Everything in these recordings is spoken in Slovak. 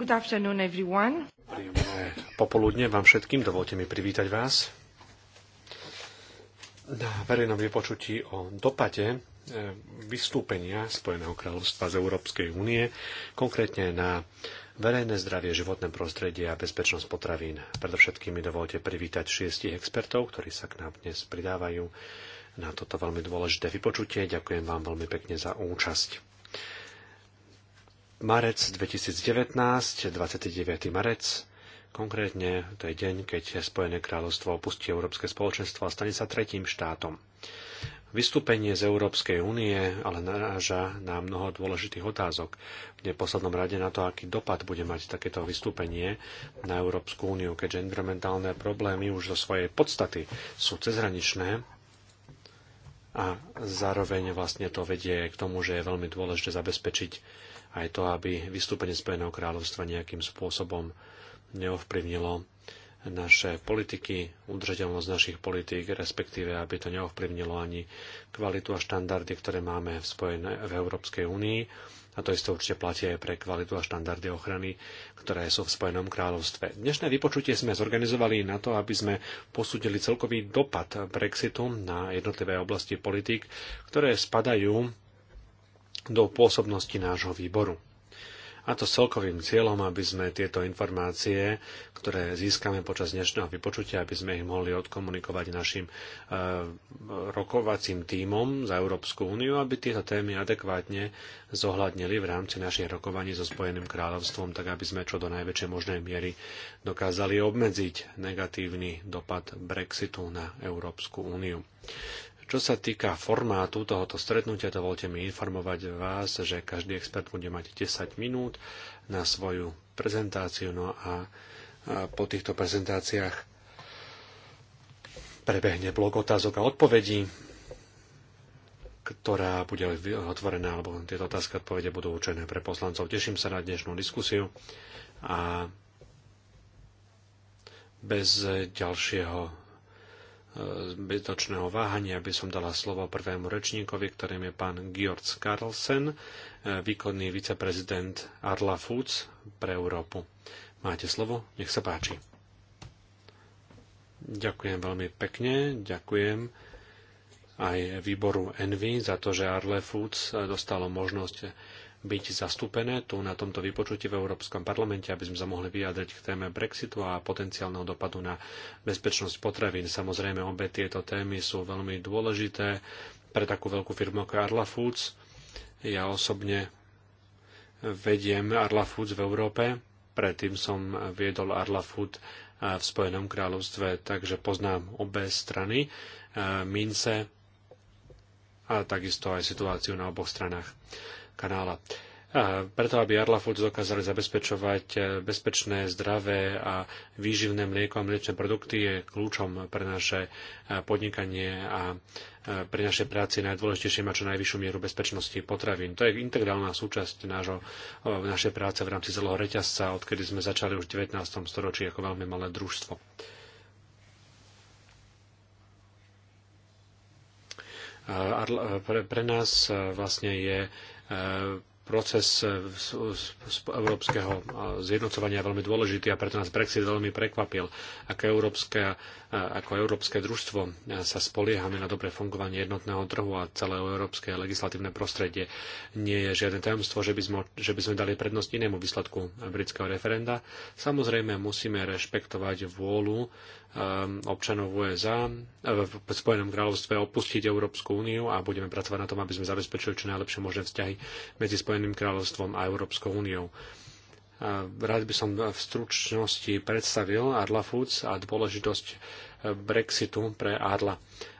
Good afternoon, everyone. Príjemné popoludne vám všetkým. Dovolte mi privítať vás na verejnom vypočutí o dopade eh, vystúpenia Spojeného kráľovstva z Európskej únie, konkrétne na verejné zdravie, životné prostredie a bezpečnosť potravín. Predovšetkým mi dovolte privítať šiestich expertov, ktorí sa k nám dnes pridávajú na toto veľmi dôležité vypočutie. Ďakujem vám veľmi pekne za účasť marec 2019, 29. marec. Konkrétne to je deň, keď Spojené kráľovstvo opustí Európske spoločenstvo a stane sa tretím štátom. Vystúpenie z Európskej únie ale naráža na mnoho dôležitých otázok, v neposlednom rade na to, aký dopad bude mať takéto vystúpenie na Európsku úniu, keďže environmentálne problémy už zo svojej podstaty sú cezhraničné a zároveň vlastne to vedie k tomu, že je veľmi dôležité zabezpečiť aj to, aby vystúpenie Spojeného kráľovstva nejakým spôsobom neovplyvnilo naše politiky, udržateľnosť našich politík, respektíve aby to neovplyvnilo ani kvalitu a štandardy, ktoré máme v, Spojené, v Európskej únii. A to isté určite platí aj pre kvalitu a štandardy ochrany, ktoré sú v Spojenom kráľovstve. Dnešné vypočutie sme zorganizovali na to, aby sme posúdili celkový dopad Brexitu na jednotlivé oblasti politik, ktoré spadajú do pôsobnosti nášho výboru. A to s celkovým cieľom, aby sme tieto informácie, ktoré získame počas dnešného vypočutia, aby sme ich mohli odkomunikovať našim e, rokovacím tímom za Európsku úniu, aby tieto témy adekvátne zohľadnili v rámci našich rokovaní so Spojeným kráľovstvom, tak aby sme čo do najväčšej možnej miery dokázali obmedziť negatívny dopad Brexitu na Európsku úniu. Čo sa týka formátu tohoto stretnutia, dovolte mi informovať vás, že každý expert bude mať 10 minút na svoju prezentáciu. No a po týchto prezentáciách prebehne blok otázok a odpovedí, ktorá bude otvorená, alebo tieto otázky a odpovede budú určené pre poslancov. Teším sa na dnešnú diskusiu a bez ďalšieho zbytočného váhania by som dala slovo prvému rečníkovi, ktorým je pán Georg Carlsen, eh, výkonný viceprezident Arla Foods pre Európu. Máte slovo, nech sa páči. Ďakujem veľmi pekne, ďakujem aj výboru Envy za to, že Arle Foods eh, dostalo možnosť eh, byť zastúpené tu na tomto vypočutí v Európskom parlamente, aby sme sa mohli vyjadriť k téme Brexitu a potenciálneho dopadu na bezpečnosť potravín. Samozrejme, obe tieto témy sú veľmi dôležité pre takú veľkú firmu ako Arla Foods. Ja osobne vediem Arla Foods v Európe, predtým som viedol Arla Food eh, v Spojenom kráľovstve, takže poznám obe strany eh, mince a takisto aj situáciu na oboch stranách kanála. A preto, aby Arla Foods dokázali zabezpečovať eh, bezpečné, zdravé a výživné mlieko a mliečne produkty je kľúčom pre naše eh, podnikanie a eh, pri našej práci najdôležitejšie mať čo najvyššiu mieru bezpečnosti potravín. To je integrálna súčasť nášho, našej práce v rámci celého reťazca, odkedy sme začali už v 19. storočí ako veľmi malé družstvo. Pre nás vlastne je Eh, proces eh, európskeho eh, zjednocovania je veľmi dôležitý a preto nás Brexit veľmi prekvapil. Ako európska ako Európske družstvo sa spoliehame na dobré fungovanie jednotného trhu a celé európske legislatívne prostredie. Nie je žiadne tajomstvo, že by, sme, že by sme dali prednosť inému výsledku britského referenda. Samozrejme musíme rešpektovať vôľu um, občanov USA um, v Spojenom kráľovstve opustiť Európsku úniu a budeme pracovať na tom, aby sme zabezpečili čo najlepšie možné vzťahy medzi Spojeným kráľovstvom a Európskou úniou. Rád by som v stručnosti predstavil Arla Foods a dôležitosť Brexitu pre Arla.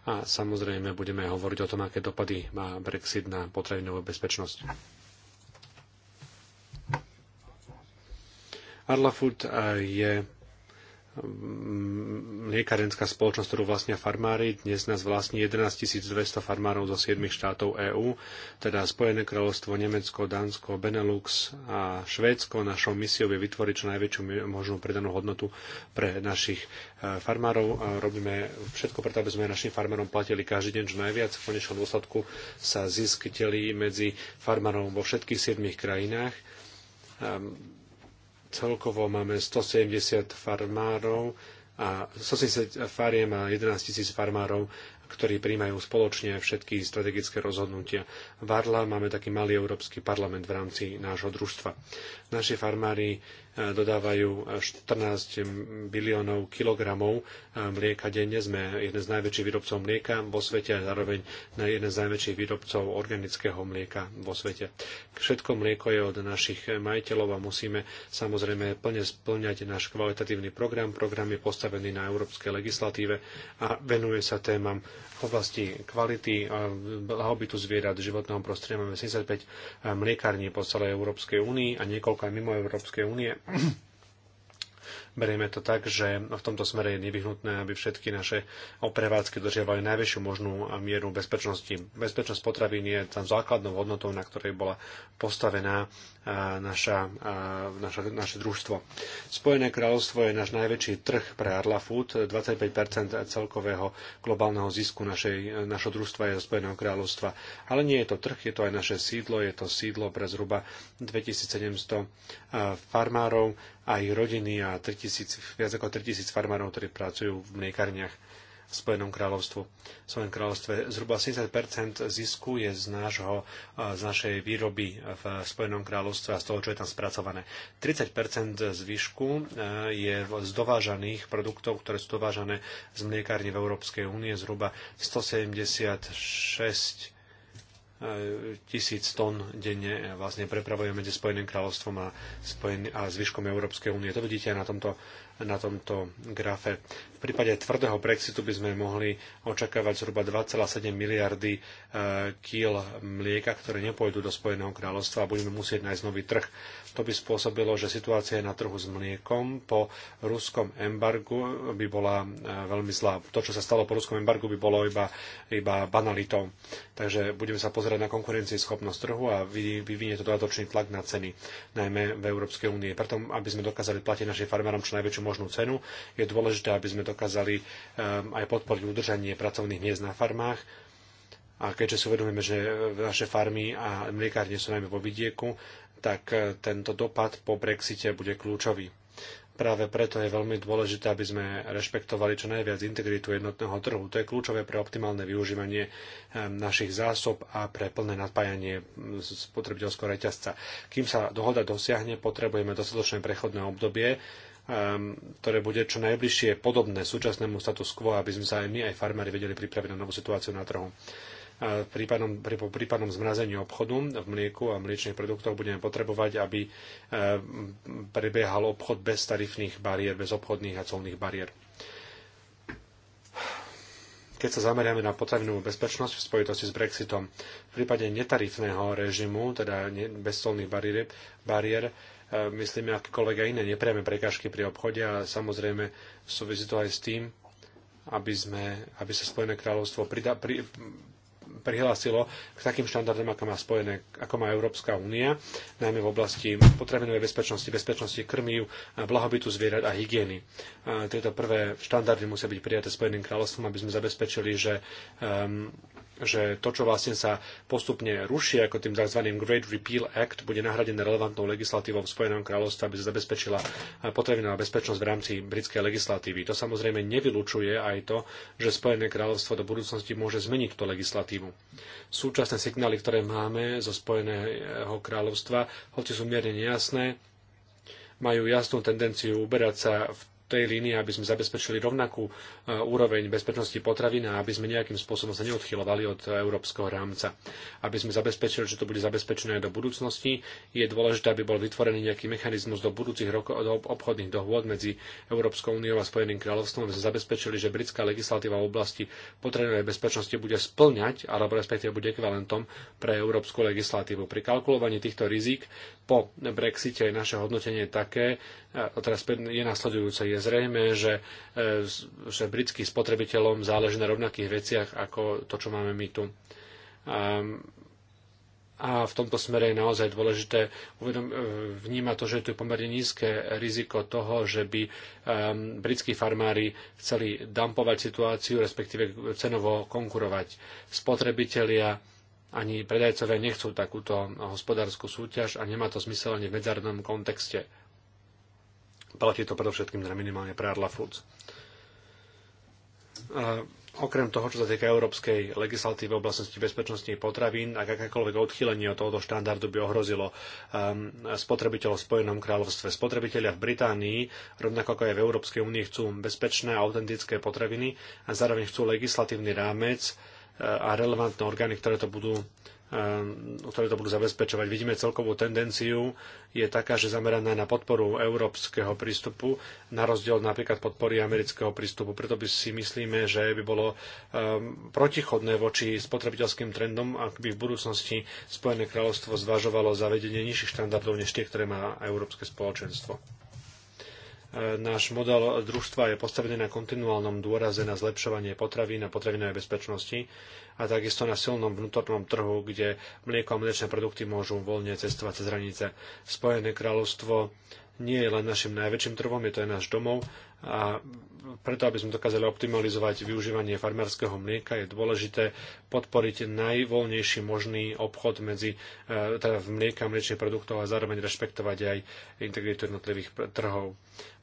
A samozrejme budeme hovoriť o tom, aké dopady má Brexit na potravinovú bezpečnosť. Arla Food eh, je mliekarenská mm, spoločnosť, ktorú vlastnia farmári. Dnes nás vlastní 11 200 farmárov zo 7 štátov EÚ, teda Spojené kráľovstvo, Nemecko, Dánsko, Benelux a Švédsko. Našou misiou je vytvoriť čo najväčšiu možnú predanú hodnotu pre našich e, farmárov. Robíme všetko preto, aby sme našim farmárom platili každý deň čo najviac. V konečnom dôsledku sa zisk medzi farmárov vo všetkých 7 krajinách ehm, Celkovo máme 170 farmárov a 170 fariem a 11 tisíc farmárov, ktorí príjmajú spoločne všetky strategické rozhodnutia. Varla máme taký malý európsky parlament v rámci nášho družstva. Naši farmári dodávajú 14 biliónov kilogramov eh, mlieka denne. Sme jeden z najväčších výrobcov mlieka vo svete a zároveň na jeden z najväčších výrobcov organického mlieka vo svete. Všetko mlieko je od našich majiteľov a musíme samozrejme plne splňať náš kvalitatívny program. Program je postavený na európskej legislatíve a venuje sa témam v oblasti kvality a blahobytu zvierat, životného prostredia. Máme 75 eh, mliekarní po celej Európskej únii a niekoľko aj mimo Európskej únie. Berieme to tak, že v tomto smere je nevyhnutné, aby všetky naše oprevádzky držiavali najvyššiu možnú mieru bezpečnosti. Bezpečnosť potravín je tam základnou hodnotou, na ktorej bola postavená naša, naša, naše družstvo. Spojené kráľovstvo je náš najväčší trh pre Arla Food. 25 celkového globálneho zisku našej, našho družstva je zo Spojeného kráľovstva. Ale nie je to trh, je to aj naše sídlo. Je to sídlo pre zhruba 2700 farmárov a ich rodiny a 3000, viac ako 3000 farmárov, ktorí pracujú v mliekarniach v Spojenom kráľovstvu. V Spojenom kráľovstve zhruba 70 zisku je z, nášho, z našej výroby v Spojenom kráľovstve a z toho, čo je tam spracované. 30 zvyšku e, je z dovážaných produktov, ktoré sú dovážané z mliekárne v Európskej únie, zhruba 176 e, tisíc tón denne e, vlastne prepravuje medzi Spojeným kráľovstvom a, Spojen- a zvyškom Európskej únie. To vidíte aj na tomto na tomto grafe. V prípade tvrdého Brexitu by sme mohli očakávať zhruba 2,7 miliardy e, kýl mlieka, ktoré nepôjdu do Spojeného kráľovstva a budeme musieť nájsť nový trh. To by spôsobilo, že situácia na trhu s mliekom po ruskom embargu by bola e, veľmi zlá. To, čo sa stalo po ruskom embargu, by bolo iba, iba banalitou. Takže budeme sa pozerať na schopnosť trhu a vyvinie to dodatočný tlak na ceny, najmä v Európskej únie. Preto, aby sme dokázali platiť našim farmárom čo najväčšiu možnú cenu, je dôležité, aby sme dokázali e, aj podporiť udržanie pracovných miest na farmách, a keďže si uvedomíme, že naše farmy a mliekárne sú najmä vo vidieku, tak e, tento dopad po Brexite bude kľúčový. Práve preto je veľmi dôležité, aby sme rešpektovali čo najviac integritu jednotného trhu. To je kľúčové pre optimálne využívanie e, našich zásob a pre plné nadpájanie spotrebiteľského reťazca. Kým sa dohoda dosiahne, potrebujeme dostatočné prechodné obdobie, e, ktoré bude čo najbližšie podobné súčasnému status quo, aby sme sa aj my, aj farmári vedeli pripraviť na novú situáciu na trhu prípadnom, pri prípadnom zmrazení obchodu v mlieku a mliečných produktoch budeme potrebovať, aby e, prebiehal obchod bez tarifných bariér, bez obchodných a colných bariér. Keď sa zameriame na potravinovú bezpečnosť v spojitosti s Brexitom, v prípade netarifného režimu, teda bez colných bariér, bariér e, myslíme akékoľvek aj iné nepriame prekážky pri obchode a samozrejme súvisí to aj s tým, aby, sme, aby sa Spojené kráľovstvo prida, pri, prihlásilo k takým štandardom, ako má, spojené, ako má Európska únia, najmä v oblasti potravinovej bezpečnosti, bezpečnosti krmív, blahobytu zvierat a hygieny. Tieto prvé štandardy musia byť prijaté Spojeným kráľovstvom, aby sme zabezpečili, že um, že to, čo vlastne sa postupne ruší ako tým tzv. Great Repeal Act, bude nahradené relevantnou legislatívou v Spojenom kráľovstve, aby sa zabezpečila potravinová bezpečnosť v rámci britskej legislatívy. To samozrejme nevylučuje aj to, že Spojené kráľovstvo do budúcnosti môže zmeniť túto legislatívu. Súčasné signály, ktoré máme zo Spojeného kráľovstva, hoci sú mierne nejasné, majú jasnú tendenciu uberať sa v tej línii, aby sme zabezpečili rovnakú e, úroveň bezpečnosti potravín a aby sme nejakým spôsobom sa neodchylovali od európskeho rámca. Aby sme zabezpečili, že to bude zabezpečené do budúcnosti, je dôležité, aby bol vytvorený nejaký mechanizmus do budúcich rokov do obchodných dohôd medzi Európskou úniou a Spojeným kráľovstvom, aby sme zabezpečili, že britská legislatíva v oblasti potravinovej bezpečnosti bude splňať, alebo respektíve bude ekvivalentom pre európsku legislatívu. Pri kalkulovaní týchto rizík po Brexite je naše hodnotenie také, a teraz je nasledujúce. Je zrejme, že, e, že britským spotrebiteľom záleží na rovnakých veciach ako to, čo máme my tu. A v tomto smere je naozaj dôležité uvedom, e, vnímať to, že je tu pomerne nízke riziko toho, že by um, britskí farmári chceli dampovať situáciu, respektíve cenovo konkurovať. Spotrebitelia ani predajcovia nechcú takúto hospodárskú súťaž a nemá to zmysel ani v medzárodnom kontexte. Platí to predovšetkým teda minimálne pre Adla Foods. A okrem toho, čo sa týka európskej legislatívy v oblasti bezpečnosti potravín, ak akékoľvek odchýlenie od tohoto štandardu by ohrozilo um, spotrebiteľov v Spojenom kráľovstve. Spotrebitelia v Británii, rovnako ako aj v Európskej únii, chcú bezpečné a autentické potraviny a zároveň chcú legislatívny rámec e, a relevantné orgány, ktoré to budú Ehm, ktoré to budú zabezpečovať. Vidíme celkovú tendenciu je taká, že zameraná na podporu európskeho prístupu, na rozdiel od napríklad podpory amerického prístupu. Preto by si myslíme, že by bolo ehm, protichodné voči spotrebiteľským trendom, ak by v budúcnosti Spojené kráľovstvo zvažovalo zavedenie nižších štandardov než tie, ktoré má Európske spoločenstvo. Náš model družstva je postavený na kontinuálnom dôraze na zlepšovanie potravín a potravinovej bezpečnosti a takisto na silnom vnútornom trhu, kde mlieko a mliečne produkty môžu voľne cestovať cez hranice. Spojené kráľovstvo nie je len našim najväčším trhom, je to aj náš domov a preto, aby sme dokázali optimalizovať využívanie farmárskeho mlieka, je dôležité podporiť najvoľnejší možný obchod medzi e, teda v mlieka a mliečných produktov a zároveň rešpektovať aj integritu jednotlivých trhov.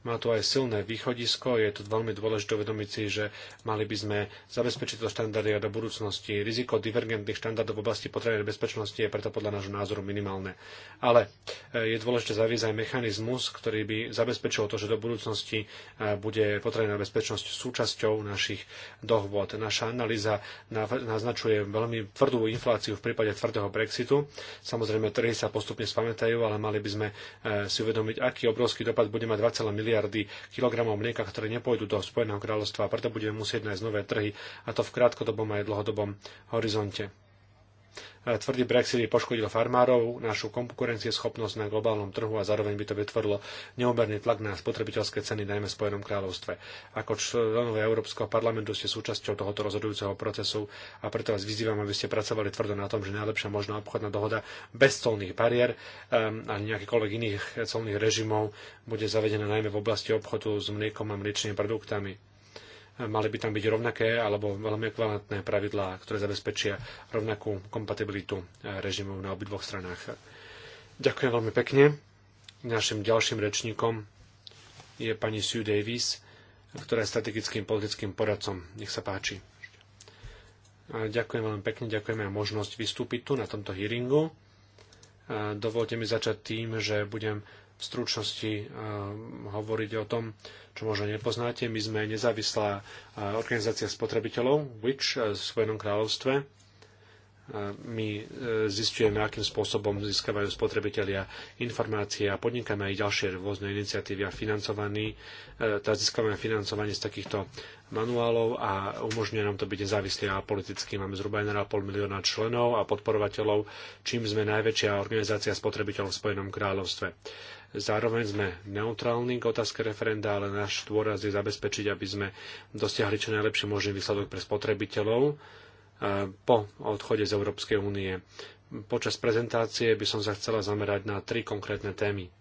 Má tu aj silné východisko, je tu veľmi dôležité uvedomiť si, že mali by sme zabezpečiť to štandardy a do budúcnosti. Riziko divergentných štandardov v oblasti potravinovej bezpečnosti je preto podľa nášho názoru minimálne. Ale e, je dôležité zaviesť aj mechanizmus, ktorý by zabezpečil to, že do budúcnosti e, bude potrebné potravinová bezpečnosť súčasťou našich dohôd. Naša analýza naznačuje veľmi tvrdú infláciu v prípade tvrdého Brexitu. Samozrejme, trhy sa postupne spamätajú, ale mali by sme e, si uvedomiť, aký obrovský dopad bude mať 2, miliardy kilogramov mlieka, ktoré nepôjdu do Spojeného kráľovstva a preto budeme musieť nájsť nové trhy a to v krátkodobom aj dlhodobom horizonte. Tvrdý Brexit by poškodil farmárov, našu konkurencieschopnosť na globálnom trhu a zároveň by to vytvorilo neúmerný tlak na spotrebiteľské ceny, najmä v Spojenom kráľovstve. Ako členovia Európskeho parlamentu ste súčasťou tohoto rozhodujúceho procesu a preto vás vyzývam, aby ste pracovali tvrdo na tom, že najlepšia možná obchodná dohoda bez colných bariér ehm, a nejakýchkoľvek iných colných režimov bude zavedená najmä v oblasti obchodu s mliekom a mliečnými produktami mali by tam byť rovnaké alebo veľmi ekvivalentné pravidlá, ktoré zabezpečia rovnakú kompatibilitu e, režimov na obidvoch stranách. Ďakujem veľmi pekne. Našim ďalším rečníkom je pani Sue Davis, ktorá je strategickým politickým poradcom. Nech sa páči. ďakujem veľmi pekne, ďakujeme aj možnosť vystúpiť tu na tomto hearingu. dovolte mi začať tým, že budem v stručnosti eh, hovoriť o tom, čo možno nepoznáte. My sme nezávislá eh, organizácia spotrebiteľov, which eh, v Spojenom kráľovstve. My zistujeme, akým spôsobom získavajú spotrebitelia informácie a podnikáme aj ďalšie rôzne iniciatívy a financovaní, Tá získavame financovanie z takýchto manuálov a umožňuje nám to byť nezávislí a politicky. Máme zhruba 1,5 milióna členov a podporovateľov, čím sme najväčšia organizácia spotrebiteľov v Spojenom kráľovstve. Zároveň sme neutrálni k otázke referenda, ale náš dôraz je zabezpečiť, aby sme dosiahli čo najlepší možný výsledok pre spotrebiteľov e, po odchode z Európskej únie. Počas prezentácie by som sa chcela zamerať na tri konkrétne témy.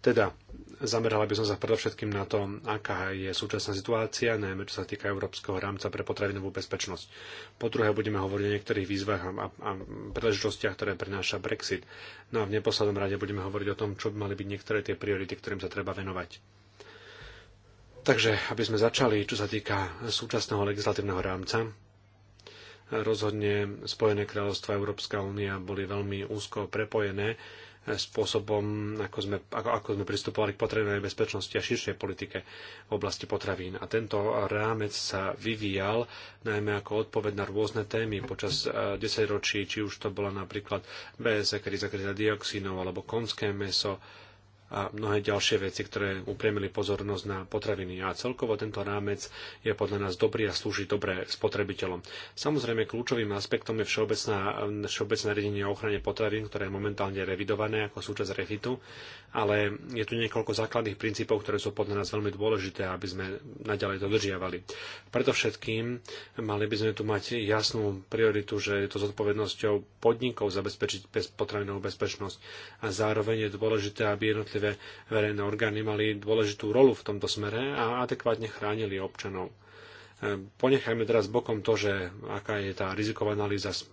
Teda Zamerala by som sa predovšetkým na to, aká je súčasná situácia, najmä čo sa týka Európskeho rámca pre potravinovú bezpečnosť. Po druhé, budeme hovoriť o niektorých výzvach a, a príležitostiach, ktoré prináša Brexit. No a v neposlednom rade budeme hovoriť o tom, čo by mali byť niektoré tie priority, ktorým sa treba venovať. Takže, aby sme začali, čo sa týka súčasného legislatívneho rámca, rozhodne Spojené kráľovstvo a Európska únia boli veľmi úzko prepojené spôsobom, ako sme, ako, ako sme pristupovali k potravinovej bezpečnosti a širšej politike v oblasti potravín. A tento rámec sa vyvíjal najmä ako odpoveď na rôzne témy počas 10 eh, ročí, či už to bola napríklad BSE, kríza, kríza dioxínov alebo konské meso, a mnohé ďalšie veci, ktoré upriemili pozornosť na potraviny. A celkovo tento rámec je podľa nás dobrý a slúži dobre spotrebiteľom. Samozrejme, kľúčovým aspektom je všeobecná, všeobecné riadenie o ochrane potravín, ktoré je momentálne revidované ako súčasť refitu, ale je tu niekoľko základných princípov, ktoré sú podľa nás veľmi dôležité, aby sme naďalej dodržiavali. Predovšetkým mali by sme tu mať jasnú prioritu, že je to zodpovednosťou podnikov zabezpečiť potravinovú bezpečnosť a zároveň je dôležité, aby jednotlivé respektíve verejné orgány mali dôležitú rolu v tomto smere a adekvátne chránili občanov. E, ponechajme teraz bokom to, že aká je tá riziková analýza z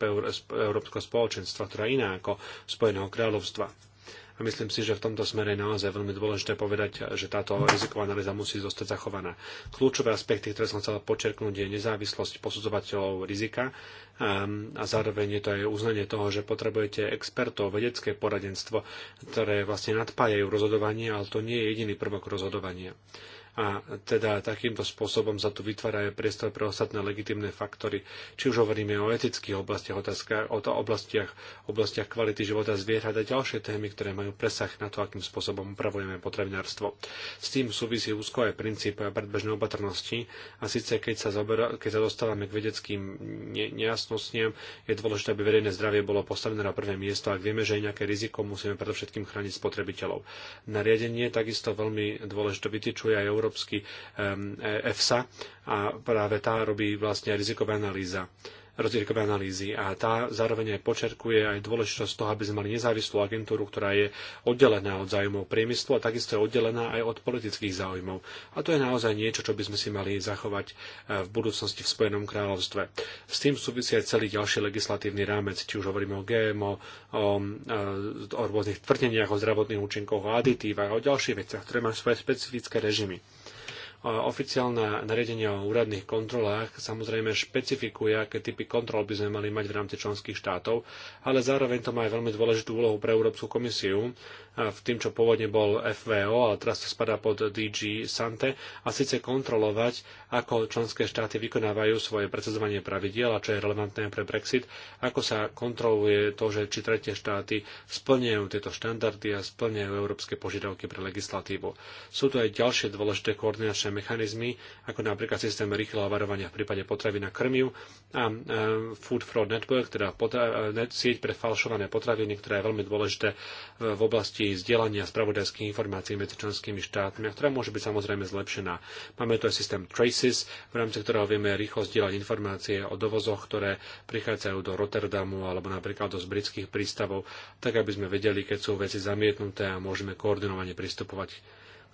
Európskeho spoločenstva, ktorá je iná ako Spojeného kráľovstva a myslím si, že v tomto smere je naozaj veľmi dôležité povedať, že táto riziková analýza musí zostať zachovaná. Kľúčové aspekty, ktoré som chcel počerknúť, je nezávislosť posudzovateľov rizika ehm, a zároveň je to aj uznanie toho, že potrebujete expertov, vedecké poradenstvo, ktoré vlastne nadpájajú rozhodovanie, ale to nie je jediný prvok rozhodovania a teda takýmto spôsobom sa tu vytvára aj priestor pre ostatné legitimné faktory. Či už hovoríme o etických oblastiach, otázka, o oblastiach, oblastiach kvality života zvierat a ďalšie témy, ktoré majú presah na to, akým spôsobom upravujeme potravinárstvo. S tým súvisí úzko aj princíp predbežnej opatrnosti a síce keď sa, zober, keď sa dostávame k vedeckým nejasnostiam, je dôležité, aby verejné zdravie bolo postavené na prvé miesto. Ak vieme, že je nejaké riziko, musíme predovšetkým chrániť spotrebiteľov. Nariadenie takisto veľmi dôležité vytýčuje aj Euró- európsky e, EFSA a práve tá robí vlastne rizikové analýza rozdielkové analýzy a tá zároveň aj počerkuje aj dôležitosť toho, aby sme mali nezávislú agentúru, ktorá je oddelená od záujmov priemyslu a takisto je oddelená aj od politických záujmov. A to je naozaj niečo, čo by sme si mali zachovať e, v budúcnosti v Spojenom kráľovstve. S tým súvisí aj celý ďalší legislatívny rámec, či už hovoríme o GMO, o, e, o rôznych tvrdeniach, o zdravotných účinkoch, o aditívach, o ďalších veciach, ktoré majú svoje špecifické režimy. E, oficiálne nariadenie o úradných kontrolách samozrejme špecifikuje, aké typy kontrol by sme mali mať v rámci členských štátov, ale zároveň to má aj veľmi dôležitú úlohu pre Európsku komisiu, v tým, čo pôvodne bol FVO, ale teraz to spadá pod DG Sante, a síce kontrolovať, ako členské štáty vykonávajú svoje predsedzovanie pravidiel a čo je relevantné pre Brexit, ako sa kontroluje to, že či tretie štáty splňajú tieto štandardy a splňajú európske požiadavky pre legislatívu. Sú tu aj ďalšie dôležité koordinačné mechanizmy, ako napríklad systém rýchleho varovania v prípade potravy na krmiu a e, Food Fraud Network, teda e, sieť pre falšované potraviny, ktorá je veľmi dôležité e, v oblasti možnosti zdieľania spravodajských informácií medzi členskými štátmi, ktorá môže byť samozrejme zlepšená. Máme tu aj systém Traces, v rámci ktorého vieme rýchlo zdieľať informácie o dovozoch, ktoré prichádzajú do Rotterdamu alebo napríklad do z britských prístavov, tak aby sme vedeli, keď sú veci zamietnuté a môžeme koordinovane pristupovať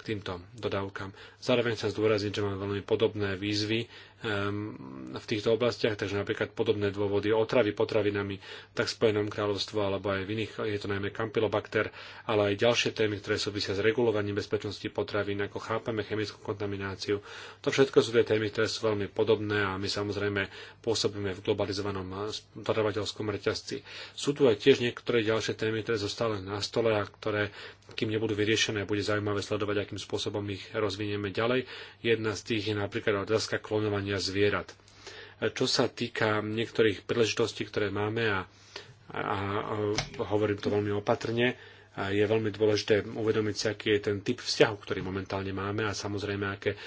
k týmto dodávkam. Zároveň chcem zdôrazniť, že máme veľmi podobné výzvy v týchto oblastiach, takže napríklad podobné dôvody otravy potravinami, tak v Spojenom kráľovstvu alebo aj v iných, je to najmä kampylobakter, ale aj ďalšie témy, ktoré súvisia s regulovaním bezpečnosti potravín, ako chápame chemickú kontamináciu. To všetko sú tie témy, ktoré sú veľmi podobné a my samozrejme pôsobíme v globalizovanom eh, dodávateľskom reťazci. Sú tu aj tiež niektoré ďalšie témy, ktoré sú stále na stole a ktoré, kým nebudú vyriešené, bude zaujímavé sledovať, akým spôsobom ich rozvinieme ďalej. Jedna z tých je napríklad otázka klonovania chovania zvierat. Čo sa týka niektorých príležitostí, ktoré máme, a, a, a hovorím to veľmi opatrne, je veľmi dôležité uvedomiť si, aký je ten typ vzťahu, ktorý momentálne máme a samozrejme, aké e,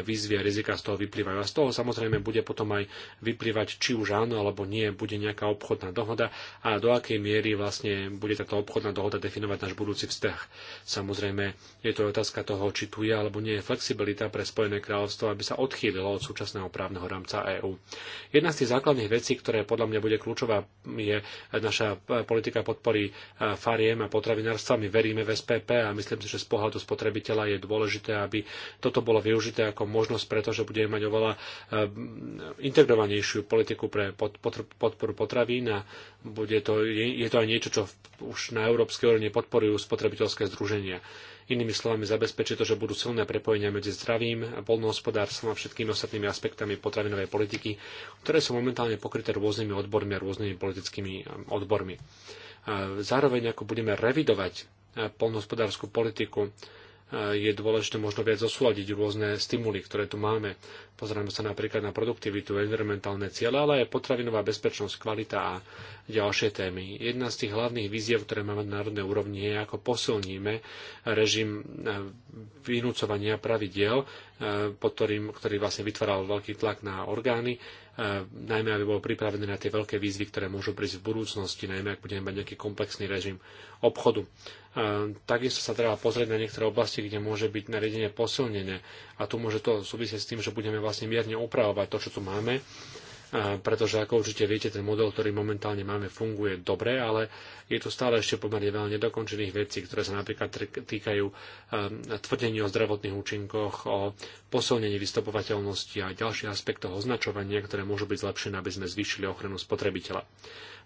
výzvy a rizika z toho vyplývajú. A z toho samozrejme bude potom aj vyplývať, či už áno alebo nie, bude nejaká obchodná dohoda a do akej miery vlastne bude táto obchodná dohoda definovať náš budúci vzťah. Samozrejme, je to otázka toho, či tu je alebo nie je flexibilita pre Spojené kráľovstvo, aby sa odchýlilo od súčasného právneho rámca EÚ. Jedna z tých základných vecí, ktoré podľa mňa bude kľúčová, je naša e, politika podpory e, fariem a potravinárov partnerstva. My veríme v SPP a myslím si, že z pohľadu spotrebiteľa je dôležité, aby toto bolo využité ako možnosť, pretože budeme mať oveľa eh, integrovanejšiu politiku pre podporu potravín a bude to, je to aj niečo, čo už na európskej úrovni podporujú spotrebiteľské združenia. Inými slovami zabezpečí to, že budú silné prepojenia medzi zdravím, poľnohospodárstvom a všetkými ostatnými aspektami potravinovej politiky, ktoré sú momentálne pokryté rôznymi odbormi a rôznymi politickými eh, odbormi. Zároveň, ako budeme revidovať e, polnohospodárskú politiku, e, je dôležité možno viac zosúľadiť rôzne stimuly, ktoré tu máme. Pozrieme sa napríklad na produktivitu, environmentálne ciele, ale aj potravinová bezpečnosť, kvalita a ďalšie témy. Jedna z tých hlavných víziev, ktoré máme na národnej úrovni, je, ako posilníme režim e, vynúcovania pravidiel, E, pod ktorým, ktorý vlastne vytváral veľký tlak na orgány, e, najmä aby bol pripravený na tie veľké výzvy, ktoré môžu prísť v budúcnosti, najmä ak budeme mať nejaký komplexný režim obchodu. E, takisto sa treba pozrieť na niektoré oblasti, kde môže byť nariadenie posilnené a tu môže to súvisieť s tým, že budeme vlastne mierne upravovať to, čo tu máme pretože ako určite viete, ten model, ktorý momentálne máme, funguje dobre, ale je tu stále ešte pomerne veľa nedokončených vecí, ktoré sa napríklad týkajú ehm, tvrdení o zdravotných účinkoch, o posilnení vystopovateľnosti a ďalších aspektov označovania, ktoré môžu byť zlepšené, aby sme zvýšili ochranu spotrebiteľa.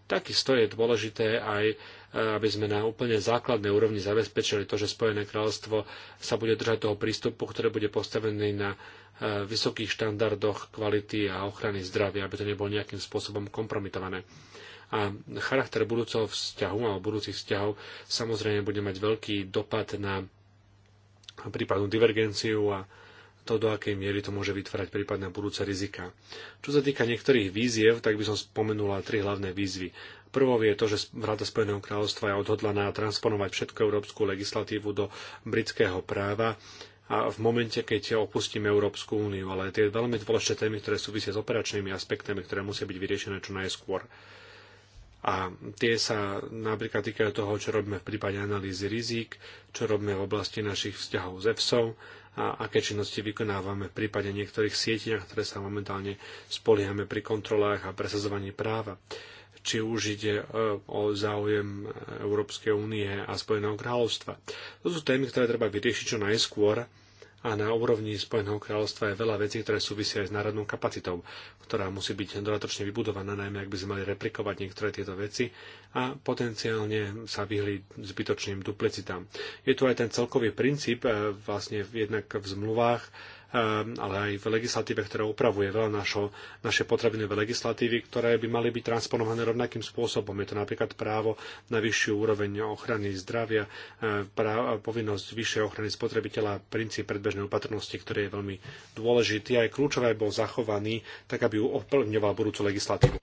Takisto je dôležité aj, e, aby sme na úplne základnej úrovni zabezpečili to, že Spojené kráľovstvo sa bude držať toho prístupu, ktorý bude postavený na e, vysokých štandardoch kvality a ochrany zdravia, aby to nebolo nejakým spôsobom kompromitované. A charakter budúceho vzťahu alebo budúcich vzťahov samozrejme bude mať veľký dopad na prípadnú divergenciu a to, do akej miery to môže vytvárať prípadné budúce rizika. Čo sa týka niektorých víziev, tak by som spomenula tri hlavné výzvy. Prvou je to, že vláda Spojeného kráľovstva je odhodlaná transponovať všetku európsku legislatívu do britského práva a v momente, keď opustíme Európsku úniu, ale tie veľmi dôležité témy, ktoré súvisia s operačnými aspektami, ktoré musia byť vyriešené čo najskôr. A tie sa napríklad týkajú toho, čo robíme v prípade analýzy rizík, čo robíme v oblasti našich vzťahov s EFSO, a aké činnosti vykonávame v prípade niektorých sietí, na ktoré sa momentálne spoliehame pri kontrolách a presazovaní práva či už ide e, o záujem Európskej únie a Spojeného kráľovstva. To sú témy, ktoré treba vyriešiť čo najskôr a na úrovni Spojeného kráľovstva je veľa vecí, ktoré súvisia aj s národnou kapacitou, ktorá musí byť dodatočne vybudovaná, najmä ak by sme mali replikovať niektoré tieto veci a potenciálne sa vyhli zbytočným duplicitám. Je tu aj ten celkový princíp e, vlastne jednak v zmluvách, Ehm, ale aj v legislatíve, ktorá upravuje veľa našo, naše potravinové legislatívy, ktoré by mali byť transponované rovnakým spôsobom. Je to napríklad právo na vyššiu úroveň ochrany zdravia, ehm, práv, povinnosť vyššej ochrany spotrebiteľa, princíp predbežnej opatrnosti, ktorý je veľmi dôležitý a aj kľúčové bol zachovaný, tak aby upevňoval budúcu legislatívu.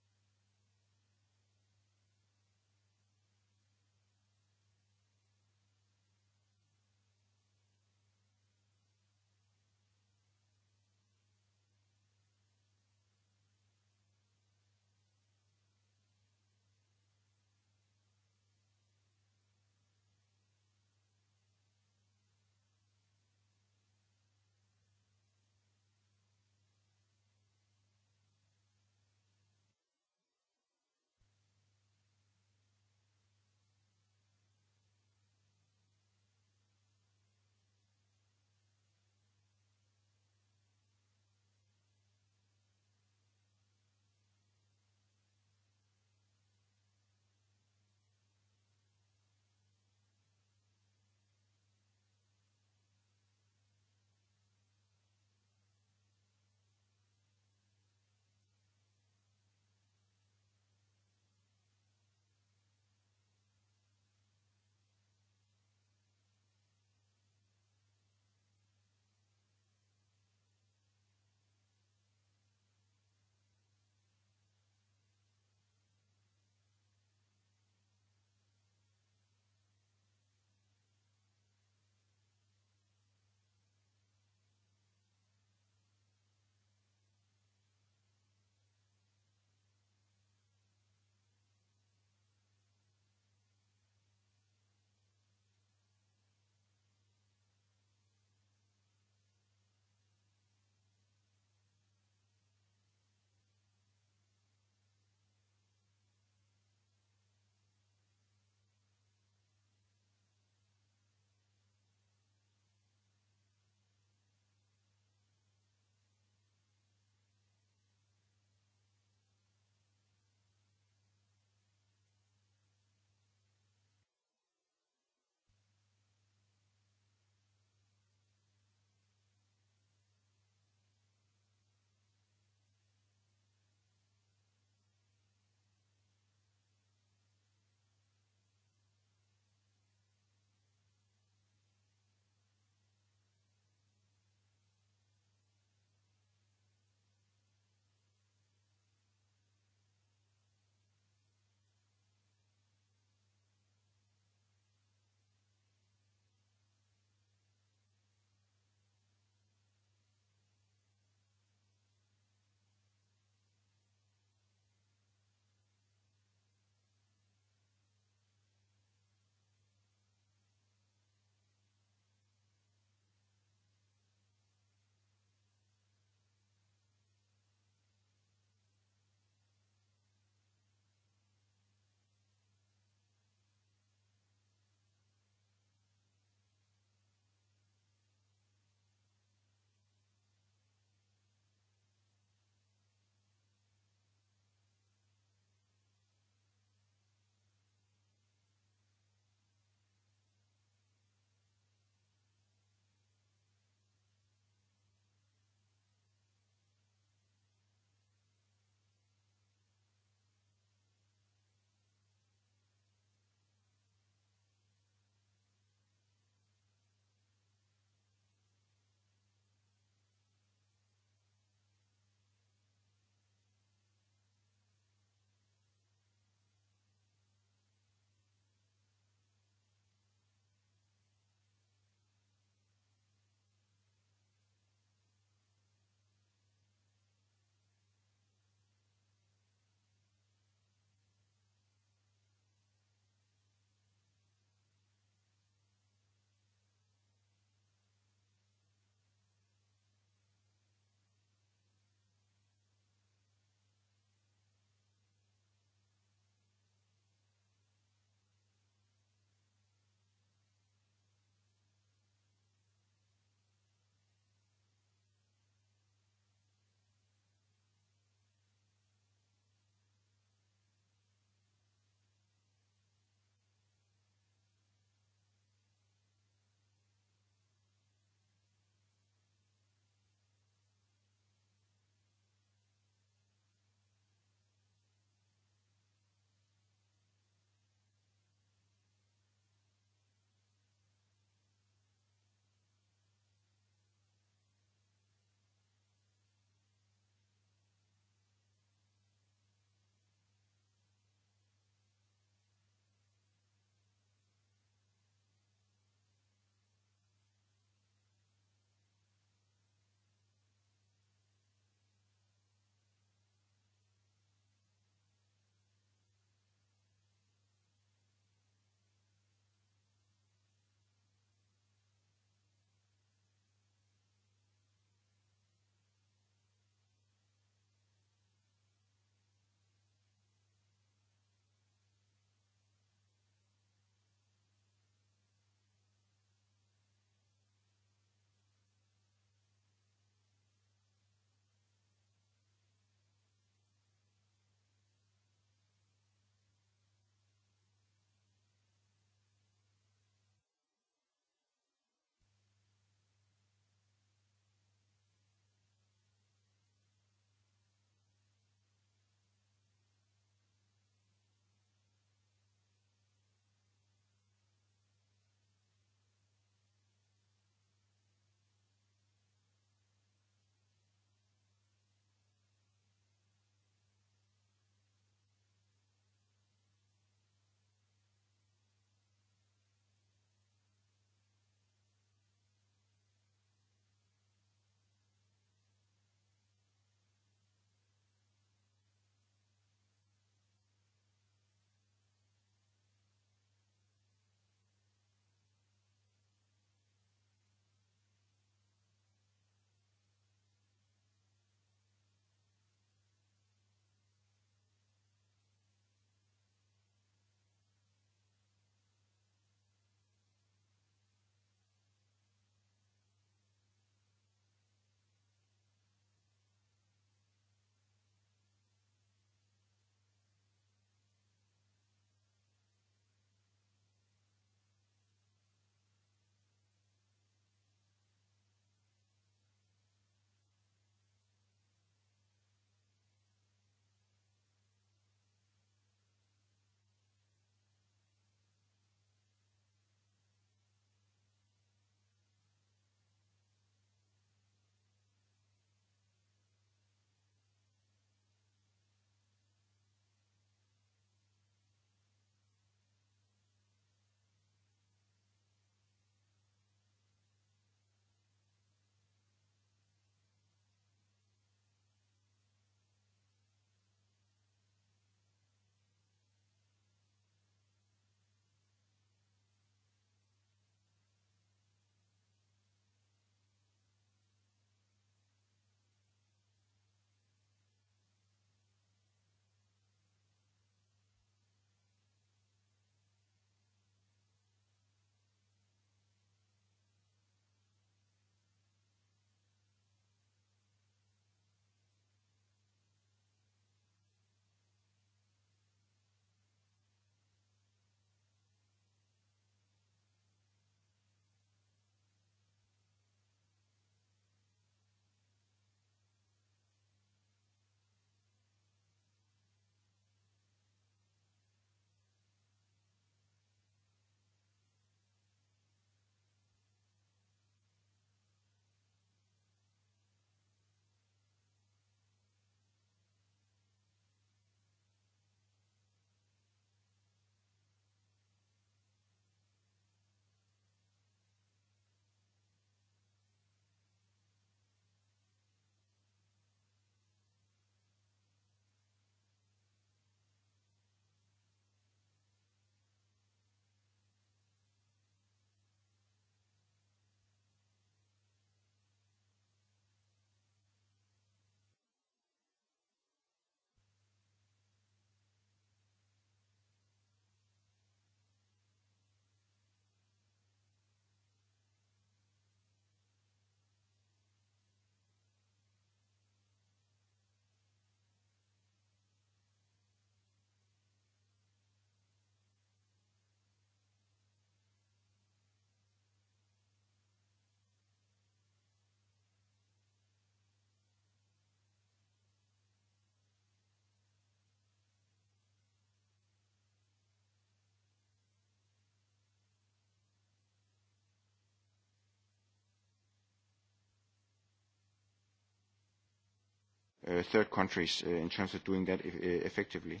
uh, third countries uh, in terms of doing that e, e- effectively.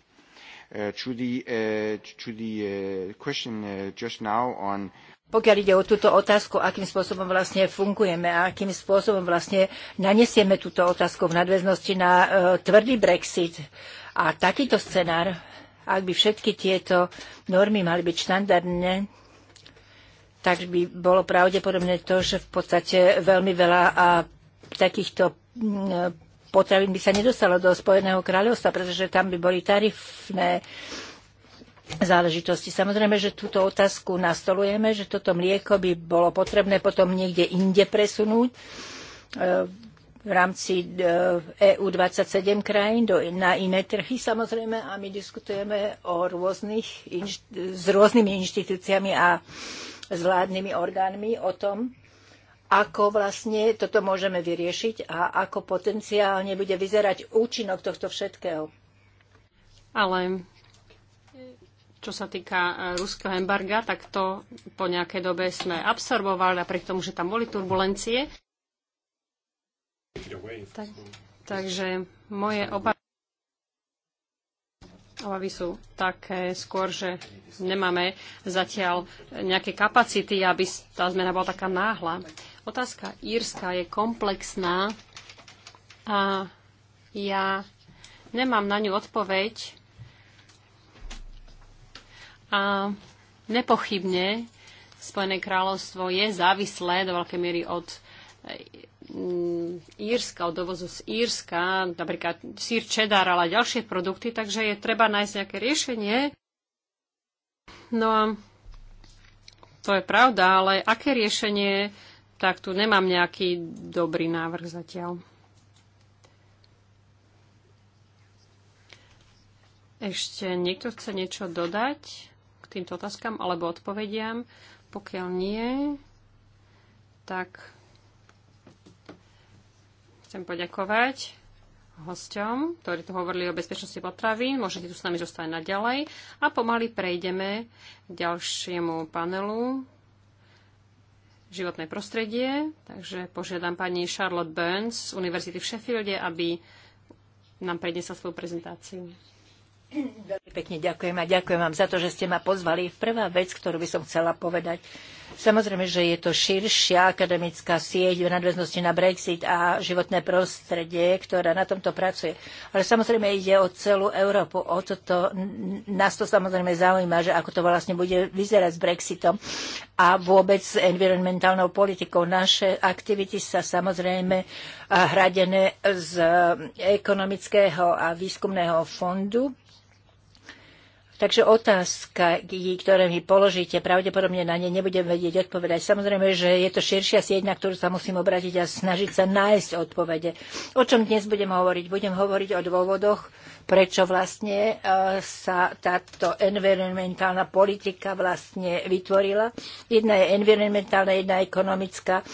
Uh, to the, uh, to the uh, uh, just now on pokiaľ ide o túto otázku, akým spôsobom vlastne fungujeme a akým spôsobom vlastne nanesieme túto otázku v nadväznosti na uh, tvrdý Brexit. A takýto scenár, ak by všetky tieto normy mali byť štandardné, tak by bolo pravdepodobné to, že v podstate veľmi veľa a takýchto potravín by sa nedostalo do Spojeného kráľovstva, pretože tam by boli tarifné záležitosti. Samozrejme, že túto otázku nastolujeme, že toto mlieko by bolo potrebné potom niekde inde presunúť e, v rámci EU e 27 krajín do, na iné trhy samozrejme a my diskutujeme o rôznych, s rôznymi inštitúciami a s vládnymi orgánmi o tom, ako vlastne toto môžeme vyriešiť a ako potenciálne bude vyzerať účinok tohto všetkého. Ale čo sa týka e, ruského embarga, tak to po nejakej dobe sme absorbovali, napriek tomu, že tam boli turbulencie. Tak, takže moje obavy Obavy sú také skôr, že nemáme zatiaľ nejaké kapacity, aby tá zmena bola taká náhla. Otázka Írska je komplexná a ja nemám na ňu odpoveď a nepochybne Spojené kráľovstvo je závislé do veľkej miery od mm, Írska, od dovozu z Írska, napríklad sír čedar, ale ďalšie produkty, takže je treba nájsť nejaké riešenie. No a to je pravda, ale aké riešenie tak tu nemám nejaký dobrý návrh zatiaľ. Ešte niekto chce niečo dodať k týmto otázkam alebo odpovediam? Pokiaľ nie, tak chcem poďakovať hosťom, ktorí tu hovorili o bezpečnosti potravy, Môžete tu s nami zostať naďalej. A pomaly prejdeme k ďalšiemu panelu, životné prostredie, takže požiadam pani Charlotte Burns z Univerzity v Sheffielde, aby nám prednesla svoju prezentáciu. Veľmi pekne ďakujem a ďakujem vám za to, že ste ma pozvali. Prvá vec, ktorú by som chcela povedať, Samozrejme, že je to širšia akademická sieť v nadväznosti na Brexit a životné prostredie, ktorá na tomto pracuje. Ale samozrejme ide o celú Európu. O toto, nás to samozrejme zaujíma, že ako to vlastne bude vyzerať s Brexitom a vôbec s environmentálnou politikou. Naše aktivity sa samozrejme eh, hradené z eh, ekonomického a výskumného fondu Takže otázka, ktoré mi položíte, pravdepodobne na ne nebudem vedieť odpovedať. Samozrejme, že je to širšia sieť, na ktorú sa musím obratiť a snažiť sa nájsť odpovede. O čom dnes budem hovoriť? Budem hovoriť o dôvodoch, prečo vlastne e, sa táto environmentálna politika vlastne vytvorila. Jedna je environmentálna, jedna je ekonomická.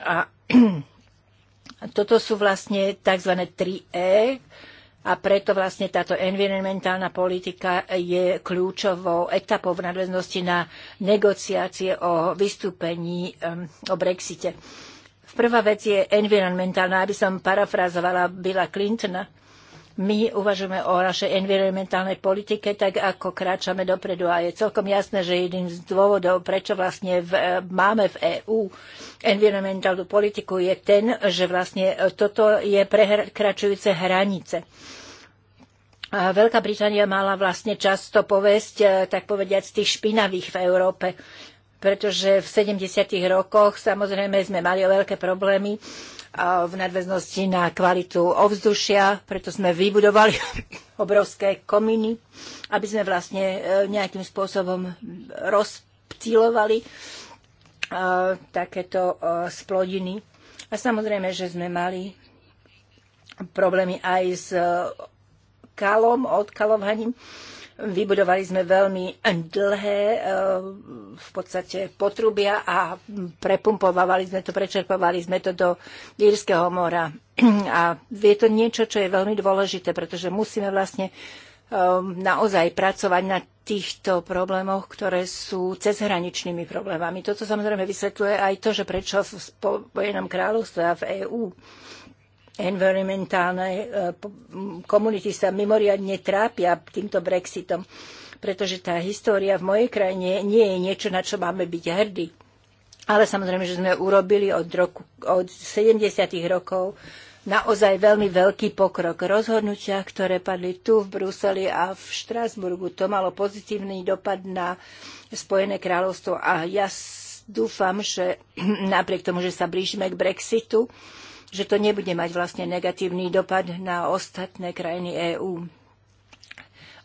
A toto sú vlastne tzv. 3E, a preto vlastne táto environmentálna politika je kľúčovou etapou v nadväznosti na negociácie o vystúpení o Brexite. Prvá vec je environmentálna, aby som parafrazovala Billa Clintona my uvažujeme o našej environmentálnej politike, tak ako kráčame dopredu. A je celkom jasné, že jedným z dôvodov, prečo vlastne v, e, máme v EÚ environmentálnu politiku, je ten, že vlastne toto je prekračujúce hranice. A Veľká Británia mala vlastne často povesť, e, tak povediať, z tých špinavých v Európe, pretože v 70. rokoch samozrejme sme mali veľké problémy v nadväznosti na kvalitu ovzdušia, preto sme vybudovali obrovské kominy, aby sme vlastne e, nejakým spôsobom e, rozptýlovali e, takéto splodiny. A samozrejme, že sme mali problémy aj s kalom, odkalovaním. Vybudovali sme veľmi dlhé e, v podstate potrubia a prepumpovali sme to, prečerpovali sme to do Írskeho mora. A je to niečo, čo je veľmi dôležité, pretože musíme vlastne e, naozaj pracovať na týchto problémoch, ktoré sú cezhraničnými problémami. Toto samozrejme vysvetľuje aj to, že prečo v Spojenom kráľovstve a v EÚ environmentálne e, komunity sa mimoriadne trápia týmto Brexitom, pretože tá história v mojej krajine nie je niečo, na čo máme byť hrdí. Ale samozrejme, že sme urobili od, roku, od 70. rokov naozaj veľmi veľký pokrok. Rozhodnutia, ktoré padli tu v Bruseli a v Štrásburgu, to malo pozitívny dopad na Spojené kráľovstvo a ja dúfam, že napriek tomu, že sa blížime k Brexitu, že to nebude mať vlastne negatívny dopad na ostatné krajiny EÚ.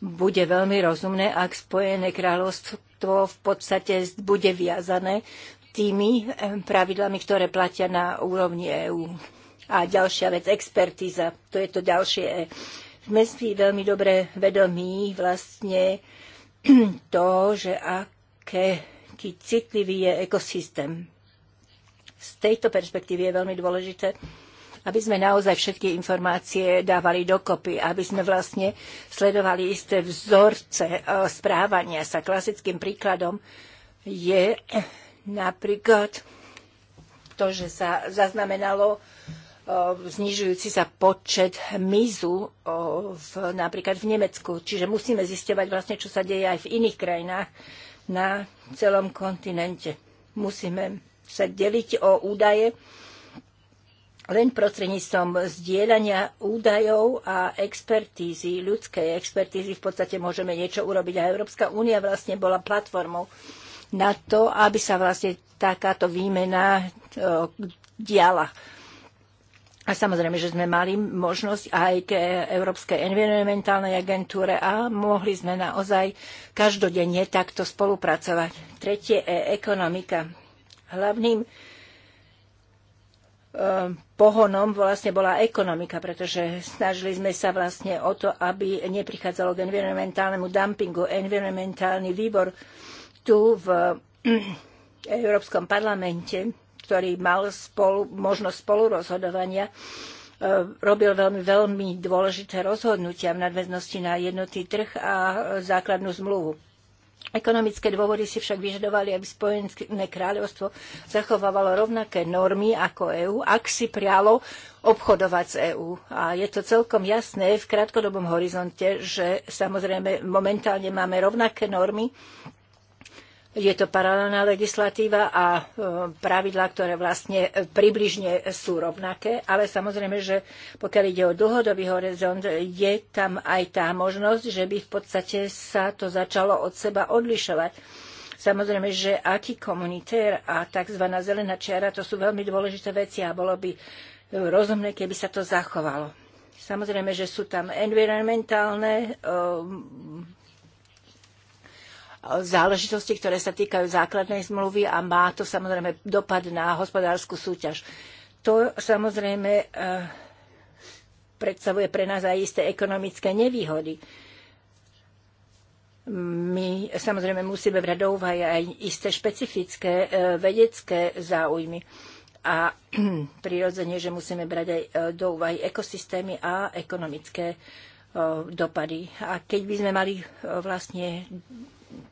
Bude veľmi rozumné, ak Spojené kráľovstvo v podstate bude viazané tými eh, pravidlami, ktoré platia na úrovni EÚ. A ďalšia vec, expertíza, to je to ďalšie E. Sme si veľmi dobre vedomí vlastne to, že aký citlivý je ekosystém z tejto perspektívy je veľmi dôležité, aby sme naozaj všetky informácie dávali dokopy, aby sme vlastne sledovali isté vzorce e, správania sa. Klasickým príkladom je e, napríklad to, že sa zaznamenalo e, znižujúci sa počet mizu v, napríklad v Nemecku. Čiže musíme zisťovať vlastne, čo sa deje aj v iných krajinách na celom kontinente. Musíme sa deliť o údaje len prostredníctvom zdieľania údajov a expertízy, ľudskej expertízy v podstate môžeme niečo urobiť. A Európska únia vlastne bola platformou na to, aby sa vlastne takáto výmena diala. A samozrejme, že sme mali možnosť aj k Európskej environmentálnej agentúre a mohli sme naozaj každodenne takto spolupracovať. Tretie je ekonomika hlavným ehm, pohonom vlastne bola ekonomika, pretože snažili sme sa vlastne o to, aby neprichádzalo k environmentálnemu dumpingu. Environmentálny výbor tu v ehm, Európskom parlamente, ktorý mal spolu, možnosť spolurozhodovania, ehm, robil veľmi, veľmi dôležité rozhodnutia v nadväznosti na jednotný trh a základnú zmluvu. Ekonomické dôvody si však vyžadovali, aby Spojené kráľovstvo zachovávalo rovnaké normy ako EÚ, ak si prialo obchodovať s EÚ. A je to celkom jasné v krátkodobom horizonte, že samozrejme momentálne máme rovnaké normy je to paralelná legislatíva a e, pravidlá, ktoré vlastne e, približne sú rovnaké, ale samozrejme, že pokiaľ ide o dlhodobý horizont, je tam aj tá možnosť, že by v podstate sa to začalo od seba odlišovať. Samozrejme, že aký komunitér a tzv. zelená čiara, to sú veľmi dôležité veci a bolo by e, rozumné, keby sa to zachovalo. Samozrejme, že sú tam environmentálne záležitosti, ktoré sa týkajú základnej zmluvy a má to samozrejme dopad na hospodárskú súťaž. To samozrejme e, predstavuje pre nás aj isté ekonomické nevýhody. My samozrejme musíme brať do úvahy aj isté špecifické e, vedecké záujmy a prirodzene, že musíme brať aj e, do úvahy ekosystémy a ekonomické dopady. A keď by sme mali vlastne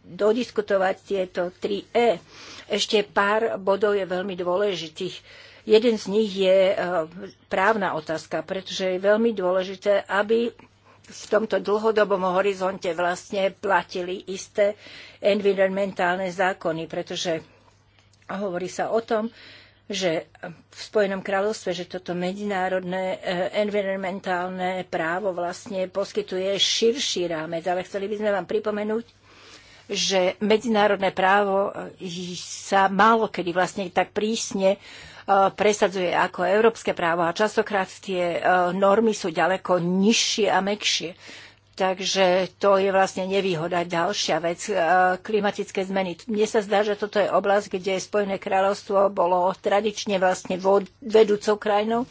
dodiskutovať tieto 3E. Ešte pár bodov je veľmi dôležitých. Jeden z nich je e, právna otázka, pretože je veľmi dôležité, aby v tomto dlhodobom horizonte vlastne platili isté environmentálne zákony, pretože hovorí sa o tom, že v Spojenom kráľovstve, že toto medzinárodné e, environmentálne právo vlastne poskytuje širší rámec. Ale chceli by sme vám pripomenúť, že medzinárodné právo eh, sa málo kedy vlastne tak prísne eh, presadzuje ako európske právo a častokrát tie eh, normy sú ďaleko nižšie a mekšie. Takže to je vlastne nevýhoda. Ďalšia vec, klimatické zmeny. Mne sa zdá, že toto je oblasť, kde Spojené kráľovstvo bolo tradične vlastne vedúcou krajinou.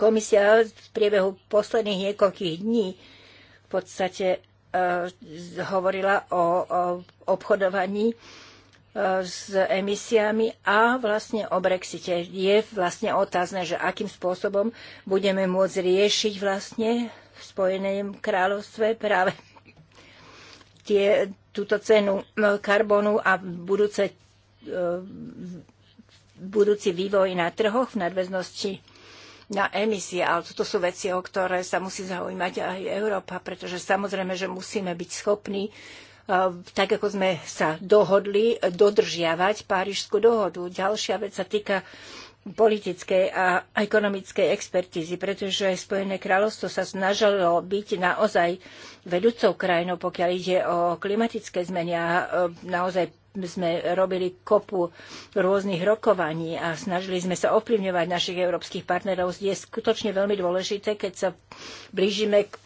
Komisia v priebehu posledných niekoľkých dní v podstate Eh, hovorila o obchodovaní eh, s emisiami a vlastne o Brexite. Je vlastne otázne, že akým spôsobom budeme môcť riešiť vlastne v Spojeném kráľovstve práve tie, túto cenu karbonu a budúce, eh, budúci vývoj na trhoch v nadväznosti na emisie, ale toto sú veci, o ktoré sa musí zaujímať aj Európa, pretože samozrejme, že musíme byť schopní e, tak ako sme sa dohodli, dodržiavať Párižskú dohodu. Ďalšia vec sa týka politickej a ekonomickej expertízy, pretože Spojené kráľovstvo sa snažilo byť naozaj vedúcou krajinou, pokiaľ ide o klimatické zmeny a e, naozaj sme robili kopu rôznych rokovaní a snažili sme sa ovplyvňovať našich európskych partnerov, je skutočne veľmi dôležité, keď sa blížime k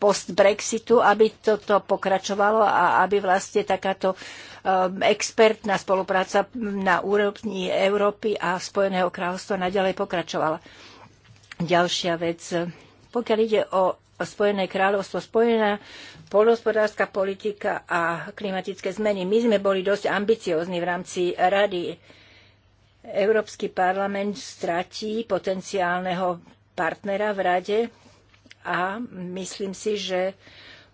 post-Brexitu, aby toto pokračovalo a aby vlastne takáto um, expertná spolupráca na úrovni Európy a Spojeného kráľovstva naďalej pokračovala. Ďalšia vec. Pokiaľ ide o Spojené kráľovstvo, spojená polnohospodárska politika a klimatické zmeny. My sme boli dosť ambiciozni v rámci rady. Európsky parlament stratí potenciálneho partnera v rade a myslím si, že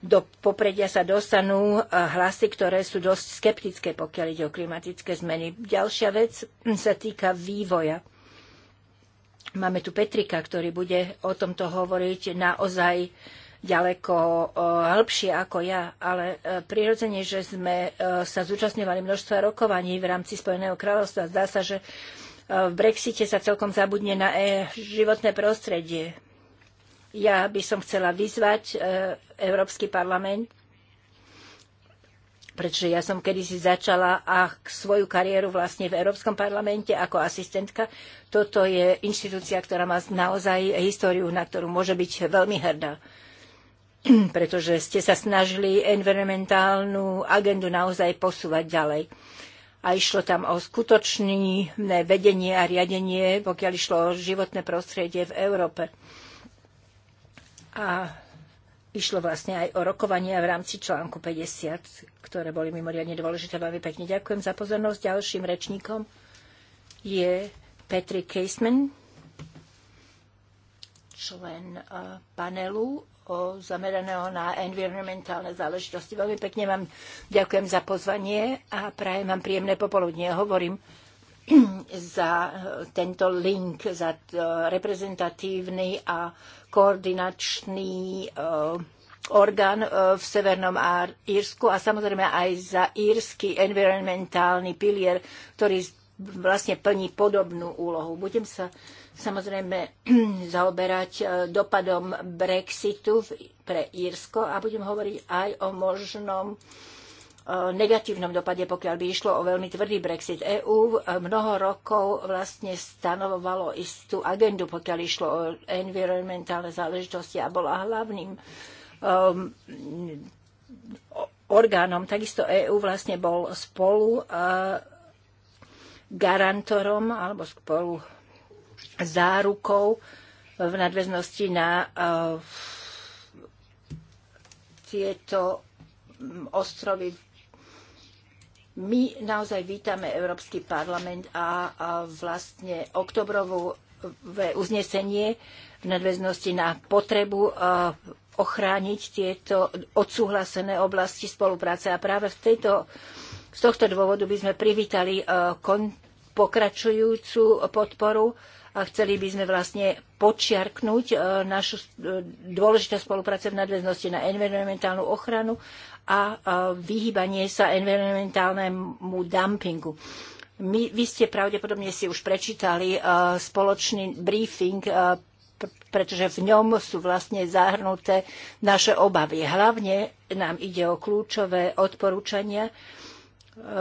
do popredia sa dostanú hlasy, ktoré sú dosť skeptické, pokiaľ ide o klimatické zmeny. Ďalšia vec sa týka vývoja. Máme tu Petrika, ktorý bude o tomto hovoriť naozaj ďaleko hĺbšie ako ja, ale e, prirodzene, že sme e, sa zúčastňovali množstva rokovaní v rámci Spojeného kráľovstva. Zdá sa, že e, v Brexite sa celkom zabudne na životné prostredie. Ja by som chcela vyzvať Európsky parlament, pretože ja som kedysi začala a svoju kariéru vlastne v Európskom parlamente ako asistentka. Toto je inštitúcia, ktorá má naozaj históriu, na ktorú môže byť veľmi hrdá pretože ste sa snažili environmentálnu agendu naozaj posúvať ďalej. A išlo tam o skutočné vedenie a riadenie, pokiaľ išlo o životné prostredie v Európe. A išlo vlastne aj o rokovania v rámci článku 50, ktoré boli mimoriadne dôležité. Veľmi pekne ďakujem za pozornosť. Ďalším rečníkom je Patrick Caseman, člen eh, panelu zameraného na environmentálne záležitosti. Veľmi pekne vám ďakujem za pozvanie a prajem vám príjemné popoludnie. Hovorím za eh, tento link, za eh, reprezentatívny a koordinačný eh, orgán eh, v Severnom Írsku a samozrejme aj za írsky environmentálny pilier, ktorý vlastne plní podobnú úlohu. Budem sa samozrejme zaoberať eh, dopadom Brexitu pre Írsko a budem hovoriť aj o možnom Eh, negatívnom dopade, pokiaľ by išlo o veľmi tvrdý Brexit. EÚ eh, mnoho rokov vlastne stanovovalo istú agendu, pokiaľ išlo o environmentálne záležitosti a bola hlavným um, orgánom. Takisto EÚ vlastne bol spolu uh, garantorom alebo spolu zárukou v nadväznosti na uh, tieto mm, ostrovy my naozaj vítame Európsky parlament a, a vlastne oktobrovú eh, uznesenie v nadväznosti na potrebu eh, ochrániť tieto odsúhlasené oblasti spolupráce. A práve v tejto, z tohto dôvodu by sme privítali eh, pokračujúcu podporu a chceli by sme vlastne počiarknúť e, našu e, dôležitú spoluprácu v nadväznosti na environmentálnu ochranu a e, vyhýbanie sa environmentálnemu dumpingu. My, vy ste pravdepodobne si už prečítali spoločný briefing pretože v ňom sú vlastne zahrnuté naše obavy. Hlavne nám ide o kľúčové odporúčania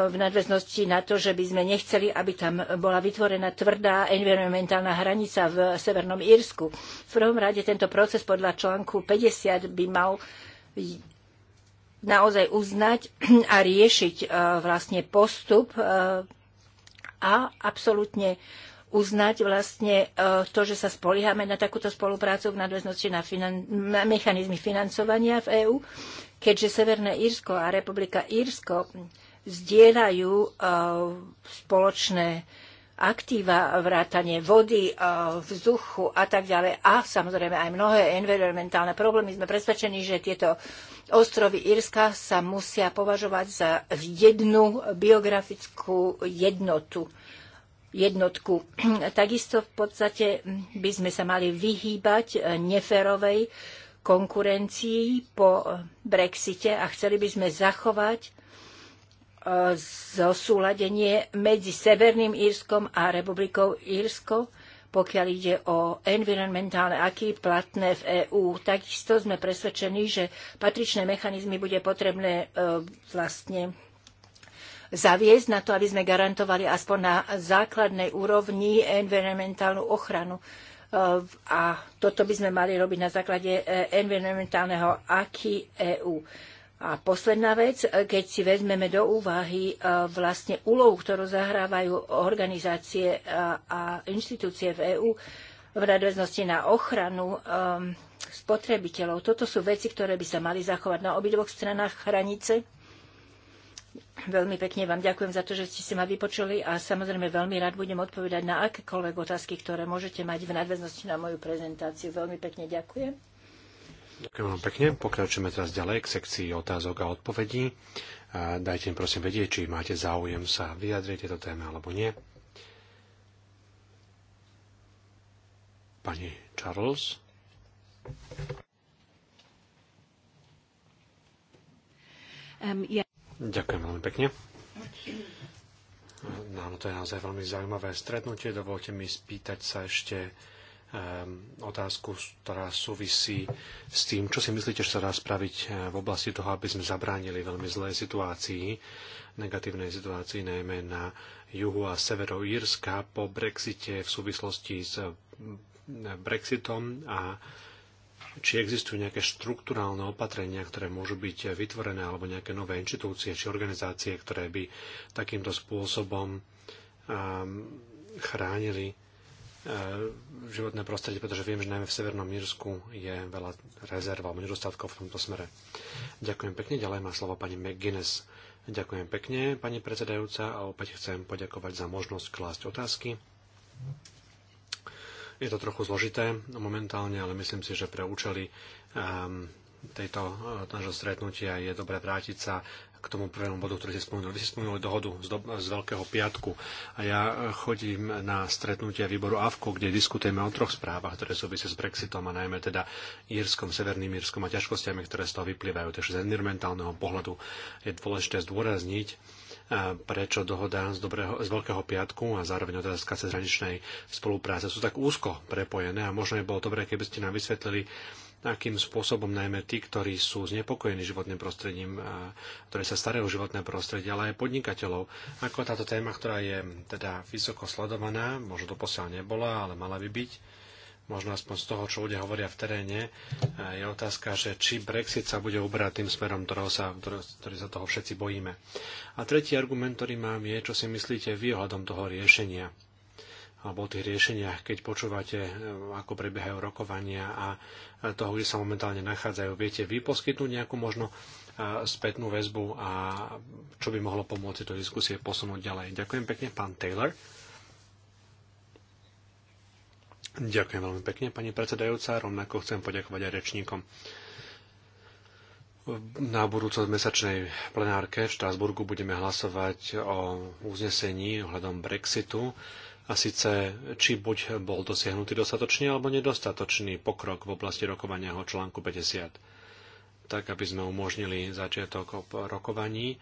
v nadväznosti na to, že by sme nechceli, aby tam bola vytvorená tvrdá environmentálna hranica v Severnom Írsku. V prvom rade tento proces podľa článku 50 by mal naozaj uznať a riešiť e, vlastne postup e, a absolútne uznať vlastne e, to, že sa spoliehame na takúto spoluprácu v nadväznosti na, finan- na mechanizmy financovania v EÚ, keďže Severné Írsko a Republika Írsko zdieľajú e, spoločné aktíva, vrátanie vody, e, vzduchu a tak ďalej. A samozrejme aj mnohé environmentálne problémy. Sme presvedčení, že tieto ostrovy Írska sa musia považovať za jednu biografickú jednotu jednotku. Takisto v podstate by sme sa mali vyhýbať e, neférovej konkurencii po Brexite a chceli by sme zachovať zosúladenie medzi Severným Írskom a Republikou Írsko, pokiaľ ide o environmentálne aký platné v EÚ. Takisto sme presvedčení, že patričné mechanizmy bude potrebné e, vlastne zaviesť na to, aby sme garantovali aspoň na základnej úrovni environmentálnu ochranu. E, a toto by sme mali robiť na základe e, environmentálneho aký EÚ. A posledná vec, e, keď si vezmeme do úvahy e, vlastne úlohu, ktorú zahrávajú organizácie e, a inštitúcie v EÚ v nadväznosti na ochranu ehm, spotrebiteľov. Toto sú veci, ktoré by sa mali zachovať na obidvoch stranách hranice. Veľmi pekne vám ďakujem za to, že ste si ma vypočuli a samozrejme veľmi rád budem odpovedať na akékoľvek otázky, ktoré môžete mať v nadväznosti na moju prezentáciu. Veľmi pekne ďakujem. Ďakujem vám pekne. Pokračujeme teraz ďalej k sekcii otázok a odpovedí. Dajte mi prosím vedieť, či máte záujem sa vyjadriť tieto téme alebo nie. Pani Charles. Um, yeah. Ďakujem veľmi pekne. Áno, to je naozaj veľmi zaujímavé stretnutie. Dovolte mi spýtať sa ešte Ehm, otázku, ktorá súvisí s tým, čo si myslíte, že sa dá spraviť eh, v oblasti toho, aby sme zabránili veľmi zlé situácii, negatívnej situácii najmä na juhu a severo Írska po Brexite v súvislosti s eh, Brexitom a či existujú nejaké štruktúrálne opatrenia, ktoré môžu byť vytvorené, alebo nejaké nové inštitúcie či organizácie, ktoré by takýmto spôsobom um, chránili E, životné prostredie, pretože viem, že najmä v Severnom Mírsku je veľa rezerv alebo nedostatkov v tomto smere. Ďakujem pekne. Ďalej má slovo pani McGuinness. Ďakujem pekne, pani predsedajúca, a opäť chcem poďakovať za možnosť klásť otázky. Je to trochu zložité momentálne, ale myslím si, že pre účely um, tejto e, nášho stretnutia je dobré vrátiť sa k tomu prvému bodu, ktorý ste spomenuli. Vy ste spomenuli dohodu z, do, z Veľkého piatku a ja e, chodím na stretnutia výboru AVKO, kde diskutujeme o troch správach, ktoré súvisia s Brexitom a najmä teda Írskom, Severným Írskom a ťažkostiami, ktoré z toho vyplývajú. Takže z environmentálneho pohľadu je dôležité zdôrazniť, e, prečo dohoda z, dobrého, z Veľkého piatku a zároveň otázka cezhraničnej spolupráce sú tak úzko prepojené a možno by bolo dobré, keby ste nám vysvetlili, akým spôsobom najmä tí, ktorí sú znepokojení životným prostredím, ktorí sa starajú o životné prostredie, ale aj podnikateľov. Ako táto téma, ktorá je teda vysoko sledovaná, možno to posiaľ nebola, ale mala by byť, možno aspoň z toho, čo ľudia hovoria v teréne, je otázka, že či Brexit sa bude uberať tým smerom, ktorého sa, ktorý sa toho všetci bojíme. A tretí argument, ktorý mám, je, čo si myslíte vy ohľadom toho riešenia alebo o tých riešeniach, keď počúvate, e, ako prebiehajú rokovania a e, toho, kde sa momentálne nachádzajú. Viete vy poskytnúť nejakú možno e, spätnú väzbu a čo by mohlo pomôcť do diskusie posunúť ďalej. Ďakujem pekne, pán Taylor. Ďakujem veľmi pekne, pani predsedajúca. Rovnako chcem poďakovať aj rečníkom. Na budúco mesačnej plenárke v Štrásburgu budeme hlasovať o uznesení ohľadom Brexitu a síce či buď bol dosiahnutý dostatočný alebo nedostatočný pokrok v oblasti rokovania o článku 50, tak aby sme umožnili začiatok rokovaní,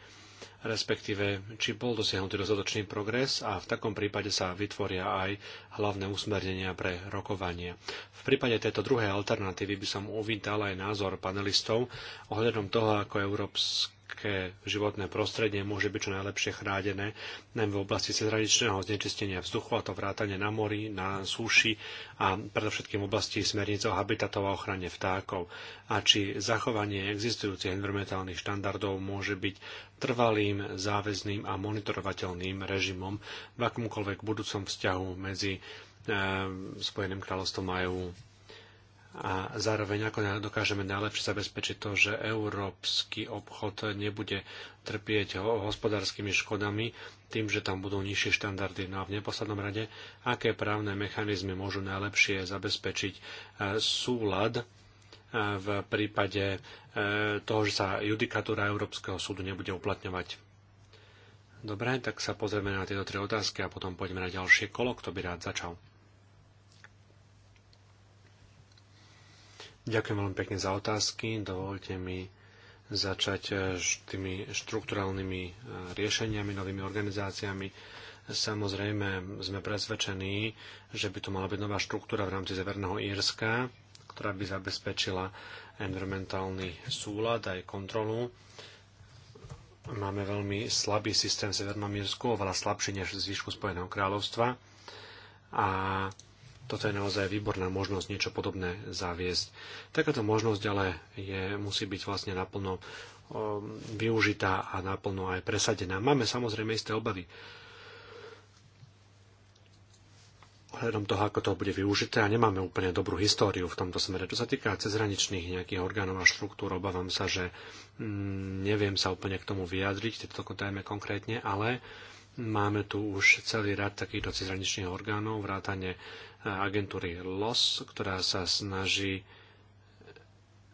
respektíve či bol dosiahnutý dostatočný progres a v takom prípade sa vytvoria aj hlavné usmernenia pre rokovanie. V prípade tejto druhej alternatívy by som uvítal aj názor panelistov ohľadom toho, ako Európska morské životné prostredie môže byť čo najlepšie chránené, najmä v oblasti cezhraničného znečistenia vzduchu, a to vrátane na mori, na súši a predovšetkým v oblasti smernice o habitatov a ochrane vtákov. A či zachovanie existujúcich environmentálnych štandardov môže byť trvalým, záväzným a monitorovateľným režimom v akomkoľvek budúcom vzťahu medzi eh, Spojeným kráľovstvom a EU a zároveň ako dokážeme najlepšie zabezpečiť to, že európsky obchod nebude trpieť hospodárskymi škodami tým, že tam budú nižšie štandardy. No a v neposlednom rade, aké právne mechanizmy môžu najlepšie zabezpečiť e, súlad e, v prípade e, toho, že sa judikatúra Európskeho súdu nebude uplatňovať. Dobre, tak sa pozrieme na tieto tri otázky a potom poďme na ďalšie kolo. Kto by rád začal? Ďakujem veľmi pekne za otázky. Dovolte mi začať eh, tými štruktúralnými eh, riešeniami, novými organizáciami. Samozrejme, sme presvedčení, že by to mala byť nová štruktúra v rámci Severného Írska, ktorá by zabezpečila environmentálny súlad aj kontrolu. Máme veľmi slabý systém v Severnom Írsku, oveľa slabší než v zvyšku Spojeného kráľovstva. A toto je naozaj výborná možnosť niečo podobné zaviesť. Takáto možnosť ale je, musí byť vlastne naplno um, využitá a naplno aj presadená. Máme samozrejme isté obavy Hľadom toho, ako to bude využité a nemáme úplne dobrú históriu v tomto smere. Čo sa týka cezhraničných nejakých orgánov a štruktúr, obávam sa, že mm, neviem sa úplne k tomu vyjadriť, tieto dajme konkrétne, ale máme tu už celý rad takýchto cezhraničných orgánov, vrátane agentúry LOS, ktorá sa snaží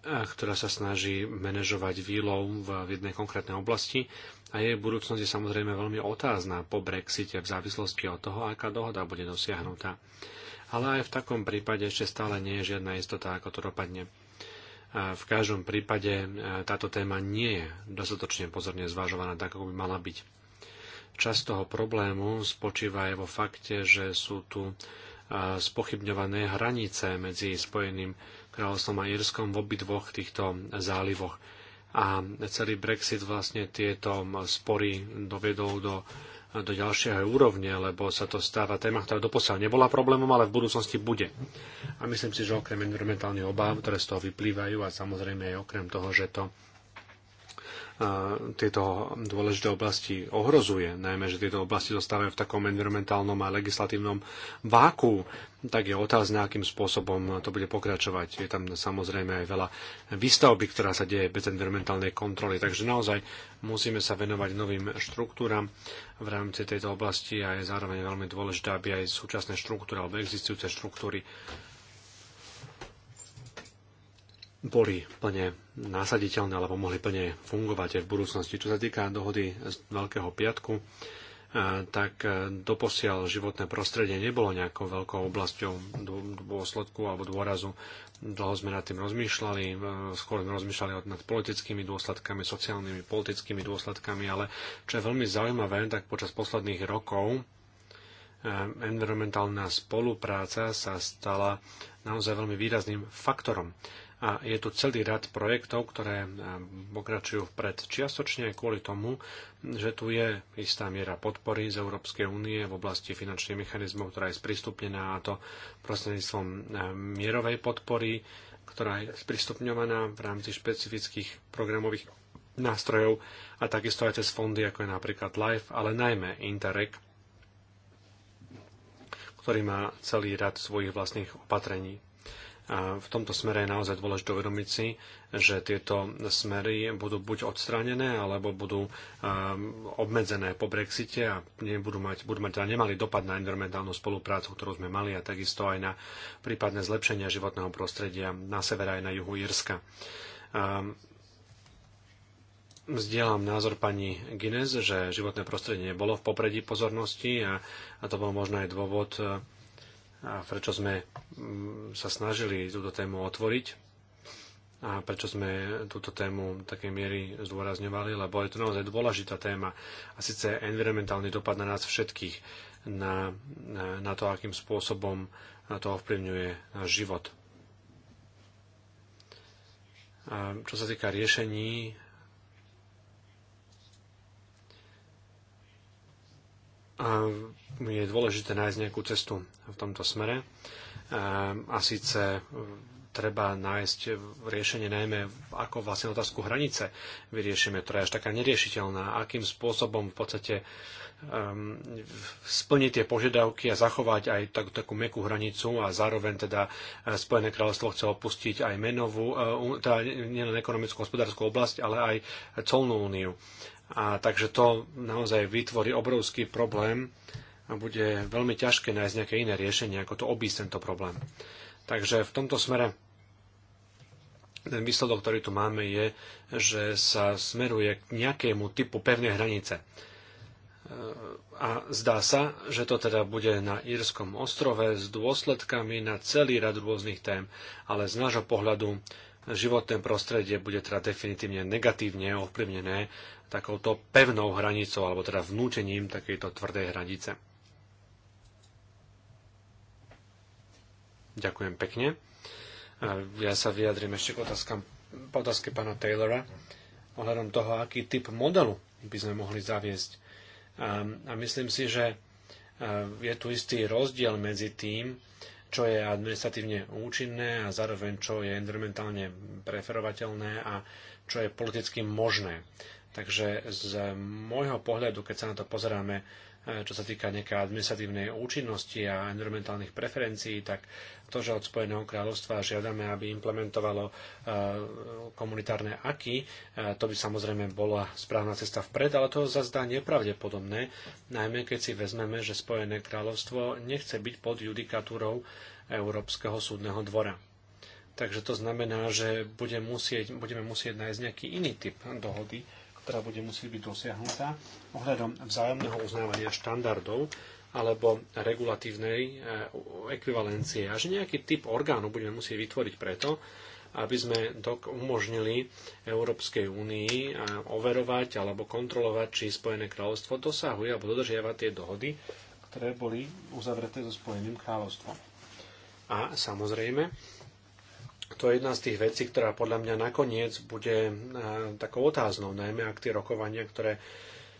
ktorá sa snaží manažovať výlov v jednej konkrétnej oblasti a jej budúcnosť je samozrejme veľmi otázna po Brexite v závislosti od toho, aká dohoda bude dosiahnutá. Ale aj v takom prípade ešte stále nie je žiadna istota, ako to dopadne. V každom prípade táto téma nie je dostatočne pozorne zvažovaná tak, ako by mala byť. Časť toho problému spočíva aj vo fakte, že sú tu spochybňované hranice medzi Spojeným kráľovstvom a Írskom v obidvoch týchto zálivoch. A celý Brexit vlastne tieto spory dovedol do, do ďalšieho úrovne, lebo sa to stáva téma, ktorá doposiaľ nebola problémom, ale v budúcnosti bude. A myslím si, že okrem environmentálnych obáv, ktoré z toho vyplývajú a samozrejme aj okrem toho, že to tieto dôležité oblasti ohrozuje, najmä, že tieto oblasti zostávajú v takom environmentálnom a legislatívnom váku, tak je otázne, akým spôsobom to bude pokračovať. Je tam samozrejme aj veľa výstavby, ktorá sa deje bez environmentálnej kontroly, takže naozaj musíme sa venovať novým štruktúram v rámci tejto oblasti a je zároveň veľmi dôležité, aby aj súčasné štruktúry alebo existujúce štruktúry boli plne nasaditeľné alebo mohli plne fungovať aj v budúcnosti. Čo sa týka dohody z Veľkého piatku, e, tak e, doposiaľ životné prostredie nebolo nejakou veľkou oblasťou dôsledku alebo dôrazu. Dlho sme nad tým rozmýšľali, e, skôr sme rozmýšľali nad politickými dôsledkami, sociálnymi, politickými dôsledkami, ale čo je veľmi zaujímavé, tak počas posledných rokov environmentálna spolupráca sa stala naozaj veľmi výrazným faktorom a je tu celý rad projektov, ktoré eh, pokračujú vpred čiastočne aj kvôli tomu, že tu je istá miera podpory z Európskej únie v oblasti finančných mechanizmov, ktorá je sprístupnená a to prostredníctvom eh, mierovej podpory, ktorá je sprístupňovaná v rámci špecifických programových nástrojov a takisto aj cez fondy, ako je napríklad LIFE, ale najmä Interreg, ktorý má celý rad svojich vlastných opatrení. A v tomto smere je naozaj dôležité uvedomiť si, že tieto smery budú buď odstránené, alebo budú um, obmedzené po Brexite a nebudú mať, budú mať teda nemali dopad na environmentálnu spoluprácu, ktorú sme mali a takisto aj na prípadné zlepšenia životného prostredia na severe aj na juhu Írska. Um, ehm, Zdieľam názor pani Guinness, že životné prostredie bolo v popredí pozornosti a, a to bol možno aj dôvod, a prečo sme mm, sa snažili túto tému otvoriť a prečo sme túto tému v takej miery zdôrazňovali, lebo je to naozaj dôležitá téma a síce environmentálny dopad na nás všetkých, na, na, na to, akým spôsobom to ovplyvňuje náš život. A čo sa týka riešení, je dôležité nájsť nejakú cestu v tomto smere. A síce e, treba nájsť riešenie najmä, ako vlastne otázku hranice vyriešime, ktorá je až taká neriešiteľná, akým spôsobom v podstate um, splniť tie požiadavky a zachovať aj tak, takú mekú hranicu a zároveň teda e, Spojené kráľovstvo chce opustiť aj menovú, e, teda nielen ekonomickú hospodárskú oblasť, ale aj colnú úniu. A takže to naozaj vytvorí obrovský problém a bude veľmi ťažké nájsť nejaké iné riešenie, ako to obísť tento problém. Takže v tomto smere ten výsledok, ktorý tu máme, je, že sa smeruje k nejakému typu pevnej hranice. E, a zdá sa, že to teda bude na Írskom ostrove s dôsledkami na celý rad rôznych tém, ale z nášho pohľadu životné prostredie bude teda definitívne negatívne ovplyvnené takouto pevnou hranicou, alebo teda vnúčením takejto tvrdej hranice. Ďakujem pekne. E, ja sa vyjadrím ešte k otázkam, po otázke pána Taylora ohľadom toho, aký typ modelu by sme mohli zaviesť. E, a myslím si, že e, je tu istý rozdiel medzi tým, čo je administratívne účinné a zároveň čo je environmentálne preferovateľné a čo je politicky možné. Takže z môjho pohľadu, keď sa na to pozeráme, E, čo sa týka nejakej administratívnej účinnosti a environmentálnych preferencií, tak to, že od Spojeného kráľovstva žiadame, aby implementovalo e, komunitárne aky, e, to by samozrejme bola správna cesta vpred, ale to zazdá nepravdepodobné, najmä keď si vezmeme, že Spojené kráľovstvo nechce byť pod judikatúrou Európskeho súdneho dvora. Takže to znamená, že budeme musieť, budeme musieť nájsť nejaký iný typ dohody, ktorá bude musieť byť dosiahnutá ohľadom vzájomného uznávania štandardov alebo regulatívnej eh, ekvivalencie. A že nejaký typ orgánu budeme musieť vytvoriť preto, aby sme dok umožnili Európskej únii eh, overovať alebo kontrolovať, či Spojené kráľovstvo dosahuje alebo dodržiava tie dohody, ktoré boli uzavreté so Spojeným kráľovstvom. A samozrejme, to je jedna z tých vecí, ktorá podľa mňa nakoniec bude eh, takou otáznou, najmä ak tie rokovania, ktoré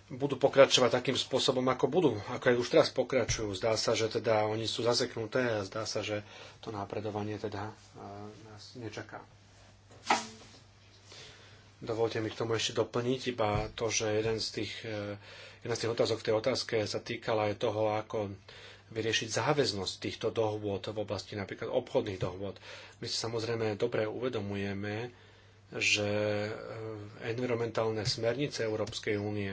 budú pokračovať takým spôsobom, ako budú, ako aj už teraz pokračujú. Zdá sa, že teda oni sú zaseknuté a zdá sa, že to napredovanie teda eh, nás nečaká. Dovolte mi k tomu ešte doplniť iba to, že jeden z tých, eh, jedna z tých otázok v tej otázke sa týkala aj toho, ako vyriešiť záväznosť týchto dohôd v oblasti napríklad obchodných dohôd. My si samozrejme dobre uvedomujeme, že eh, environmentálne smernice Európskej únie,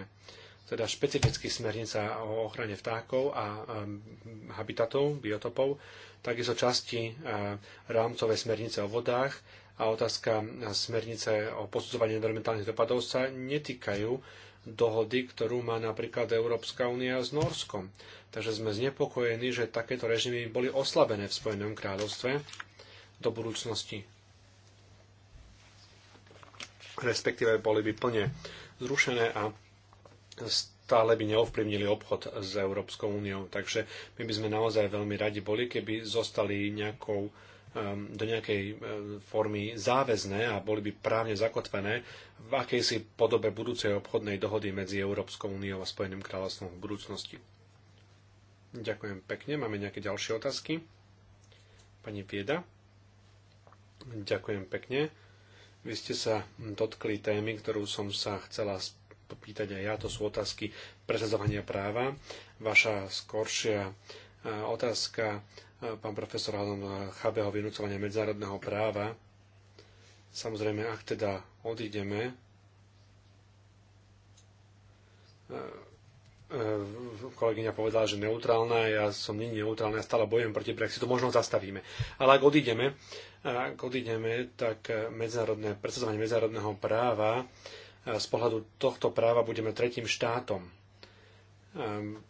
teda špecificky smernica o ochrane vtákov a eh, habitatov, biotopov, takisto časti eh, rámcovej smernice o vodách a otázka smernice o posudzovaní environmentálnych dopadov sa netýkajú dohody, ktorú má napríklad Európska únia s Norskom. Takže sme znepokojení, že takéto režimy boli oslabené v Spojenom kráľovstve do budúcnosti. Respektíve boli by plne zrušené a stále by neovplyvnili obchod s Európskou úniou. Takže my by sme naozaj veľmi radi boli, keby zostali nejakou, ehm, do nejakej ehm, formy záväzné a boli by právne zakotvené v akejsi podobe budúcej obchodnej dohody medzi Európskou úniou a Spojeným kráľovstvom v budúcnosti. Ďakujem pekne. Máme nejaké ďalšie otázky? Pani Pieda? Ďakujem pekne. Vy ste sa dotkli témy, ktorú som sa chcela popýtať aj ja. To sú otázky presadzovania práva. Vaša skoršia e, otázka, e, pán profesor Alan e, Chabeho, vynúcovania medzinárodného práva. Samozrejme, ak teda odídeme, E, kolegyňa povedala, že neutrálna, ja som nie neutrálna, ja stále bojujem proti Brexitu, možno zastavíme. Ale ak odídeme, ak odídeme, tak medzinárodné, predstavovanie medzinárodného práva e, z pohľadu tohto práva budeme tretím štátom, e,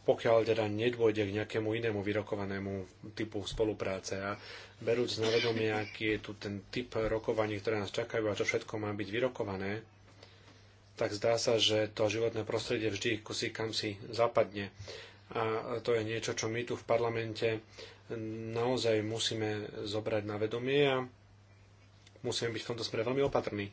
pokiaľ teda nedôjde k nejakému inému vyrokovanému typu spolupráce. A berúc na vedomie, aký je tu ten typ rokovaní, ktoré nás čakajú a čo všetko má byť vyrokované, tak zdá sa, že to životné prostredie vždy kusí kam si zapadne. A to je niečo, čo my tu v parlamente naozaj musíme zobrať na vedomie a musíme byť v tomto smere veľmi opatrní.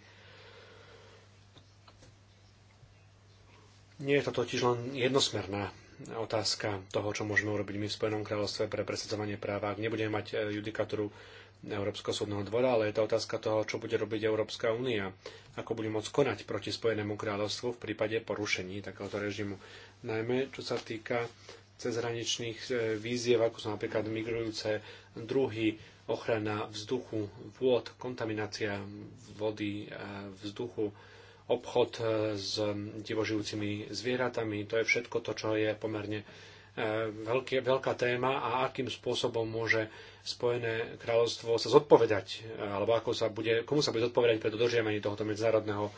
Nie je to totiž len jednosmerná otázka toho, čo môžeme urobiť my v Spojenom kráľovstve pre presadzovanie práva. Ak nebudeme mať eh, judikatúru Európskeho súdneho dvora, ale je to otázka toho, čo bude robiť Európska únia, ako bude môcť konať proti Spojenému kráľovstvu v prípade porušení takéhoto režimu. Najmä čo sa týka cezhraničných e, víziev, ako sú napríklad migrujúce druhy, ochrana vzduchu, vôd, kontaminácia vody, e, vzduchu, obchod e, s divožijúcimi zvieratami. To je všetko to, čo je pomerne E, veľký, veľká téma a akým spôsobom môže Spojené kráľovstvo sa zodpovedať, e, alebo ako sa bude, komu sa bude zodpovedať pre dodržiavanie tohoto medzinárodného e,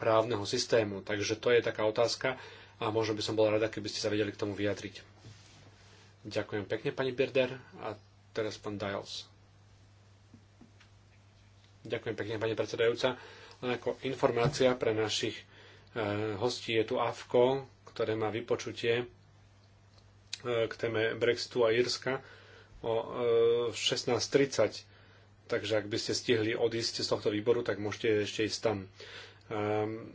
právneho systému. Takže to je taká otázka a možno by som bola rada, keby ste sa vedeli k tomu vyjadriť. Ďakujem pekne, pani Birder. A teraz pán Dials. Ďakujem pekne, pani predsedajúca. Len ako informácia pre našich hostí je tu AFKO, ktoré má vypočutie e, k téme Brexitu a Írska o 16.30. E, Takže ak by ste stihli odísť z tohto výboru, tak môžete ešte ísť tam. Ehm,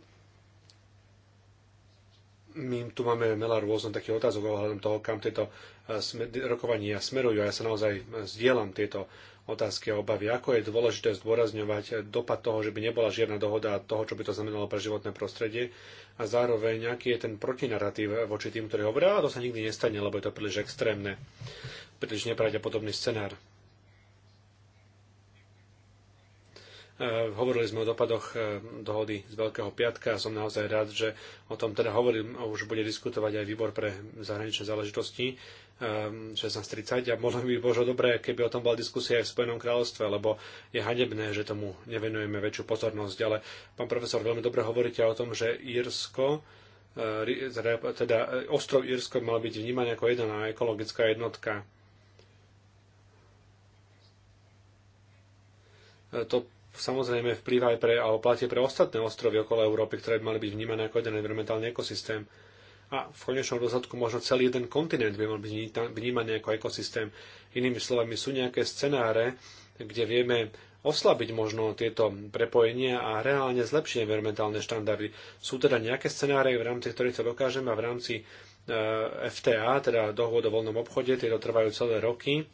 my tu máme veľa rôznych takých otázok ohľadom toho, kam tieto e, rokovania smerujú a ja sa naozaj e, zdieľam tieto otázky a obavy. Ako je dôležité zdôrazňovať dopad toho, že by nebola žiadna dohoda toho, čo by to znamenalo pre životné prostredie a zároveň aký je ten protinaratív voči tým, ktorí hovoria, a to sa nikdy nestane, lebo je to príliš extrémne, príliš nepravdepodobný scenár. E, hovorili sme o dopadoch e, dohody z Veľkého piatka a som naozaj rád, že o tom teda hovorím, a už bude diskutovať aj výbor pre zahraničné záležitosti 16.30 e, a možno by bolo dobré, keby o tom bola diskusia aj v Spojenom kráľovstve, lebo je hanebné, že tomu nevenujeme väčšiu pozornosť. Ale pán profesor, veľmi dobre hovoríte o tom, že Írsko teda ostrov Írsko mal byť vnímaný ako jedna ekologická jednotka. To samozrejme vplýva aj pre, alebo platie pre ostatné ostrovy okolo Európy, ktoré by mali byť vnímané ako jeden environmentálny ekosystém. A v konečnom rozhodku možno celý jeden kontinent by mal byť vnímaný ako ekosystém. Inými slovami, sú nejaké scenáre, kde vieme oslabiť možno tieto prepojenia a reálne zlepšiť environmentálne štandardy. Sú teda nejaké scenáre, v rámci ktorých to dokážeme a v rámci e, FTA, teda dohôd o voľnom obchode, tieto trvajú celé roky.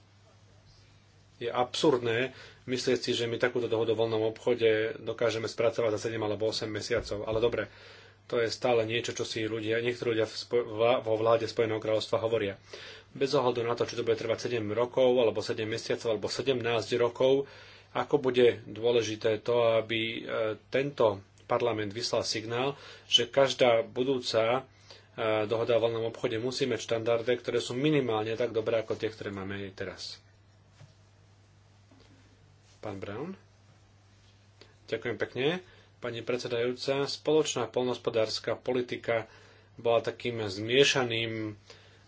Je absurdné, myslieť si, že my takúto dohodu o voľnom obchode dokážeme spracovať za 7 alebo 8 mesiacov. Ale dobre, to je stále niečo, čo si ľudia, niektorí ľudia vo vláde Spojeného kráľovstva hovoria. Bez ohľadu na to, či to bude trvať 7 rokov, alebo 7 mesiacov, alebo 17 rokov, ako bude dôležité to, aby e, tento parlament vyslal signál, že každá budúca e, dohoda o voľnom obchode musí mať štandardy, ktoré sú minimálne tak dobré ako tie, ktoré máme aj teraz. Pán Brown. Ďakujem pekne. Pani predsedajúca, spoločná polnospodárska politika bola takým zmiešaným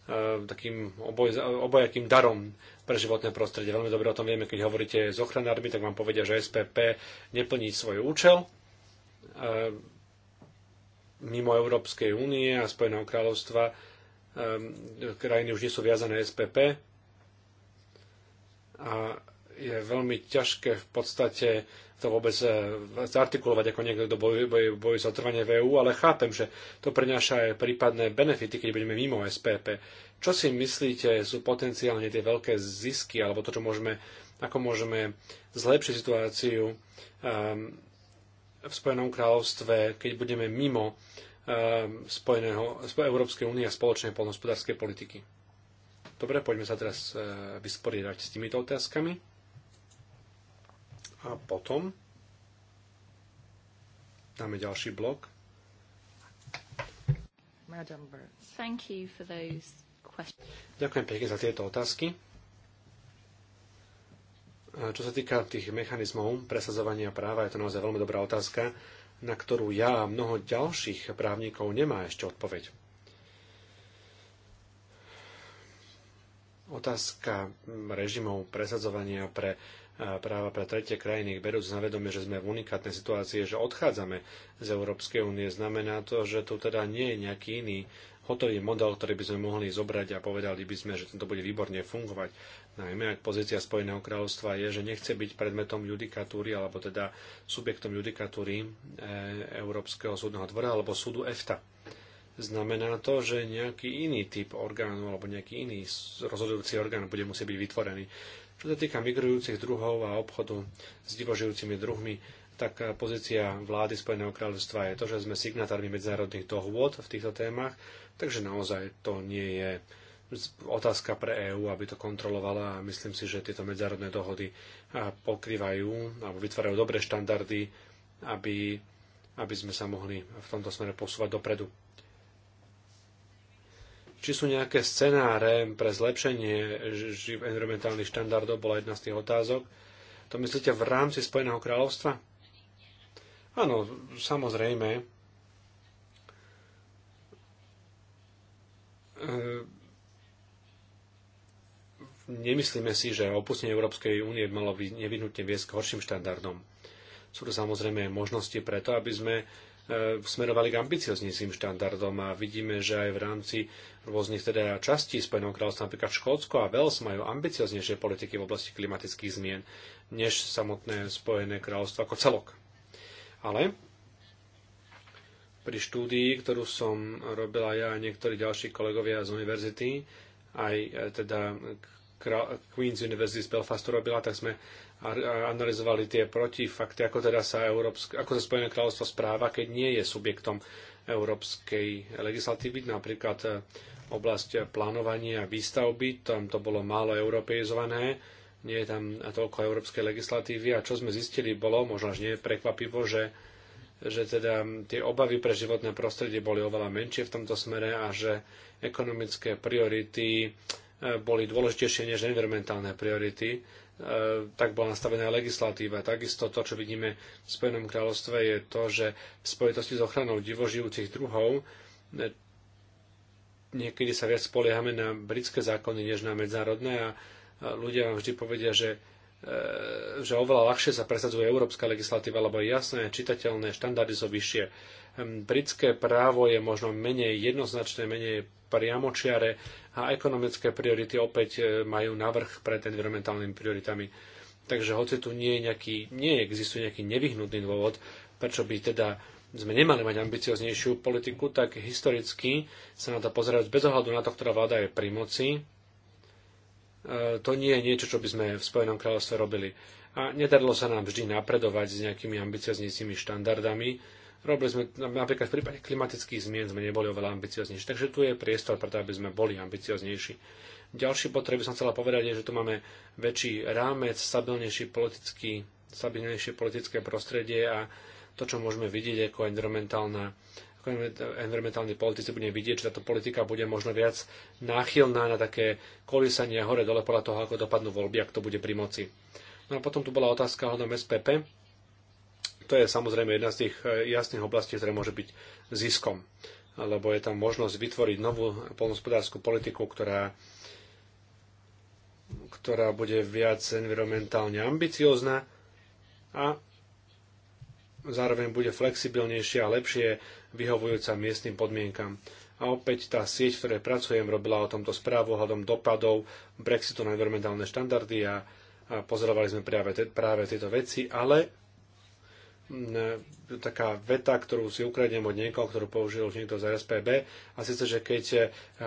e, takým oboj, obojakým darom pre životné prostredie. Veľmi dobre o tom vieme, keď hovoríte s ochranármi, tak vám povedia, že SPP neplní svoj účel e, mimo Európskej únie a Spojeného kráľovstva e, krajiny už nie sú viazané SPP a je veľmi ťažké v podstate to vôbec eh, zartikulovať ako niekto, kto bojuje boj, boj za trvanie v EU, ale chápem, že to prináša aj prípadné benefity, keď budeme mimo SPP. Čo si myslíte, sú potenciálne tie veľké zisky, alebo to, čo môžeme, ako môžeme zlepšiť situáciu um, v Spojenom kráľovstve, keď budeme mimo um, Spojeného, Európskej únie a spoločnej poľnospodárskej politiky? Dobre, poďme sa teraz uh, vysporiadať s týmito otázkami. A potom dáme ďalší blok. Ďakujem pekne za tieto otázky. Čo sa týka tých mechanizmov presadzovania práva, je to naozaj veľmi dobrá otázka, na ktorú ja a mnoho ďalších právnikov nemá ešte odpoveď. Otázka režimov presadzovania pre práva pre tretie krajiny, berúc na vedomie, že sme v unikátnej situácii, že odchádzame z Európskej únie. Znamená to, že tu teda nie je nejaký iný hotový model, ktorý by sme mohli zobrať a povedali by sme, že to bude výborne fungovať. Najmä ak pozícia Spojeného kráľovstva je, že nechce byť predmetom judikatúry alebo teda subjektom judikatúry e, Európskeho súdneho dvora alebo súdu EFTA. Znamená to, že nejaký iný typ orgánu alebo nejaký iný rozhodujúci orgán bude musieť byť vytvorený. Čo sa týka migrujúcich druhov a obchodu s divožijúcimi druhmi, tak eh, pozícia vlády Spojeného kráľovstva je to, že sme signatármi medzinárodných dohôd v týchto témach, takže naozaj to nie je otázka pre EÚ, aby to kontrolovala a myslím si, že tieto medzinárodné dohody eh, pokrývajú alebo vytvárajú dobré štandardy, aby, aby sme sa mohli v tomto smere posúvať dopredu. Či sú nejaké scenáre pre zlepšenie environmentálnych štandardov, bola jedna z tých otázok. To myslíte v rámci Spojeného kráľovstva? Áno, samozrejme. E, nemyslíme si, že opustenie Európskej únie malo nevyhnutne viesť k horším štandardom. Sú to samozrejme možnosti preto, aby sme E, smerovali k ambicioznejším štandardom a vidíme, že aj v rámci rôznych teda častí Spojeného kráľovstva, napríklad Škótsko a Wales majú ambicioznejšie politiky v oblasti klimatických zmien než samotné Spojené kráľovstvo ako celok. Ale pri štúdii, ktorú som robila ja a niektorí ďalší kolegovia z univerzity, aj e, teda Queen's University z Belfastu robila, tak sme analyzovali tie protifakty, ako teda sa, Európske ako sa Spojené kráľovstvo správa, keď nie je subjektom európskej legislatívy, napríklad e, oblasť plánovania a výstavby, tam to bolo málo europeizované, nie je tam toľko európskej legislatívy a čo sme zistili bolo, možno až nie je prekvapivo, že, že teda tie obavy pre životné prostredie boli oveľa menšie v tomto smere a že ekonomické priority boli dôležitejšie než environmentálne priority, e, tak bola nastavená legislatíva. Takisto to, čo vidíme v Spojenom kráľovstve, je to, že v spojitosti s ochranou divožijúcich druhov e, niekedy sa viac spoliehame na britské zákony, než na medzárodné a e, ľudia vám vždy povedia, že že oveľa ľahšie sa presadzuje európska legislatíva, lebo je jasné, čitateľné, štandardy sú vyššie. Britské právo je možno menej jednoznačné, menej priamočiare a ekonomické priority opäť e, majú navrh pred environmentálnymi prioritami. Takže hoci tu nie, je nejaký, nie existuje nejaký nevyhnutný dôvod, prečo by teda sme nemali mať ambicioznejšiu politiku, tak historicky sa na to pozerať bez ohľadu na to, ktorá vláda je pri moci. E, to nie je niečo, čo by sme v Spojenom kráľovstve robili. A nedarilo sa nám vždy napredovať s nejakými ambicioznejšími štandardami, Robili sme, napríklad v prípade klimatických zmien sme neboli oveľa ambicioznejší, takže tu je priestor preto, aby sme boli ambicioznejší. Ďalší bod, ktorý by som chcela povedať, je, že tu máme väčší rámec, stabilnejší politický, stabilnejšie politické prostredie a to, čo môžeme vidieť ako environmentálna ako environmentálni politici budeme vidieť, že táto politika bude možno viac náchylná na také kolísanie hore-dole podľa toho, ako dopadnú voľby, ak to bude pri moci. No a potom tu bola otázka hľadom SPP. To je samozrejme jedna z tých eh, jasných oblastí, ktoré môže byť ziskom, lebo je tam možnosť vytvoriť novú polnospodárskú politiku, ktorá ktorá bude viac environmentálne ambiciozná a zároveň bude flexibilnejšia a lepšie vyhovujúca miestnym podmienkam. A opäť tá sieť, v ktorej pracujem, robila o tomto správu ohľadom dopadov Brexitu na environmentálne štandardy a, a pozorovali sme práve, te, práve tieto veci, ale taká veta, ktorú si ukradnem od niekoho, ktorú použil už niekto z RSPB. a síce, že keď e,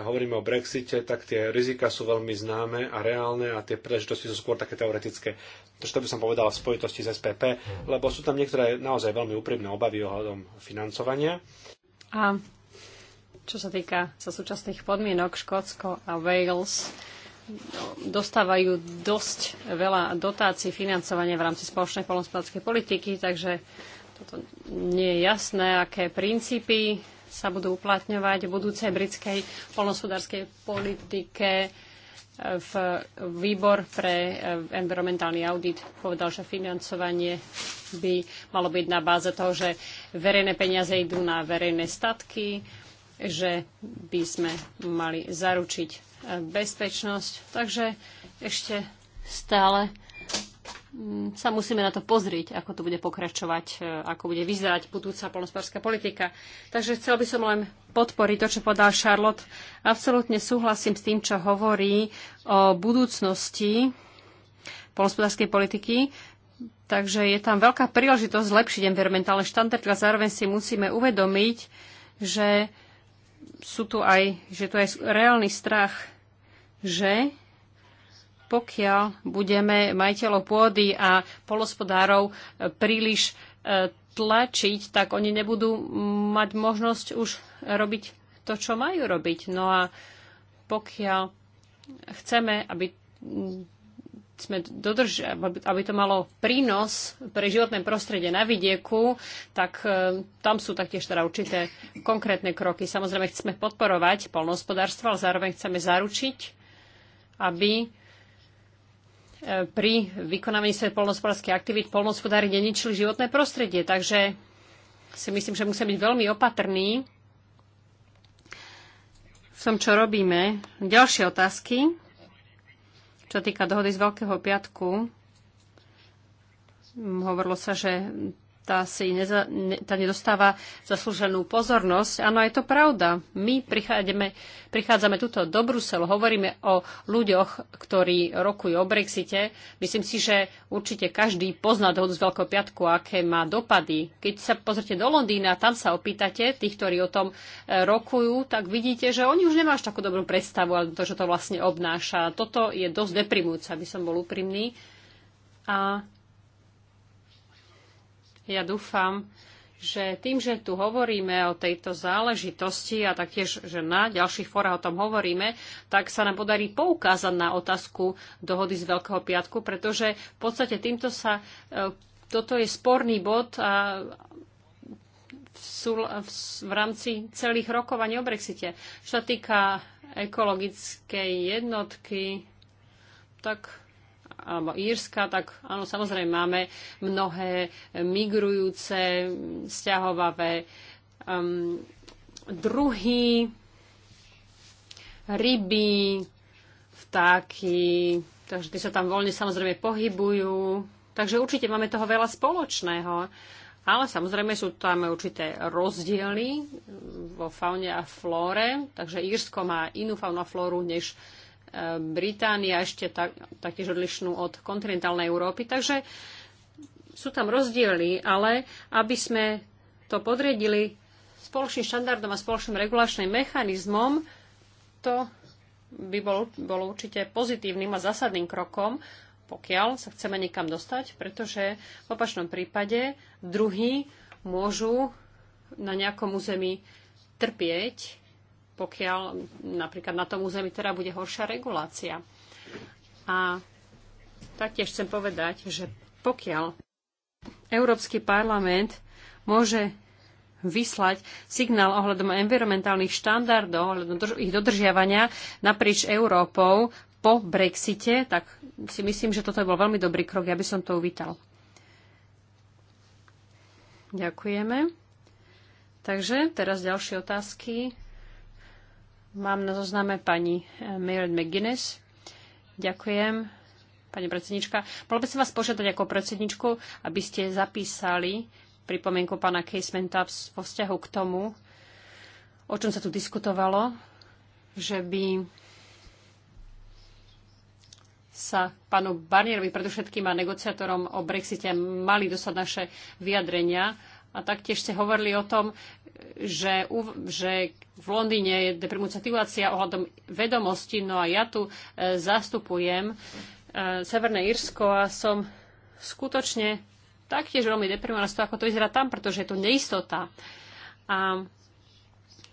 hovoríme o Brexite, tak tie rizika sú veľmi známe a reálne a tie príležitosti sú skôr také teoretické. Takže to by som povedal v spojitosti s SPP, lebo sú tam niektoré naozaj veľmi úprimné obavy ohľadom financovania. A čo sa týka sa súčasných podmienok, Škótsko a Wales dostávajú dosť veľa dotácií financovania v rámci spoločnej polnospodárskej politiky, takže toto nie je jasné, aké princípy sa budú uplatňovať v budúcej britskej polnospodárskej politike. E, v výbor pre e, environmentálny audit povedal, že financovanie by malo byť na báze toho, že verejné peniaze idú na verejné statky, že by sme mali zaručiť e, bezpečnosť. Takže ešte stále mm, sa musíme na to pozrieť, ako to bude pokračovať, e, ako bude vyzerať budúca polnospodárska politika. Takže chcel by som len podporiť to, čo podal Charlotte. Absolútne súhlasím s tým, čo hovorí o budúcnosti polnospodárskej politiky. Takže je tam veľká príležitosť zlepšiť environmentálne štandardy a zároveň si musíme uvedomiť, že sú tu aj, že to je reálny strach, že pokiaľ budeme majiteľov pôdy a polospodárov e, príliš e, tlačiť, tak oni nebudú mať možnosť už robiť to, čo majú robiť. No a pokiaľ chceme, aby sme dodržali, aby to malo prínos pre životné prostredie na vidieku, tak e, tam sú taktiež teda určité konkrétne kroky. Samozrejme, chceme podporovať polnohospodárstvo, ale zároveň chceme zaručiť, aby e, pri vykonávaní svojej polnohospodárskej aktivít polnohospodári neničili životné prostredie. Takže si myslím, že musíme byť veľmi opatrní v tom, čo robíme. Ďalšie otázky. Čo týka dohody z Veľkého piatku, hovorilo sa, že tá, si neza, ne, tá nedostáva zaslúženú pozornosť. Áno, je to pravda. My prichádzame, prichádzame tuto do Bruselu, hovoríme o ľuďoch, ktorí rokujú o Brexite. Myslím si, že určite každý pozná dohodu z Veľkého piatku, aké má dopady. Keď sa pozrite do Londýna, tam sa opýtate tých, ktorí o tom e, rokujú, tak vidíte, že oni už nemáš takú dobrú predstavu, ale to, že to vlastne obnáša. Toto je dosť deprimujúce, aby som bol úprimný. A ja dúfam, že tým, že tu hovoríme o tejto záležitosti a taktiež, že na ďalších fórach o tom hovoríme, tak sa nám podarí poukázať na otázku dohody z Veľkého piatku, pretože v podstate týmto sa, e, toto je sporný bod a v, sú, v, v rámci celých rokovaní o Brexite. Čo sa týka ekologickej jednotky, tak alebo Írska, tak áno, samozrejme máme mnohé migrujúce, stiahovavé um, druhy, ryby, vtáky, takže tie sa tam voľne samozrejme pohybujú. Takže určite máme toho veľa spoločného. Ale samozrejme sú tam určité rozdiely vo faune a flóre, takže Írsko má inú faunu a flóru než Británia ešte tak, taktiež odlišnú od kontinentálnej Európy. Takže sú tam rozdiely, ale aby sme to podriedili spoločným štandardom a spoločným regulačným mechanizmom, to by bol, bolo určite pozitívnym a zásadným krokom, pokiaľ sa chceme niekam dostať, pretože v opačnom prípade druhý môžu na nejakom území trpieť pokiaľ napríklad na tom území teda bude horšia regulácia. A taktiež chcem povedať, že pokiaľ Európsky parlament môže vyslať signál ohľadom environmentálnych štandardov, ohľadom ich dodržiavania naprieč Európou po Brexite, tak si myslím, že toto je bol veľmi dobrý krok. Ja by som to uvítal. Ďakujeme. Takže teraz ďalšie otázky. Mám na zozname pani eh, Mary McGuinness. Ďakujem, pani predsednička. Mohla by som vás požiadať ako predsedničku, aby ste zapísali pripomienku pána Casementa vo vzťahu k tomu, o čom sa tu diskutovalo, že by sa pánu Barnierovi, predovšetkým a negociátorom o Brexite mali dosať naše vyjadrenia. A taktiež ste hovorili o tom, že, že v Londýne je deprimujúca situácia ohľadom vedomosti, no a ja tu e, zastupujem e, Severné Írsko a som skutočne taktiež veľmi deprimovaná z toho, ako to vyzerá tam, pretože je to neistota. A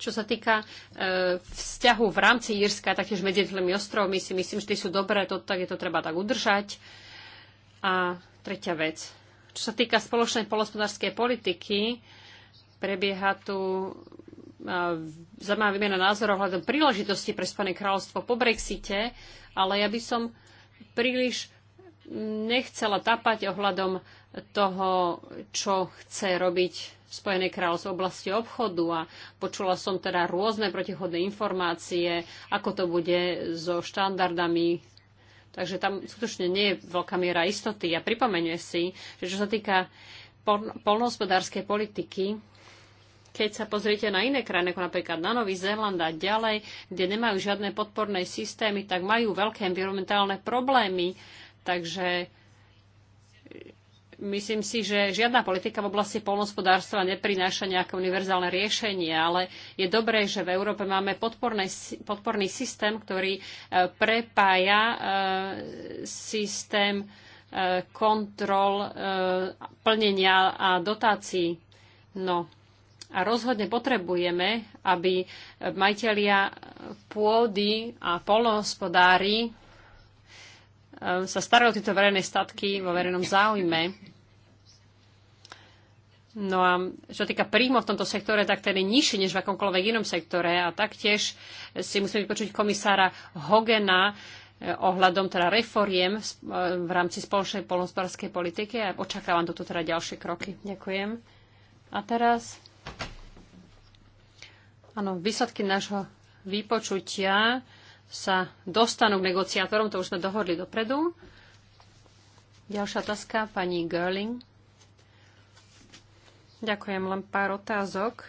čo sa týka e, vzťahu v rámci Írska, taktiež medzi tými ostrovmi, si myslím, že tie sú dobré, to, tak je to treba tak udržať. A tretia vec. Čo sa týka spoločnej polospodárskej politiky, Prebieha tu zaujímavá výmena názorov hľadom príležitosti pre Spojené kráľovstvo po Brexite, ale ja by som príliš nechcela tapať ohľadom toho, čo chce robiť Spojené kráľovstvo v oblasti obchodu a počula som teda rôzne protichodné informácie, ako to bude so štandardami. Takže tam skutočne nie je veľká miera istoty. A pripomenuje si, že čo sa týka polnohospodárskej politiky, keď sa pozriete na iné krajiny, ako napríklad na Nový Zéland a ďalej, kde nemajú žiadne podporné systémy, tak majú veľké environmentálne problémy. Takže e, myslím si, že žiadna politika v oblasti polnospodárstva neprináša nejaké univerzálne riešenie, ale je dobré, že v Európe máme podporné, podporný systém, ktorý e, prepája e, systém kontrol plnenia a dotácií. No, a rozhodne potrebujeme, aby majiteľia pôdy a polnohospodári e, sa starajú o tieto verejné statky vo verejnom záujme. No a čo týka príjmov v tomto sektore, tak ten je nižší než v akomkoľvek inom sektore. A taktiež si musíme vypočuť komisára Hogena e, ohľadom teda reforiem e, v rámci spoločnej polnospodárskej politiky a očakávam toto teda ďalšie kroky. Ďakujem. A teraz Áno, výsledky nášho vypočutia sa dostanú k negociátorom, to už sme dohodli dopredu. Ďalšia otázka, pani Görling. Ďakujem, len pár otázok.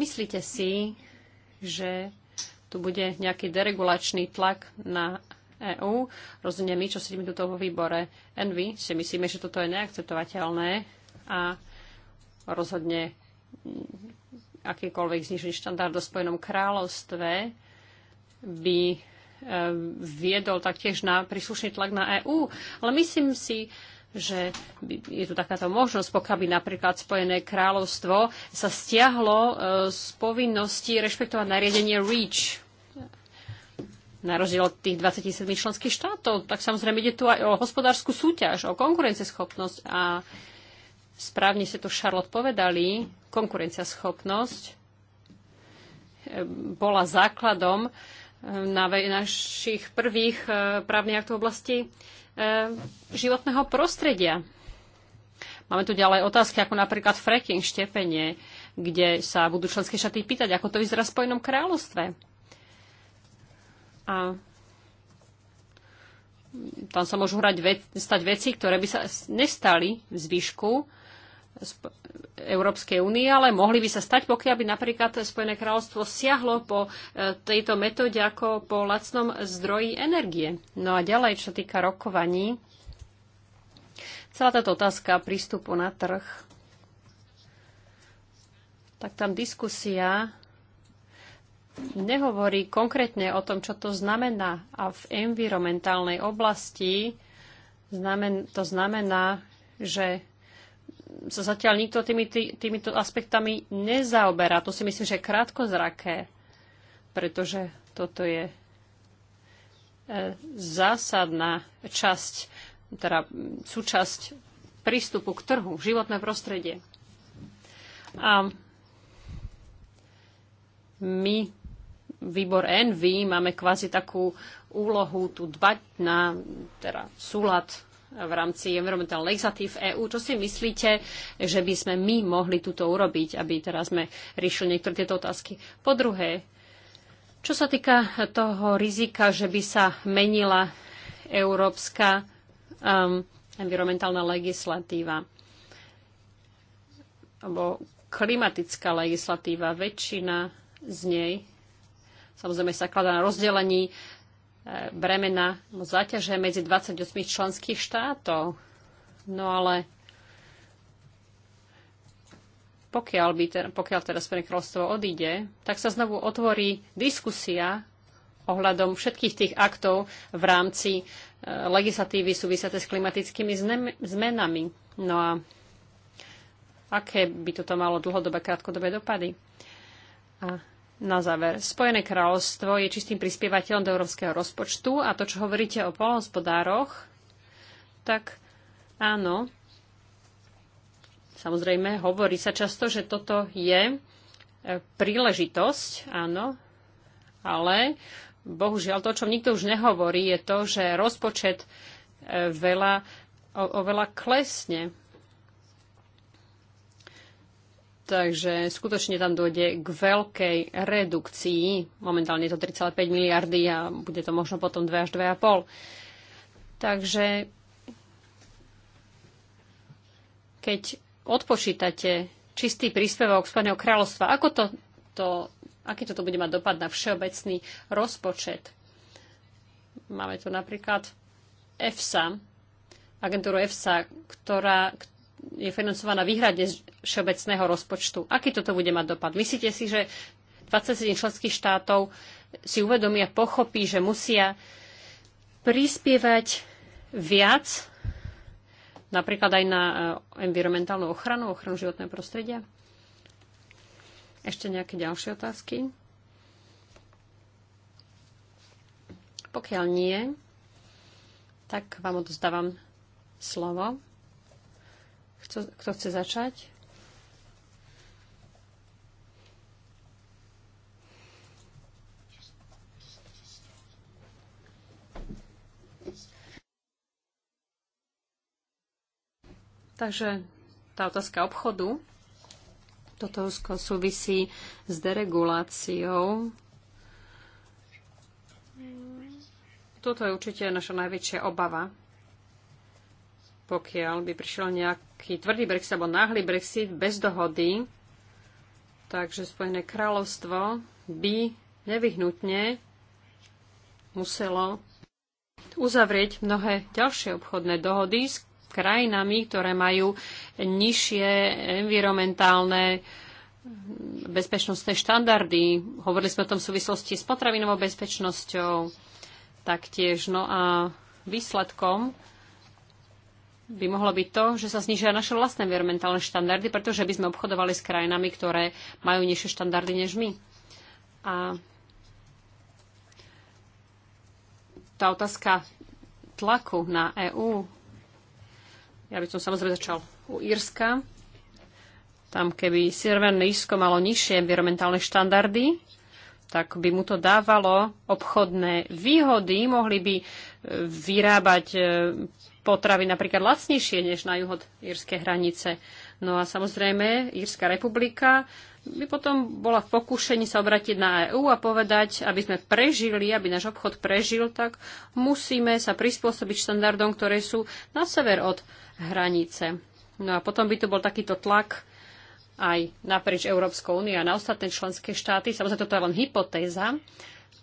Myslíte si, že tu bude nejaký deregulačný tlak na EÚ. Rozumiem, my, čo sedíme tuto vo výbore Envy, si myslíme, že toto je neakceptovateľné a rozhodne akýkoľvek znižený štandard o Spojenom kráľovstve by e, viedol taktiež na príslušný tlak na EÚ. Ale myslím si, že je tu takáto možnosť, pokiaľ by napríklad Spojené kráľovstvo sa stiahlo e, z povinnosti rešpektovať nariadenie REACH, na rozdiel od tých 27 členských štátov. Tak samozrejme ide tu aj o hospodárskú súťaž, o konkurenceschopnosť a správne ste to Charlotte povedali, konkurenciaschopnosť eh, bola základom eh, na našich prvých eh, právnych aktov v oblasti životného prostredia. Máme tu ďalej otázky ako napríklad fracking, štepenie, kde sa budú členské štáty pýtať, ako to vyzerá v Spojenom kráľovstve. A tam sa môžu hrať ve- stať veci, ktoré by sa nestali v zvyšku Európskej únie, ale mohli by sa stať, pokiaľ by napríklad Spojené kráľovstvo siahlo po e, tejto metóde ako po lacnom zdroji energie. No a ďalej, čo týka rokovaní, celá táto otázka prístupu na trh, tak tam diskusia nehovorí konkrétne o tom, čo to znamená. A v environmentálnej oblasti to znamená, že sa zatiaľ nikto tými, tý, týmito aspektami nezaoberá. To si myslím, že je krátkozraké, pretože toto je e, zásadná časť, teda súčasť prístupu k trhu, životné prostredie. A my, výbor NV, máme kvázi takú úlohu tu dbať na teda, súlad v rámci environmentálnej legislatív EÚ. Čo si myslíte, že by sme my mohli túto urobiť, aby teraz sme riešili niektoré tieto otázky? Po druhé, čo sa týka toho rizika, že by sa menila európska um, environmentálna legislatíva alebo klimatická legislatíva, väčšina z nej samozrejme sa kladá na rozdelení bremena alebo záťaže medzi 28 členských štátov. No ale pokiaľ, by ter, pokiaľ teraz kráľovstvo odíde, tak sa znovu otvorí diskusia ohľadom všetkých tých aktov v rámci e, legislatívy súvisiace s klimatickými zmenami. No a aké by toto malo dlhodobé, krátkodobé dopady? A na záver, Spojené kráľovstvo je čistým prispievateľom do európskeho rozpočtu a to, čo hovoríte o polnospodároch, tak áno, samozrejme, hovorí sa často, že toto je e, príležitosť, áno, ale bohužiaľ to, o čom nikto už nehovorí, je to, že rozpočet e, veľa, o, oveľa klesne. Takže skutočne tam dojde k veľkej redukcii. Momentálne je to 3,5 miliardy a bude to možno potom 2 až 2,5. Takže keď odpočítate čistý príspevok Spojeného kráľovstva, ako to, to, aký toto bude mať dopad na všeobecný rozpočet? Máme tu napríklad EFSA, agentúru EFSA, ktorá, je financovaná výhrade z všeobecného rozpočtu. Aký toto bude mať dopad? Myslíte si, že 27 členských štátov si uvedomia, pochopí, že musia prispievať viac napríklad aj na e, environmentálnu ochranu, ochranu životného prostredia? Ešte nejaké ďalšie otázky? Pokiaľ nie, tak vám odzdávam slovo. Kto, kto chce začať? Takže tá otázka obchodu, toto súvisí s dereguláciou. Toto je určite naša najväčšia obava pokiaľ by prišiel nejaký tvrdý Brexit alebo náhly Brexit bez dohody, takže Spojené kráľovstvo by nevyhnutne muselo uzavrieť mnohé ďalšie obchodné dohody s krajinami, ktoré majú nižšie environmentálne bezpečnostné štandardy. Hovorili sme o tom v súvislosti s potravinovou bezpečnosťou taktiež. No a výsledkom by mohlo byť to, že sa znižia naše vlastné environmentálne štandardy, pretože by sme obchodovali s krajinami, ktoré majú nižšie štandardy než my. A tá otázka tlaku na EÚ, ja by som samozrejme začal u Írska, tam keby Severné Lísko malo nižšie environmentálne štandardy, tak by mu to dávalo obchodné výhody, mohli by e, vyrábať e, potravy napríklad lacnejšie než na juhod írskej hranice. No a samozrejme, Írska republika by potom bola v pokúšení sa obratiť na EÚ a povedať, aby sme prežili, aby náš obchod prežil, tak musíme sa prispôsobiť štandardom, ktoré sú na sever od hranice. No a potom by to bol takýto tlak aj naprieč Európskou úniu a na ostatné členské štáty. Samozrejme, toto je len hypotéza,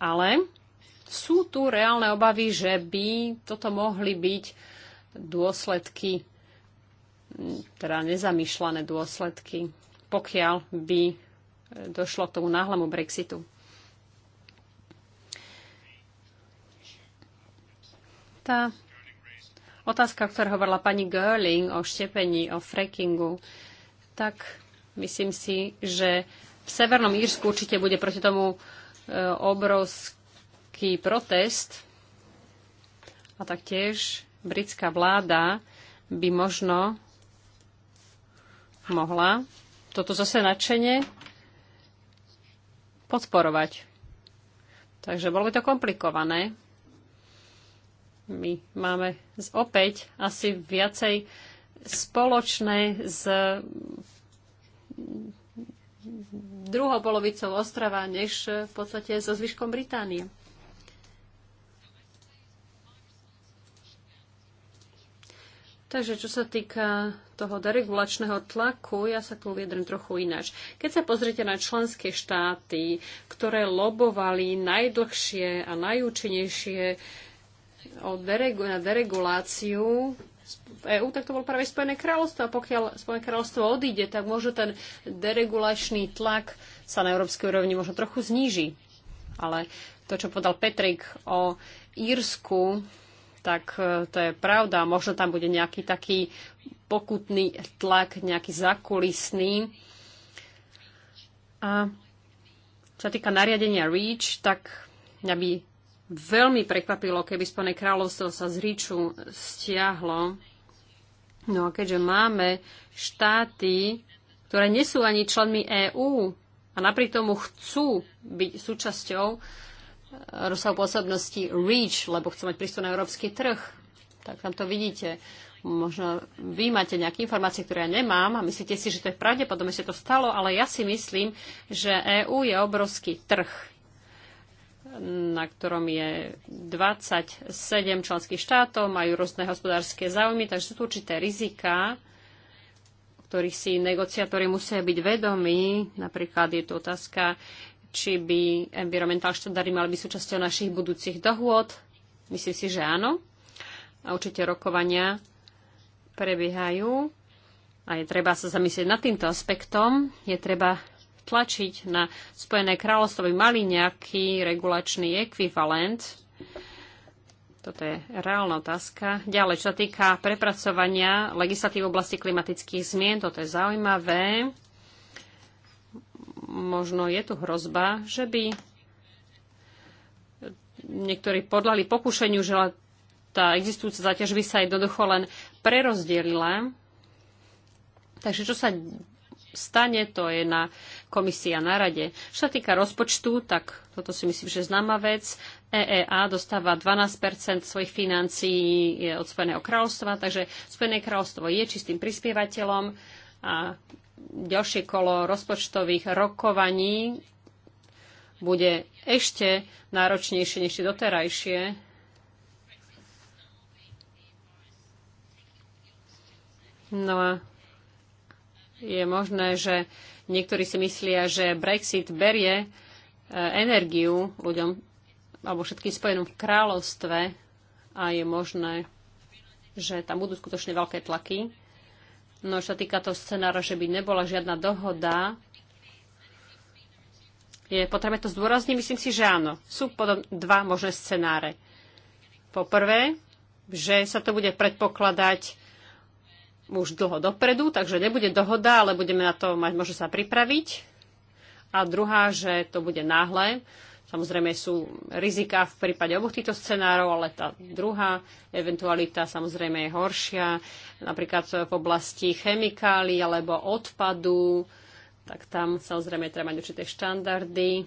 ale sú tu reálne obavy, že by toto mohli byť dôsledky, teda nezamýšľané dôsledky, pokiaľ by došlo k tomu náhlemu Brexitu. Tá otázka, ktorá hovorila pani Görling o štepení, o frackingu, tak Myslím si, že v Severnom Írsku určite bude proti tomu e, obrovský protest a taktiež britská vláda by možno mohla toto zase nadšenie podporovať. Takže bolo by to komplikované. My máme opäť asi viacej spoločné s druhou polovicou ostrova, než v podstate so zvyškom Británie. Takže čo sa týka toho deregulačného tlaku, ja sa tu uviedrem trochu ináč. Keď sa pozrite na členské štáty, ktoré lobovali najdlhšie a najúčinnejšie o deregu- na dereguláciu, v EÚ, tak to bolo práve Spojené kráľovstvo. A pokiaľ Spojené kráľovstvo odíde, tak možno ten deregulačný tlak sa na európskej úrovni možno trochu zníži. Ale to, čo povedal Petrik o Írsku, tak e, to je pravda. Možno tam bude nejaký taký pokutný tlak, nejaký zakulisný. A čo sa týka nariadenia REACH, tak mňa by veľmi prekvapilo, keby Spojené kráľovstvo sa z Ríču stiahlo. No a keďže máme štáty, ktoré nie sú ani členmi EÚ a napriek tomu chcú byť súčasťou e, rozsahu pôsobnosti REACH, lebo chcú mať prístup na európsky trh, tak tam to vidíte. Možno vy máte nejaké informácie, ktoré ja nemám a myslíte si, že to je pravdepodobne, že to stalo, ale ja si myslím, že EÚ je obrovský trh na ktorom je 27 členských štátov, majú rôzne hospodárske záujmy, takže sú tu určité rizika, ktorých si negociátori musia byť vedomí. Napríklad je tu otázka, či by environmentál štandardy mali byť súčasťou našich budúcich dohôd. Myslím si, že áno. A určite rokovania prebiehajú. A je treba sa zamyslieť nad týmto aspektom. Je treba tlačiť na Spojené kráľovstvo, aby mali nejaký regulačný ekvivalent. Toto je reálna otázka. Ďalej, čo sa týka prepracovania legislatív v oblasti klimatických zmien, toto je zaujímavé. Možno je tu hrozba, že by niektorí podľali pokušeniu, že tá existujúca záťaž by sa jednoducho len prerozdelila. Takže čo sa stane, to je na komisia na rade. Čo sa týka rozpočtu, tak toto si myslím, že známa vec. EEA dostáva 12 svojich financií od Spojeného kráľovstva, takže Spojené kráľovstvo je čistým prispievateľom a ďalšie kolo rozpočtových rokovaní bude ešte náročnejšie než doterajšie. No a je možné, že niektorí si myslia, že Brexit berie e, energiu ľuďom alebo všetkým spojenom v kráľovstve a je možné, že tam budú skutočne veľké tlaky. No čo sa týka toho scenára, že by nebola žiadna dohoda, je potrebné to zdôrazniť? Myslím si, že áno. Sú potom dva možné scenáre. Po prvé, že sa to bude predpokladať už dlho dopredu, takže nebude dohoda, ale budeme na to mať možno sa pripraviť. A druhá, že to bude náhle. Samozrejme sú rizika v prípade oboch týchto scenárov, ale tá druhá eventualita samozrejme je horšia. Napríklad v oblasti chemikálií alebo odpadu, tak tam samozrejme treba mať určité štandardy.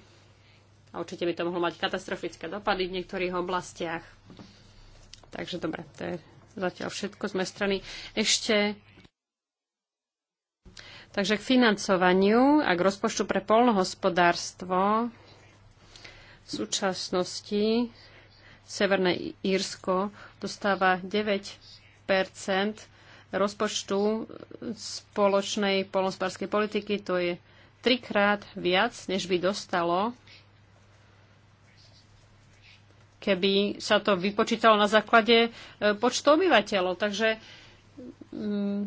A určite by to mohlo mať katastrofické dopady v niektorých oblastiach. Takže dobre, to je Zatiaľ všetko z mojej strany. Ešte Takže k financovaniu a k rozpočtu pre polnohospodárstvo v súčasnosti Severné Írsko dostáva 9 rozpočtu spoločnej polnohospodárskej politiky. To je trikrát viac, než by dostalo, keby sa to vypočítalo na základe e, počtu obyvateľov. Takže mm,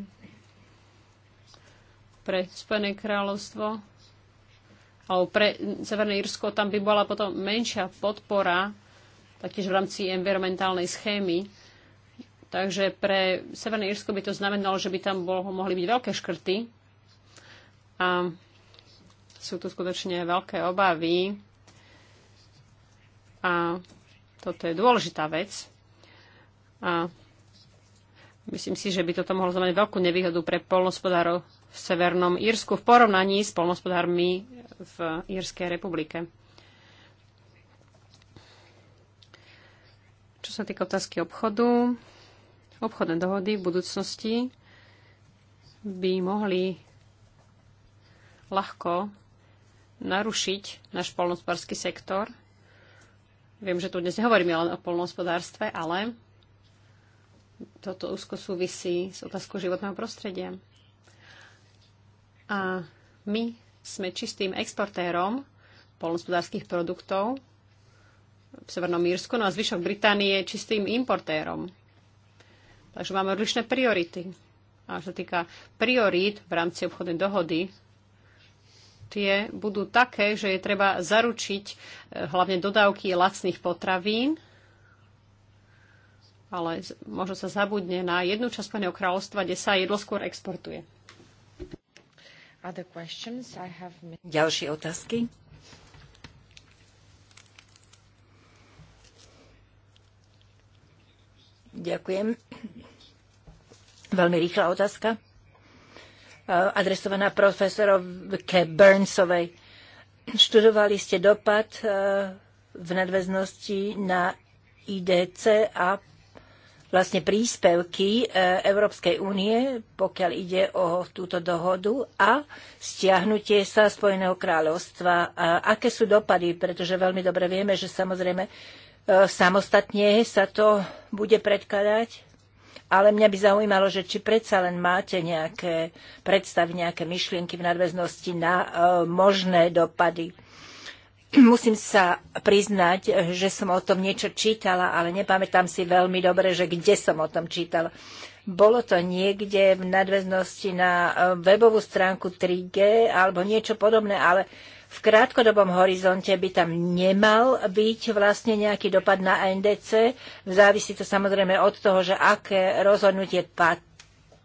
pre Spojené kráľovstvo alebo pre Severné Irsko tam by bola potom menšia podpora taktiež v rámci environmentálnej schémy. Takže pre Severné Irsko by to znamenalo, že by tam bol, mohli byť veľké škrty. A sú tu skutočne veľké obavy. A toto je dôležitá vec. A myslím si, že by toto mohlo znamenať veľkú nevýhodu pre polnospodárov v Severnom Írsku v porovnaní s polnospodármi v Írskej republike. Čo sa týka otázky obchodu, obchodné dohody v budúcnosti by mohli ľahko narušiť náš polnospodársky sektor – Viem, že tu dnes nehovoríme len o polnohospodárstve, ale toto úzko súvisí s otázkou životného prostredia. A my sme čistým exportérom polnohospodárských produktov v Severnom Mírsku, no a zvyšok Británie je čistým importérom. Takže máme odlišné priority. A čo sa týka priorít v rámci obchodnej dohody tie budú také, že je treba zaručiť e, hlavne dodávky lacných potravín, ale možno sa zabudne na jednu časť Spojeného kráľovstva, kde sa jedlo skôr exportuje. Have... Ďalšie otázky? Ďakujem. Veľmi rýchla otázka. Eh, adresovaná profesorovke Burnsovej. Študovali ste dopad eh, v nadväznosti na IDC a vlastne príspevky eh, Európskej únie, pokiaľ ide o túto dohodu a stiahnutie sa Spojeného kráľovstva. A aké sú dopady? Pretože veľmi dobre vieme, že samozrejme samostatne sa to bude predkladať ale mňa by zaujímalo, že či predsa len máte nejaké predstavy, nejaké myšlienky v nadväznosti na e, možné dopady. Musím sa priznať, že som o tom niečo čítala, ale nepamätám si veľmi dobre, že kde som o tom čítala. Bolo to niekde v nadväznosti na e, webovú stránku 3G alebo niečo podobné, ale v krátkodobom horizonte by tam nemal byť vlastne nejaký dopad na NDC. Závisí to samozrejme od toho, že aké rozhodnutie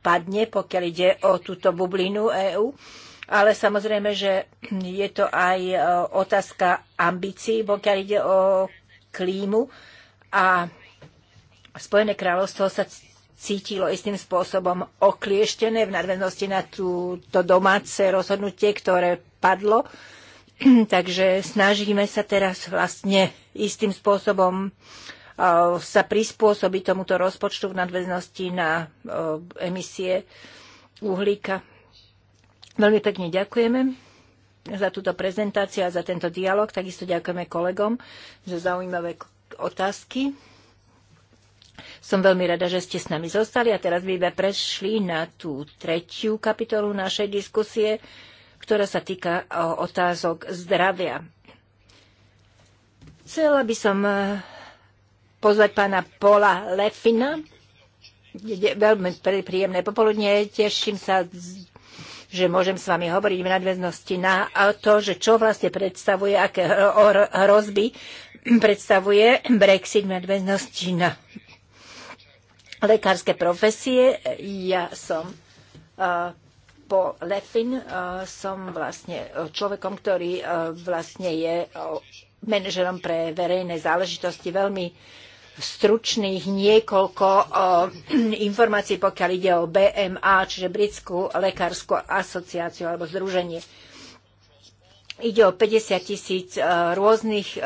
padne, pokiaľ ide o túto bublinu EÚ. Ale samozrejme, že je to aj e, otázka ambícií, pokiaľ ide o klímu. A Spojené kráľovstvo sa cítilo istým spôsobom oklieštené v nadväznosti na túto domáce rozhodnutie, ktoré padlo. Takže snažíme sa teraz vlastne istým spôsobom uh, sa prispôsobiť tomuto rozpočtu v nadväznosti na uh, emisie uhlíka. Veľmi pekne ďakujeme za túto prezentáciu a za tento dialog. Takisto ďakujeme kolegom za zaujímavé otázky. Som veľmi rada, že ste s nami zostali a teraz by sme prešli na tú tretiu kapitolu našej diskusie ktorá sa týka otázok zdravia. Chcela by som e, pozvať pána Paula Lefina. Je veľmi príjemné popoludne. Teším sa, že môžem s vami hovoriť v nadväznosti na to, že čo vlastne predstavuje, aké hrozby predstavuje Brexit v nadväznosti na lekárske profesie. Ja som po Lefin e, som vlastne človekom, ktorý e, vlastne je e, manažerom pre verejné záležitosti veľmi stručných niekoľko informácií, pokiaľ ide o BMA, čiže Britskú lekárskú asociáciu alebo združenie. Ide o 50 tisíc rôznych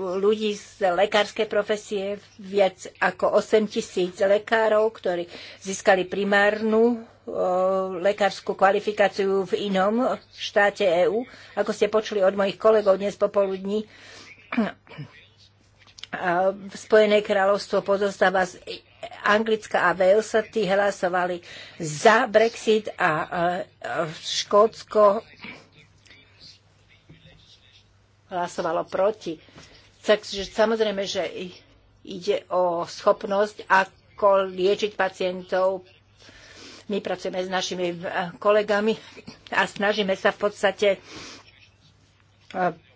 ľudí z lekárskej profesie, viac ako 8 tisíc lekárov, ktorí získali primárnu Eh, lekárskú kvalifikáciu v inom štáte EÚ, ako ste počuli od mojich kolegov dnes popoludní. Eh, Spojené kráľovstvo pozostáva z Anglická a Walesa, tí hlasovali za Brexit a eh, Škótsko hlasovalo proti. Takže samozrejme, že ide o schopnosť, ako liečiť pacientov my pracujeme s našimi eh, kolegami a snažíme sa v podstate eh,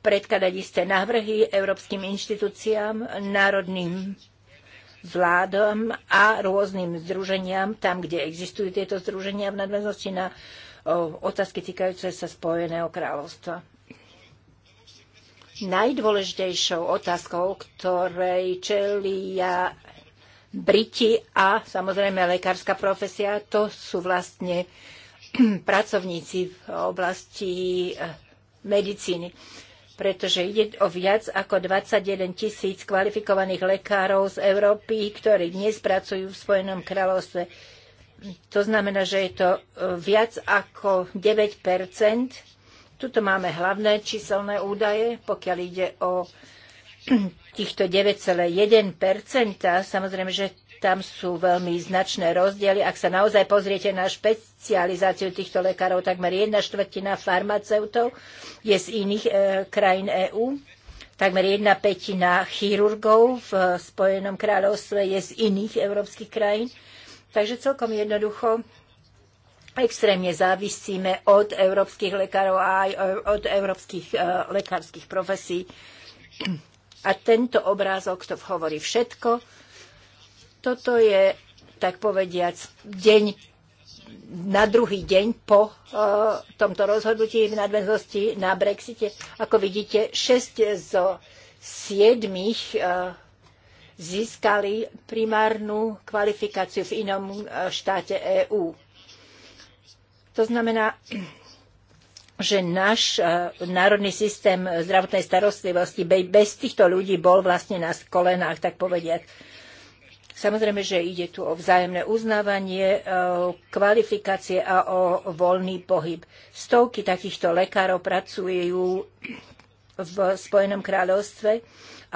predkadať isté návrhy európskym inštitúciám, národným vládom a rôznym združeniam, tam, kde existujú tieto združenia v nadväznosti na otázky týkajúce sa Spojeného kráľovstva. Najdôležitejšou otázkou, ktorej čelia Briti a samozrejme lekárska profesia, to sú vlastne pracovníci v oblasti eh, medicíny pretože ide o viac ako 21 tisíc kvalifikovaných lekárov z Európy, ktorí dnes pracujú v Spojenom kráľovstve. To znamená, že je to eh, viac ako 9 Tuto máme hlavné číselné údaje, pokiaľ ide o týchto 9,1 samozrejme, že tam sú veľmi značné rozdiely. Ak sa naozaj pozriete na špecializáciu týchto lekárov, takmer jedna štvrtina farmaceutov je z iných e, krajín EÚ. Takmer jedna petina chirurgov v Spojenom kráľovstve je z iných európskych krajín. Takže celkom jednoducho extrémne závisíme od európskych lekárov a aj od európskych e, lekárskych profesí. A tento obrázok to hovorí všetko. Toto je, tak povediac, deň na druhý deň po uh, tomto rozhodnutí v nadväznosti na Brexite. Ako vidíte, 6 zo 7 uh, e, získali primárnu kvalifikáciu v inom e, štáte EÚ. To znamená, že náš e, národný systém zdravotnej starostlivosti bez týchto ľudí bol vlastne na kolenách, tak povediať. Samozrejme, že ide tu o vzájomné uznávanie, o e, kvalifikácie a o voľný pohyb. Stovky takýchto lekárov pracujú v Spojenom kráľovstve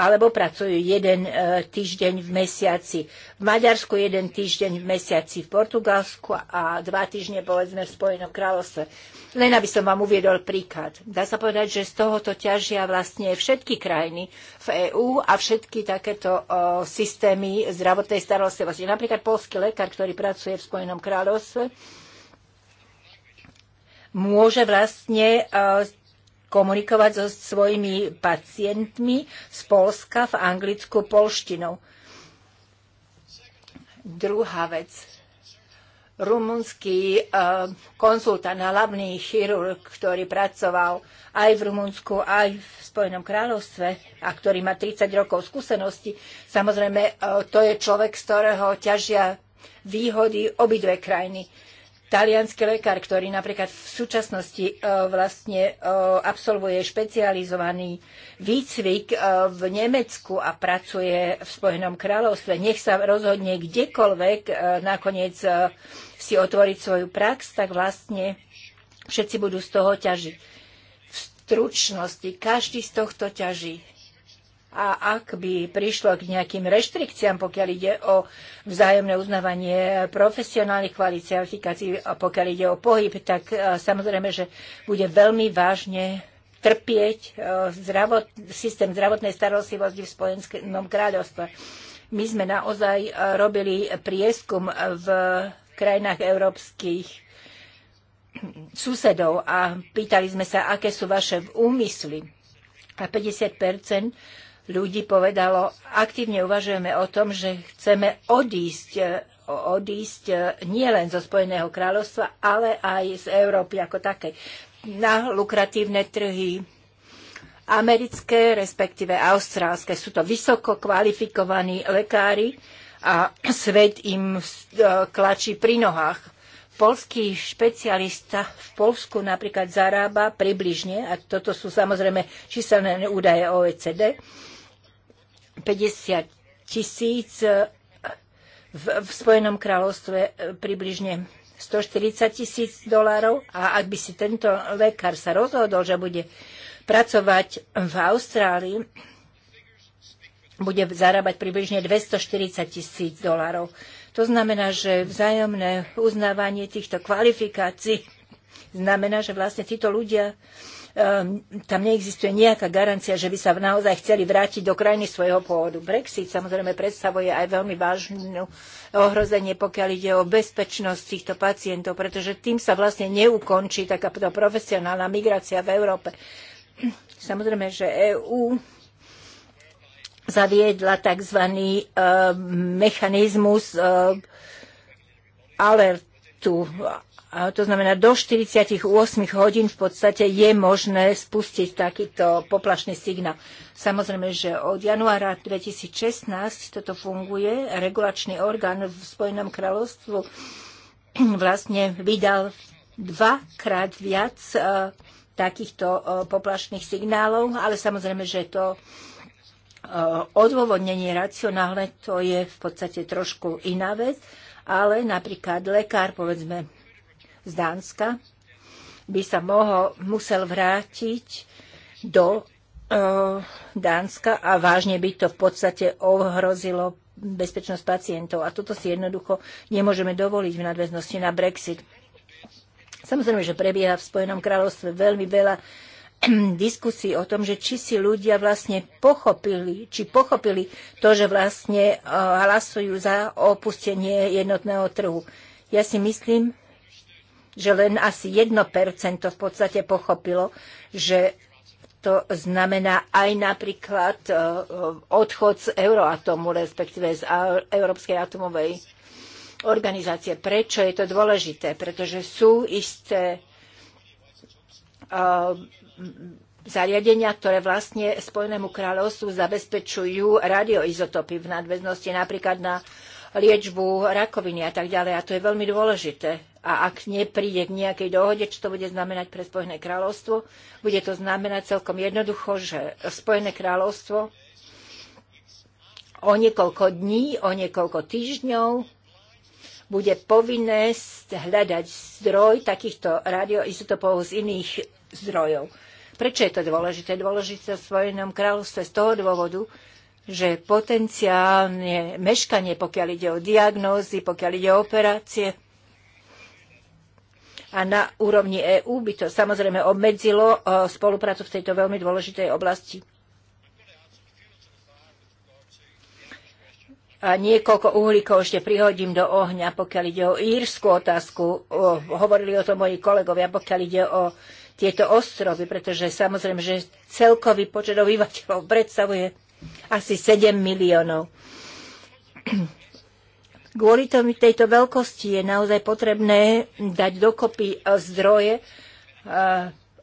alebo pracujú jeden e, týždeň v mesiaci v Maďarsku, jeden týždeň v mesiaci v Portugalsku a dva týždne povedzme v Spojenom kráľovstve. Len aby som vám uviedol príklad. Dá sa povedať, že z tohoto ťažia vlastne všetky krajiny v EÚ a všetky takéto systémy zdravotnej starostlivosti. Napríklad polský lekár, ktorý pracuje v Spojenom kráľovstve, môže vlastne e, komunikovať so svojimi pacientmi z Polska v anglicku polštinou. Druhá vec. Rumunský eh, konzultant, hlavný chirurg, ktorý pracoval aj v Rumunsku, aj v Spojenom kráľovstve a ktorý má 30 rokov skúsenosti, samozrejme eh, to je človek, z ktorého ťažia výhody obidve krajiny talianský lekár, ktorý napríklad v súčasnosti e, vlastne e, absolvuje špecializovaný výcvik e, v Nemecku a pracuje v Spojenom kráľovstve, nech sa rozhodne kdekoľvek nakoniec si otvoriť svoju prax, tak vlastne všetci budú z toho ťažiť. V stručnosti každý z tohto ťaží a ak by prišlo k nejakým reštrikciám, pokiaľ ide o vzájomné uznávanie profesionálnych kvalifikácií a pokiaľ ide o pohyb, tak e, samozrejme, že bude veľmi vážne trpieť e, zdravot, systém zdravotnej starostlivosti v Spojenom kráľovstve. My sme naozaj e, robili prieskum v krajinách európskych susedov a pýtali sme sa, aké sú vaše úmysly. A 50 ľudí povedalo, aktívne uvažujeme o tom, že chceme odísť, e, odísť e, nielen zo Spojeného kráľovstva, ale aj z Európy ako také na lukratívne trhy americké, respektíve austrálske. Sú to vysoko kvalifikovaní lekári a svet im klačí e, pri nohách. Polský špecialista v Polsku napríklad zarába približne, a toto sú samozrejme číselné údaje OECD, 50 tisíc, e, v, v Spojenom kráľovstve e, približne 140 tisíc dolárov a ak by si tento lekár sa rozhodol, že bude pracovať v Austrálii, bude zarábať približne 240 tisíc dolárov. To znamená, že vzájomné uznávanie týchto kvalifikácií znamená, že vlastne títo ľudia Ehm, tam neexistuje nejaká garancia, že by sa naozaj chceli vrátiť do krajiny svojho pôvodu. Brexit samozrejme predstavuje aj veľmi vážnu ohrozenie, pokiaľ ide o bezpečnosť týchto pacientov, pretože tým sa vlastne neukončí takáto profesionálna migrácia v Európe. Samozrejme, že EÚ zaviedla tzv. Ehm, mechanizmus ehm, alertu, to znamená, do 48 hodín v podstate je možné spustiť takýto poplašný signál. Samozrejme, že od januára 2016 toto funguje. Regulačný orgán v Spojenom kráľovstvu vlastne vydal dvakrát viac e, takýchto e, poplašných signálov, ale samozrejme, že to e, odôvodnenie racionálne, to je v podstate trošku iná vec, ale napríklad lekár, povedzme, z Dánska by sa mohol, musel vrátiť do e, Dánska a vážne by to v podstate ohrozilo bezpečnosť pacientov. A toto si jednoducho nemôžeme dovoliť v nadväznosti na Brexit. Samozrejme, že prebieha v Spojenom kráľovstve veľmi veľa diskusí o tom, že či si ľudia vlastne pochopili, či pochopili to, že vlastne e, hlasujú za opustenie jednotného trhu. Ja si myslím, že len asi 1% v podstate pochopilo, že to znamená aj napríklad e, e, odchod z Euroatomu, respektíve z Európskej atomovej organizácie. Prečo je to dôležité? Pretože sú isté e, zariadenia, ktoré vlastne Spojenému kráľovstvu zabezpečujú radioizotopy v nadväznosti napríklad na liečbu rakoviny a tak ďalej. A to je veľmi dôležité. A ak nepríde k nejakej dohode, čo to bude znamenať pre Spojené kráľovstvo, bude to znamenať celkom jednoducho, že Spojené kráľovstvo o niekoľko dní, o niekoľko týždňov bude povinné hľadať zdroj takýchto radioizotopov z iných zdrojov. Prečo je to dôležité? Dôležité v Spojenom kráľovstve z toho dôvodu, že potenciálne meškanie, pokiaľ ide o diagnózy, pokiaľ ide o operácie, a na úrovni EÚ by to samozrejme obmedzilo e, spoluprácu v tejto veľmi dôležitej oblasti. A niekoľko uhlíkov ešte prihodím do ohňa, pokiaľ ide o írsku otázku. O, hovorili o tom moji kolegovia, pokiaľ ide o tieto ostrovy, pretože samozrejme, že celkový počet obyvateľov predstavuje asi 7 miliónov. Kvôli tomu tejto veľkosti je naozaj potrebné dať dokopy e, zdroje, e,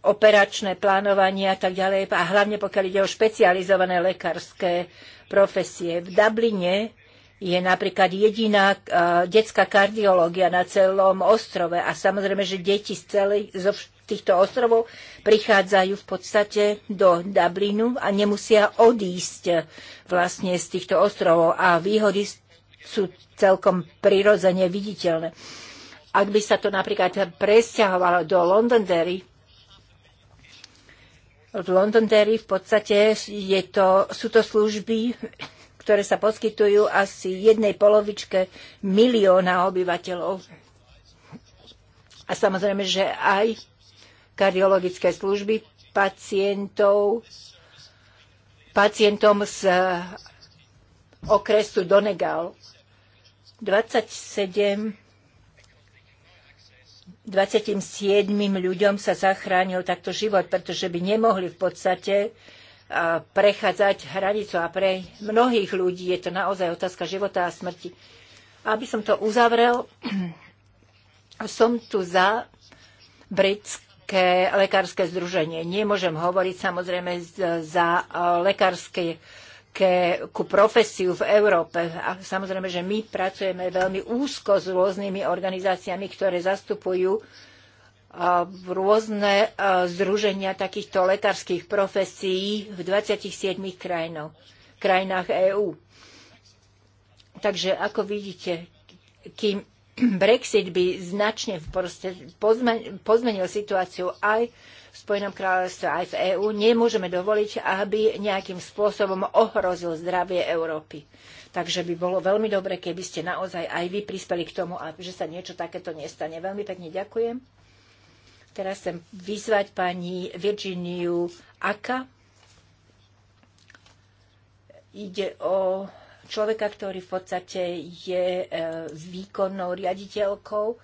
operačné plánovanie a tak ďalej, a hlavne pokiaľ ide o špecializované lekárske profesie. V Dubline je napríklad jediná e, detská kardiológia na celom ostrove a samozrejme, že deti z celej, zo, týchto ostrovov prichádzajú v podstate do Dublinu a nemusia odísť eh, vlastne z týchto ostrovov a výhody sú celkom prirodzene viditeľné. Ak by sa to napríklad presťahovalo do Londonderry, v Londonderry v podstate je to, sú to služby, ktoré sa poskytujú asi jednej polovičke milióna obyvateľov. A samozrejme, že aj kardiologické služby pacientov, pacientom z eh, okresu Donegal. 27 27 ľuďom sa zachránil takto život, pretože by nemohli v podstate eh, prechádzať hranicu. A pre mnohých ľudí je to naozaj otázka života a smrti. Aby som to uzavrel, som tu za britsk nejaké lekárske združenie. Nemôžem hovoriť samozrejme za e, lekárske ke, ku profesiu v Európe. A samozrejme, že my pracujeme veľmi úzko s rôznymi organizáciami, ktoré zastupujú e, rôzne e, združenia takýchto lekárskych profesí v 27 krajinách, krajinách EÚ. Takže ako vidíte, kým Brexit by značne pozmenil situáciu aj v Spojenom kráľovstve, aj v EÚ. Nemôžeme dovoliť, aby nejakým spôsobom ohrozil zdravie Európy. Takže by bolo veľmi dobre, keby ste naozaj aj vy prispeli k tomu, že sa niečo takéto nestane. Veľmi pekne ďakujem. Teraz chcem vyzvať pani Virginiu Aka. Ide o človeka, ktorý v podstate je e, výkonnou riaditeľkou, e,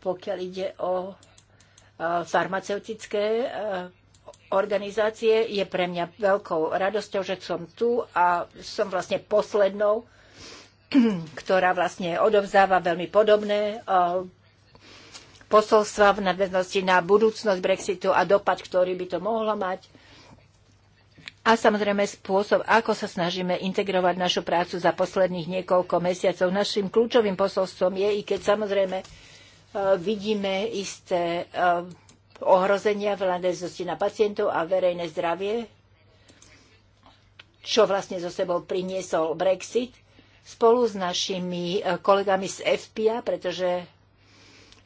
pokiaľ ide o e, farmaceutické organizácie. Je pre mňa veľkou radosťou, že som tu a som vlastne poslednou, ktorá vlastne odovzdáva veľmi podobné posolstva v nadväznosti na budúcnosť Brexitu a dopad, ktorý by to mohlo mať a samozrejme spôsob, ako sa snažíme integrovať našu prácu za posledných niekoľko mesiacov. Našim kľúčovým posolstvom je, i keď samozrejme e, vidíme isté e, ohrozenia v nadväznosti na pacientov a verejné zdravie, čo vlastne so sebou priniesol Brexit, spolu s našimi e, kolegami z FPA, pretože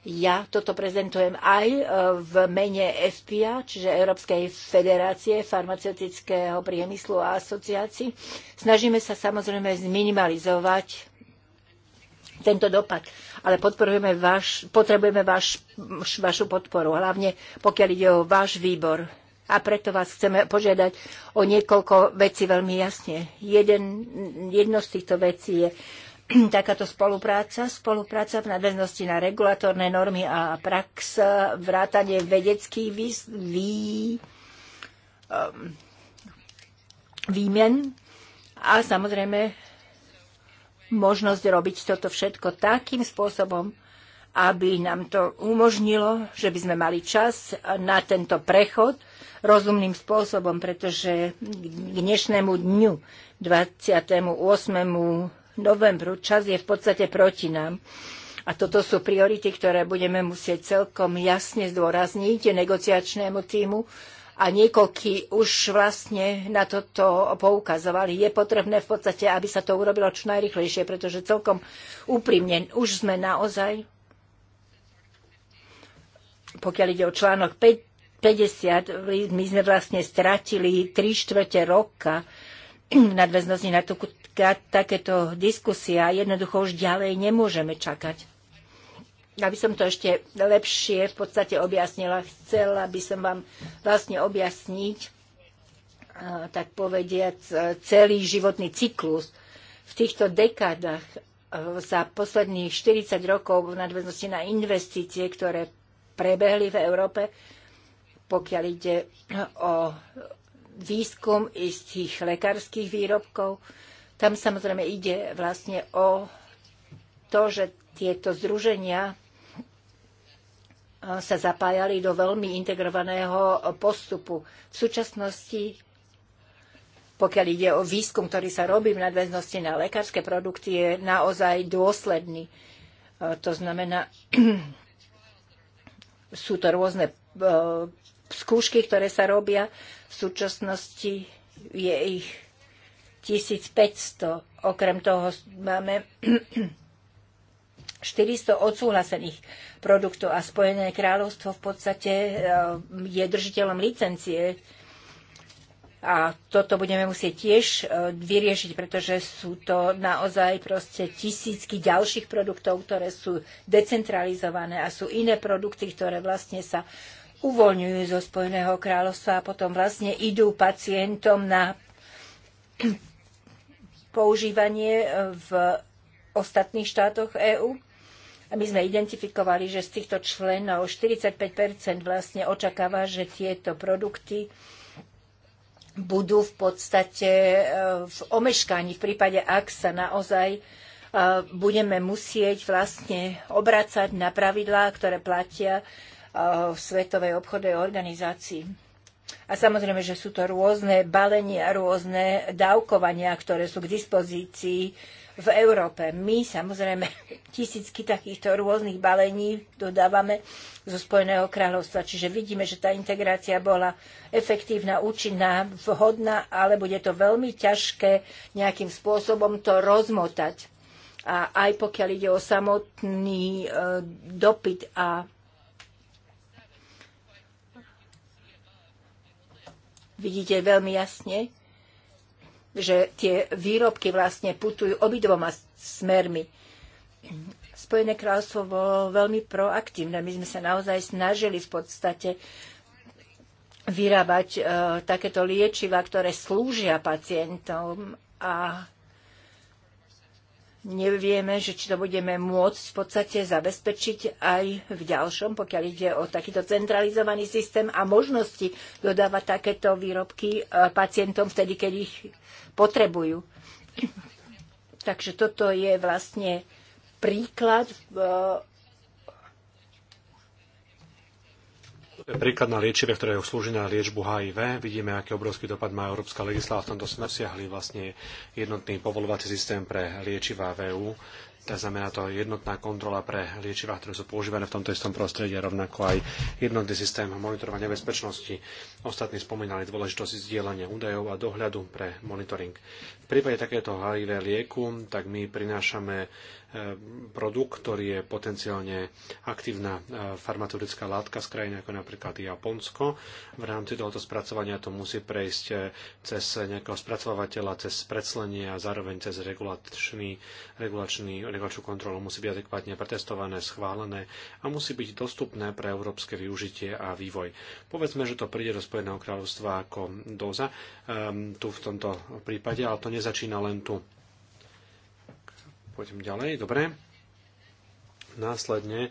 ja toto prezentujem aj e, v mene FPA, čiže Európskej federácie farmaceutického priemyslu a asociácií. Snažíme sa samozrejme zminimalizovať tento dopad, ale podporujeme váš, potrebujeme váš, vašu podporu, hlavne pokiaľ ide o váš výbor. A preto vás chceme požiadať o niekoľko vecí veľmi jasne. Jeden, jedno z týchto vecí je takáto spolupráca, spolupráca v nadväznosti na regulatórne normy a prax, vrátanie vedeckých vý, vý, um, výmen a samozrejme možnosť robiť toto všetko takým spôsobom, aby nám to umožnilo, že by sme mali čas na tento prechod rozumným spôsobom, pretože k dnešnému dňu, 28 novembru čas je v podstate proti nám. A toto sú priority, ktoré budeme musieť celkom jasne zdôrazniť negociačnému týmu. A niekoľky už vlastne na toto poukazovali. Je potrebné v podstate, aby sa to urobilo čo najrychlejšie, pretože celkom úprimne už sme naozaj, pokiaľ ide o článok 5, 50, my sme vlastne stratili 3 štvrte roka nadväznosti na to, takéto diskusia. Jednoducho už ďalej nemôžeme čakať. Aby som to ešte lepšie v podstate objasnila, chcela by som vám vlastne objasniť, tak povediať, celý životný cyklus v týchto dekádach e, za posledných 40 rokov v nadväznosti na investície, ktoré prebehli v Európe, pokiaľ ide o výskum istých lekárskych výrobkov. Tam samozrejme ide vlastne o to, že tieto združenia sa zapájali do veľmi integrovaného postupu. V súčasnosti, pokiaľ ide o výskum, ktorý sa robí v nadväznosti na lekárske produkty, je naozaj dôsledný. To znamená, sú to rôzne e, skúšky, ktoré sa robia v súčasnosti, je ich 1500. Okrem toho máme 400 odsúhlasených produktov a Spojené kráľovstvo v podstate e, je držiteľom licencie. A toto budeme musieť tiež e, vyriešiť, pretože sú to naozaj proste tisícky ďalších produktov, ktoré sú decentralizované a sú iné produkty, ktoré vlastne sa uvoľňujú zo Spojeného kráľovstva a potom vlastne idú pacientom na používanie v ostatných štátoch EÚ. A my sme identifikovali, že z týchto členov 45 vlastne očakáva, že tieto produkty budú v podstate e, v omeškaní v prípade, ak sa naozaj e, budeme musieť vlastne obracať na pravidlá, ktoré platia v Svetovej obchodnej organizácii. A samozrejme, že sú to rôzne balenia, rôzne dávkovania, ktoré sú k dispozícii v Európe. My samozrejme tisícky takýchto rôznych balení dodávame zo Spojeného kráľovstva. Čiže vidíme, že tá integrácia bola efektívna, účinná, vhodná, ale bude to veľmi ťažké nejakým spôsobom to rozmotať. A aj pokiaľ ide o samotný e, dopyt a vidíte veľmi jasne, že tie výrobky vlastne putujú obidvoma smermi. Spojené kráľstvo bolo veľmi proaktívne. My sme sa naozaj snažili v podstate vyrábať e, takéto liečiva, ktoré slúžia pacientom a nevieme, že či to budeme môcť v podstate zabezpečiť aj v ďalšom, pokiaľ ide o takýto centralizovaný systém a možnosti dodávať takéto výrobky e, pacientom vtedy, keď ich potrebujú. Takže toto je vlastne príklad e, Príklad na liečive, ktoré slúži na liečbu HIV, vidíme, aký obrovský dopad má európska legislatíva. V tomto sme siahli vlastne jednotný povolovací systém pre liečiva VU. E to znamená to jednotná kontrola pre liečivá, ktoré sú používané v tomto istom prostredí, rovnako aj jednotný systém monitorovania bezpečnosti. Ostatní spomínali dôležitosť zdieľania údajov a dohľadu pre monitoring. V prípade takéto HIV lieku, tak my prinášame Eh, produkt, ktorý je potenciálne aktívna eh, farmaceutická látka z krajiny ako napríklad Japonsko. V rámci tohoto spracovania to musí prejsť eh, cez nejakého spracovateľa, cez predslenie a zároveň cez regulačný, regulačný, regulačnú kontrolu. Musí byť adekvátne pretestované, schválené a musí byť dostupné pre európske využitie a vývoj. Povedzme, že to príde do Spojeného kráľovstva ako doza, um, tu v tomto prípade, ale to nezačína len tu Pôjdem ďalej, dobre. Následne e,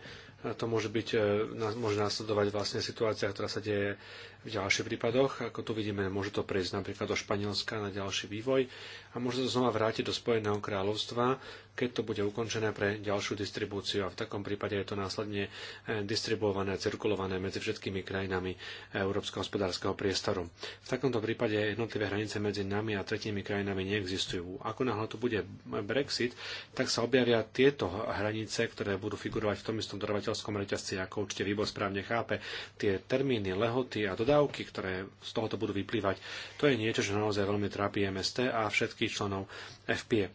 to môže byť, e, môže následovať vlastne situácia, ktorá sa deje v ďalších prípadoch. Ako tu vidíme, môže to prejsť napríklad do Španielska na ďalší vývoj a môže sa znova vrátiť do Spojeného kráľovstva, keď to bude ukončené pre ďalšiu distribúciu a v takom prípade je to následne eh, distribuované, cirkulované medzi všetkými krajinami eh, Európskeho hospodárskeho priestoru. V takomto prípade jednotlivé hranice medzi nami a tretími krajinami neexistujú. Ako náhle to bude Brexit, tak sa objavia tieto hranice, ktoré budú figurovať v tom istom dodavateľskom reťazci, ako určite výbor správne chápe. Tie termíny, lehoty a dodávky, ktoré z tohoto budú vyplývať, to je niečo, čo naozaj veľmi trápi MST a všetky všetkých členov FPE.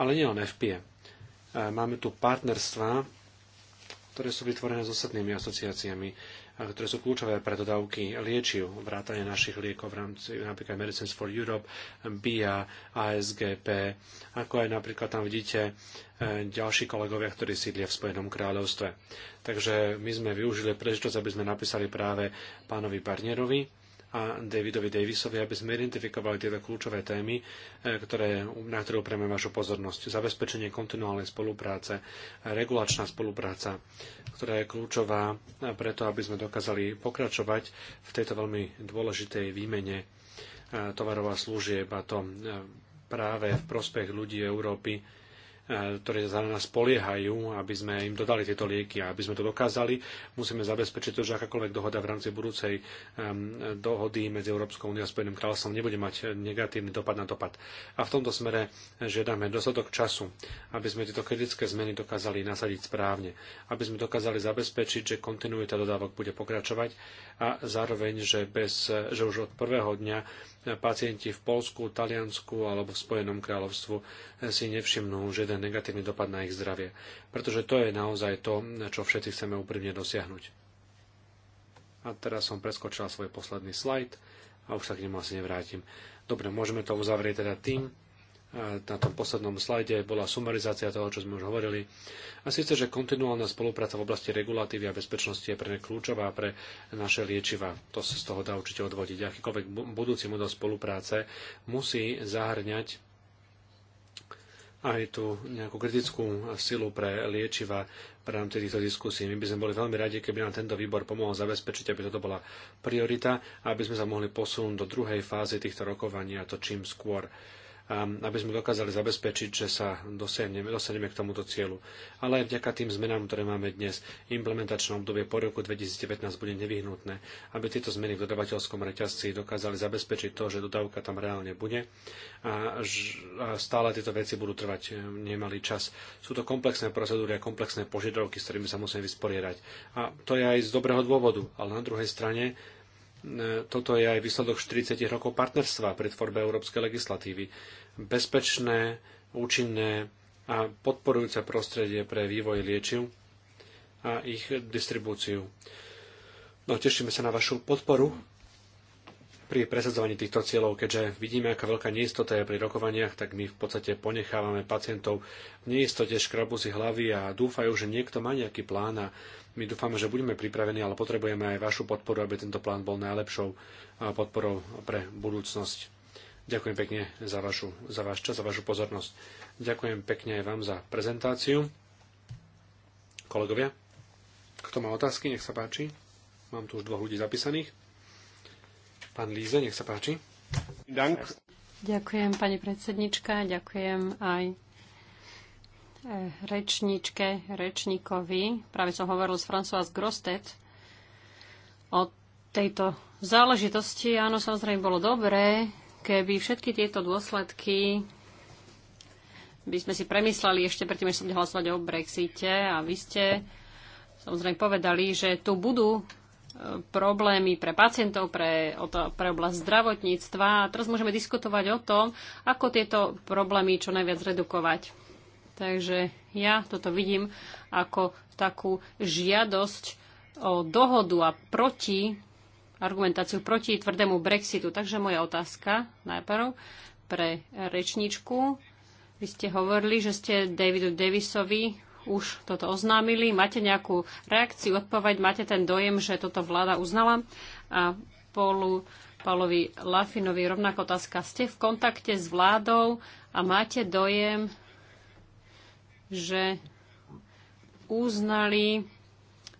Ale len FPE. E, máme tu partnerstva, ktoré sú vytvorené s ostatnými asociáciami, e, ktoré sú kľúčové pre dodávky liečiv, vrátane našich liekov v rámci napríklad Medicines for Europe, BIA, ASGP, ako aj napríklad tam vidíte e, ďalší kolegovia, ktorí sídlia v Spojenom kráľovstve. Takže my sme využili príležitosť, aby sme napísali práve pánovi Barnierovi, a Davidovi Davisovi, aby sme identifikovali tieto kľúčové témy, e, ktoré, na ktoré upriame vašu pozornosť. Zabezpečenie kontinuálnej spolupráce, regulačná spolupráca, ktorá je kľúčová e, preto, aby sme dokázali pokračovať v tejto veľmi dôležitej výmene e, tovarov a služieb a to práve v prospech ľudí Európy, E, ktoré sa na nás poliehajú, aby sme im dodali tieto lieky a aby sme to dokázali, musíme zabezpečiť to, že akákoľvek dohoda v rámci budúcej e, dohody medzi Európskou úniou a Spojeným kráľovstvom nebude mať negatívny dopad na dopad. A v tomto smere žiadame dostatok času, aby sme tieto kritické zmeny dokázali nasadiť správne, aby sme dokázali zabezpečiť, že kontinuita dodávok bude pokračovať a zároveň, že, bez, že už od prvého dňa pacienti v Polsku, Taliansku alebo v Spojenom kráľovstvu si nevšimnú, že ten negatívny dopad na ich zdravie. Pretože to je naozaj to, čo všetci chceme úprimne dosiahnuť. A teraz som preskočila svoj posledný slajd a už sa k nemu asi nevrátim. Dobre, môžeme to uzavrieť teda tým, na tom poslednom slajde bola sumarizácia toho, čo sme už hovorili. A síce, že kontinuálna spolupráca v oblasti regulatívy a bezpečnosti je pre ne kľúčová pre naše liečiva. To sa z toho dá určite odvodiť. Akýkoľvek budúci model spolupráce musí zahrňať aj tú nejakú kritickú silu pre liečiva v rámci týchto diskusí. My by sme boli veľmi radi, keby nám tento výbor pomohol zabezpečiť, aby toto bola priorita a aby sme sa mohli posunúť do druhej fázy týchto rokovaní a to čím skôr. Um, aby sme dokázali zabezpečiť, že sa dosiahneme, k tomuto cieľu. Ale aj vďaka tým zmenám, ktoré máme dnes, implementačné obdobie po roku 2019 bude nevyhnutné, aby tieto zmeny v dodavateľskom reťazci dokázali zabezpečiť to, že dodávka tam reálne bude a, stále tieto veci budú trvať e, nemalý čas. Sú to komplexné procedúry a komplexné požiadavky, s ktorými sa musíme vysporiadať. A to je aj z dobrého dôvodu, ale na druhej strane E, toto je aj výsledok 40 rokov partnerstva pri tvorbe európskej legislatívy. Bezpečné, účinné a podporujúce prostredie pre vývoj liečiv a ich distribúciu. No, tešíme sa na vašu podporu pri presadzovaní týchto cieľov, keďže vidíme, aká veľká neistota je pri rokovaniach, tak my v podstate ponechávame pacientov v neistote, škrabu si hlavy a dúfajú, že niekto má nejaký plán a my dúfame, že budeme pripravení, ale potrebujeme aj vašu podporu, aby tento plán bol najlepšou podporou pre budúcnosť. Ďakujem pekne za, vašu, za váš čas, za vašu pozornosť. Ďakujem pekne aj vám za prezentáciu. Kolegovia, kto má otázky, nech sa páči. Mám tu už dvoch ľudí zapísaných. Pán Líze, nech sa páči. Ďakujem, pani predsednička, ďakujem aj eh, rečničke, rečníkovi. Práve som hovoril s François Grostet o tejto záležitosti. Áno, samozrejme bolo dobré, keby všetky tieto dôsledky by sme si premysleli ešte predtým, než sa bude hlasovať o Brexite. A vy ste samozrejme povedali, že tu budú problémy pre pacientov, pre, to, pre oblasť zdravotníctva. A teraz môžeme diskutovať o tom, ako tieto problémy čo najviac redukovať. Takže ja toto vidím ako takú žiadosť o dohodu a proti argumentáciu proti tvrdému Brexitu. Takže moja otázka najprv pre rečničku. Vy ste hovorili, že ste Davidu Davisovi už toto oznámili. Máte nejakú reakciu, odpoveď? Máte ten dojem, že toto vláda uznala? A polu Paulovi Lafinovi rovnako otázka. Ste v kontakte s vládou a máte dojem, že uznali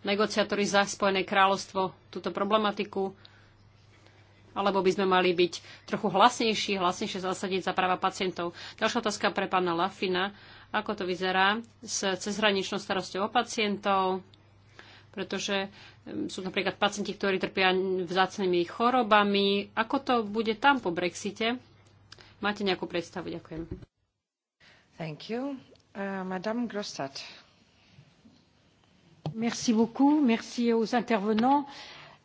negociátori za Spojené kráľovstvo túto problematiku? alebo by sme mali byť trochu hlasnejší, hlasnejšie zasadiť za práva pacientov. Ďalšia otázka pre pána Lafina ako to vyzerá s cezhraničnou starosťou o pacientov, pretože sú napríklad pacienti, ktorí trpia vzácnými chorobami. Ako to bude tam po Brexite? Máte nejakú predstavu? Ďakujem. Thank you. Uh, Madame Grostat. Merci beaucoup. Merci aux intervenants.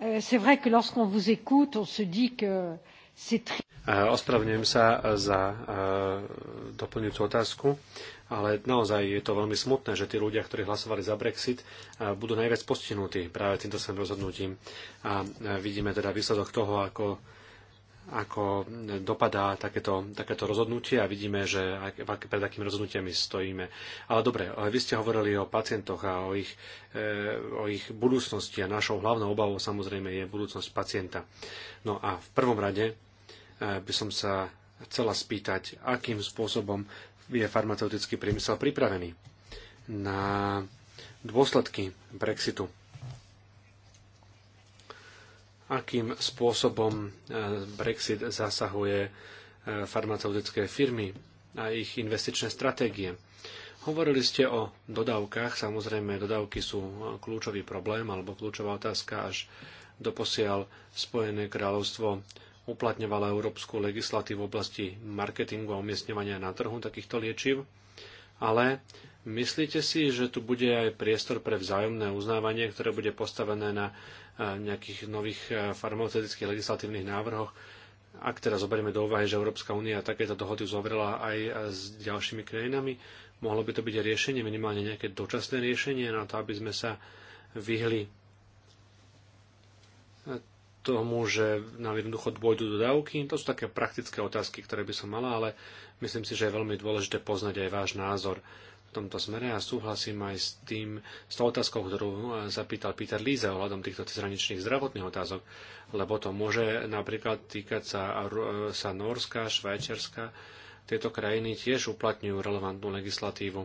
Euh, c'est vrai que lorsqu'on vous écoute, on se dit que c'est très... Ospravňujem sa za uh, doplňujúcu otázku ale naozaj je to veľmi smutné, že tí ľudia, ktorí hlasovali za Brexit, budú najviac postihnutí práve týmto svojim rozhodnutím. A vidíme teda výsledok toho, ako ako dopadá takéto, takéto rozhodnutie a vidíme, že ak, pred akými rozhodnutiami stojíme. Ale dobre, ale vy ste hovorili o pacientoch a o ich, e, o ich budúcnosti a našou hlavnou obavou samozrejme je budúcnosť pacienta. No a v prvom rade e, by som sa chcela spýtať, akým spôsobom je farmaceutický priemysel pripravený na dôsledky Brexitu. Akým spôsobom e, Brexit zasahuje e, farmaceutické firmy a ich investičné stratégie. Hovorili ste o dodávkach, samozrejme dodávky sú e, kľúčový problém alebo kľúčová otázka, až doposiaľ Spojené kráľovstvo uplatňovala európsku legislatívu v oblasti marketingu a umiestňovania na trhu takýchto liečiv, ale myslíte si, že tu bude aj priestor pre vzájomné uznávanie, ktoré bude postavené na e, nejakých nových e, farmaceutických legislatívnych návrhoch, ak teraz zoberieme do úvahy, že Európska únia takéto dohody uzavrela aj e, s ďalšími krajinami, mohlo by to byť riešenie, minimálne nejaké dočasné riešenie na to, aby sme sa vyhli tomu, že nám jednoducho dôjdu dodávky. To sú také praktické otázky, ktoré by som mala, ale myslím si, že je veľmi dôležité poznať aj váš názor v tomto smere a súhlasím aj s tým, s tou otázkou, ktorú eh, zapýtal Peter Líze ohľadom týchto cezhraničných zdravotných otázok, lebo to môže napríklad týkať sa, eh, sa Norska, Švajčiarska. Tieto krajiny tiež uplatňujú relevantnú legislatívu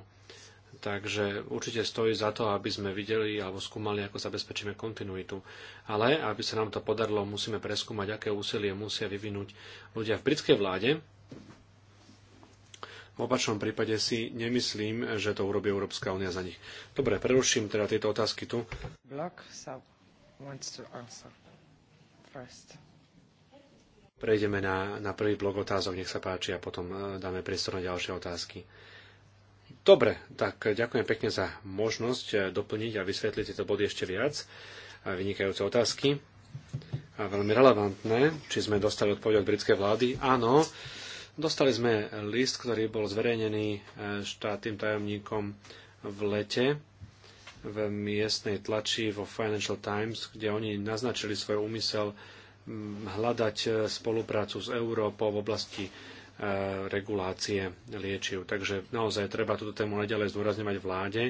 Takže určite stojí za to, aby sme videli alebo skúmali, ako zabezpečíme kontinuitu. Ale aby sa nám to podarilo, musíme preskúmať, aké úsilie musia vyvinúť ľudia v britskej vláde. V opačnom prípade si nemyslím, že to urobí Európska únia za nich. Dobre, preruším teda tieto otázky tu. Block, so wants to first. Prejdeme na, na prvý blok otázok, nech sa páči, a potom eh, dáme priestor na ďalšie otázky. Dobre, tak ďakujem pekne za možnosť eh, doplniť a vysvetliť tieto body ešte viac. A vynikajúce otázky. A veľmi relevantné. Či sme dostali odpoveď od britskej vlády? Áno. Dostali sme list, ktorý bol zverejnený eh, štátnym tajomníkom v lete v miestnej tlači vo Financial Times, kde oni naznačili svoj úmysel mm, hľadať eh, spoluprácu s Európou v oblasti Eh, regulácie liečiv. Takže naozaj treba túto tému naďalej zdôrazňovať vláde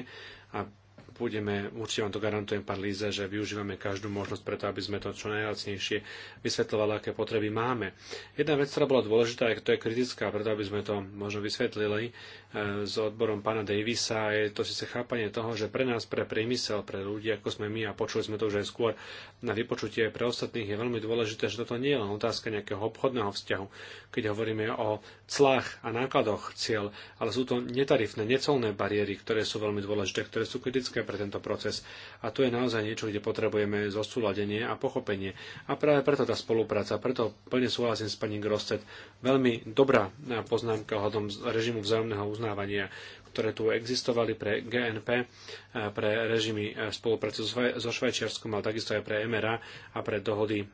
a budeme, určite vám to garantujem, pán Líze, že využívame každú možnosť preto, aby sme to čo najlacnejšie vysvetľovali, aké potreby máme. Jedna vec, ktorá bola dôležitá, a to je kritická, preto aby sme to možno vysvetlili, E, s odborom pána Davisa. Je to síce chápanie toho, že pre nás, pre priemysel, pre ľudí, ako sme my, a počuli sme to už aj skôr na vypočutie pre ostatných, je veľmi dôležité, že toto nie je len otázka nejakého obchodného vzťahu, keď hovoríme o clách a nákladoch cieľ, ale sú to netarifné, necolné bariéry, ktoré sú veľmi dôležité, ktoré sú kritické pre tento proces. A tu je naozaj niečo, kde potrebujeme zosúladenie a pochopenie. A práve preto tá spolupráca, preto plne súhlasím s pani Grosset. Veľmi dobrá poznámka o režimu vzájomného uznávania, ktoré tu existovali pre GNP, eh, pre režimy eh, spolupráce so Švajčiarskom, ale takisto aj pre MRA a pre dohody, eh,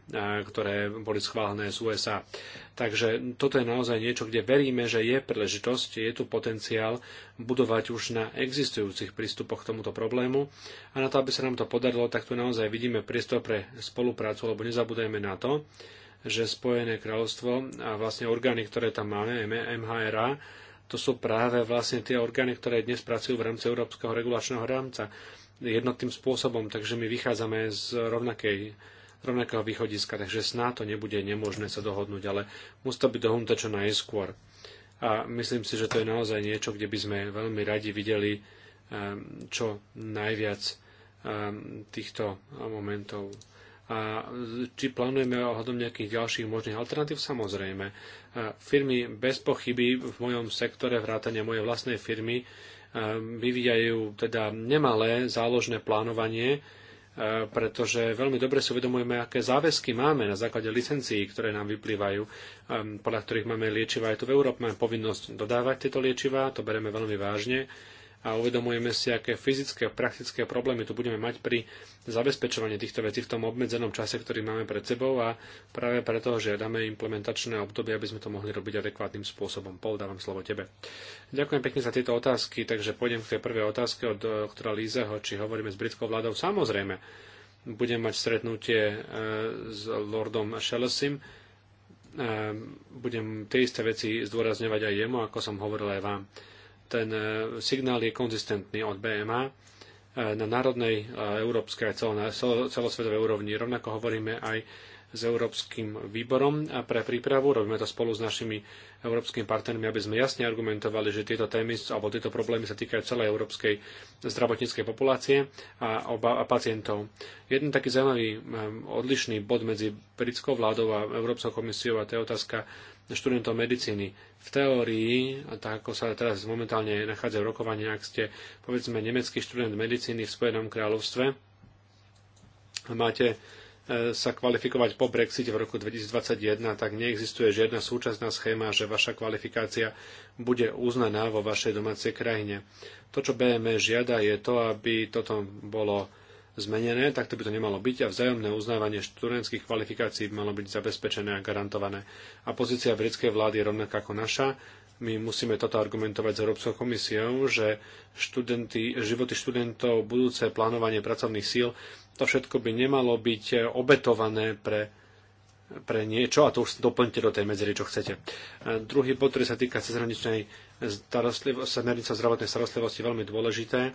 ktoré boli schválené z USA. Takže toto je naozaj niečo, kde veríme, že je príležitosť, je tu potenciál budovať už na existujúcich prístupoch k tomuto problému a na to, aby sa nám to podarilo, tak tu naozaj vidíme priestor pre spoluprácu, lebo nezabudajme na to, že Spojené kráľovstvo a vlastne orgány, ktoré tam máme, MHRA, to sú práve vlastne tie orgány, ktoré dnes pracujú v rámci Európskeho regulačného rámca jednotným spôsobom, takže my vychádzame z rovnakej, rovnakého východiska, takže sná to nebude nemožné sa dohodnúť, ale musí to byť dohodnuté čo najskôr. A myslím si, že to je naozaj niečo, kde by sme veľmi radi videli ehm, čo najviac ehm, týchto momentov. A či plánujeme ohľadom nejakých ďalších možných alternatív? Samozrejme. Firmy bez pochyby v mojom sektore vrátane mojej vlastnej firmy vyvíjajú teda nemalé záložné plánovanie, pretože veľmi dobre si uvedomujeme, aké záväzky máme na základe licencií, ktoré nám vyplývajú, podľa ktorých máme liečiva aj tu v Európe. Máme povinnosť dodávať tieto liečivá, to bereme veľmi vážne a uvedomujeme si, aké fyzické a praktické problémy tu budeme mať pri zabezpečovaní týchto vecí v tom obmedzenom čase, ktorý máme pred sebou a práve preto žiadame implementačné obdobie, aby sme to mohli robiť adekvátnym spôsobom. Pol, dávam slovo tebe. Ďakujem pekne za tieto otázky, takže pôjdem k tej prvej otázke od e, doktora Lízeho, či hovoríme s britskou vládou. Samozrejme, budem mať stretnutie e, s lordom Shellesim, e, budem tie isté veci zdôrazňovať aj jemu, ako som hovoril aj vám ten e, signál je konzistentný od BMA e, na národnej, e, európskej a celosvetovej úrovni. Rovnako hovoríme aj s Európskym výborom a pre prípravu. Robíme to spolu s našimi európskymi partnermi, aby sme jasne argumentovali, že tieto témy alebo tieto problémy sa týkajú celej európskej zdravotníckej populácie a, oba, a pacientov. Jeden taký zaujímavý odlišný bod medzi britskou vládou a Európskou komisiou a to je otázka študentov medicíny v teórii, a tak ako sa teraz momentálne nachádza v rokovaní, ak ste, povedzme, nemecký študent medicíny v Spojenom kráľovstve a máte e, sa kvalifikovať po Brexite v roku 2021, tak neexistuje žiadna súčasná schéma, že vaša kvalifikácia bude uznaná vo vašej domácej krajine. To, čo BME žiada, je to, aby toto bolo zmenené, tak to by to nemalo byť a vzájomné uznávanie študentských kvalifikácií by malo byť zabezpečené a garantované. A pozícia britskej vlády je rovnaká ako naša. My musíme toto argumentovať s Európskou komisiou, že študenty, životy študentov, budúce plánovanie pracovných síl, to všetko by nemalo byť obetované pre pre niečo a to už doplňte do tej medzery, čo chcete. Druhý bod, ktorý sa týka cezhraničnej smernica zdravotnej starostlivosti veľmi dôležité. E,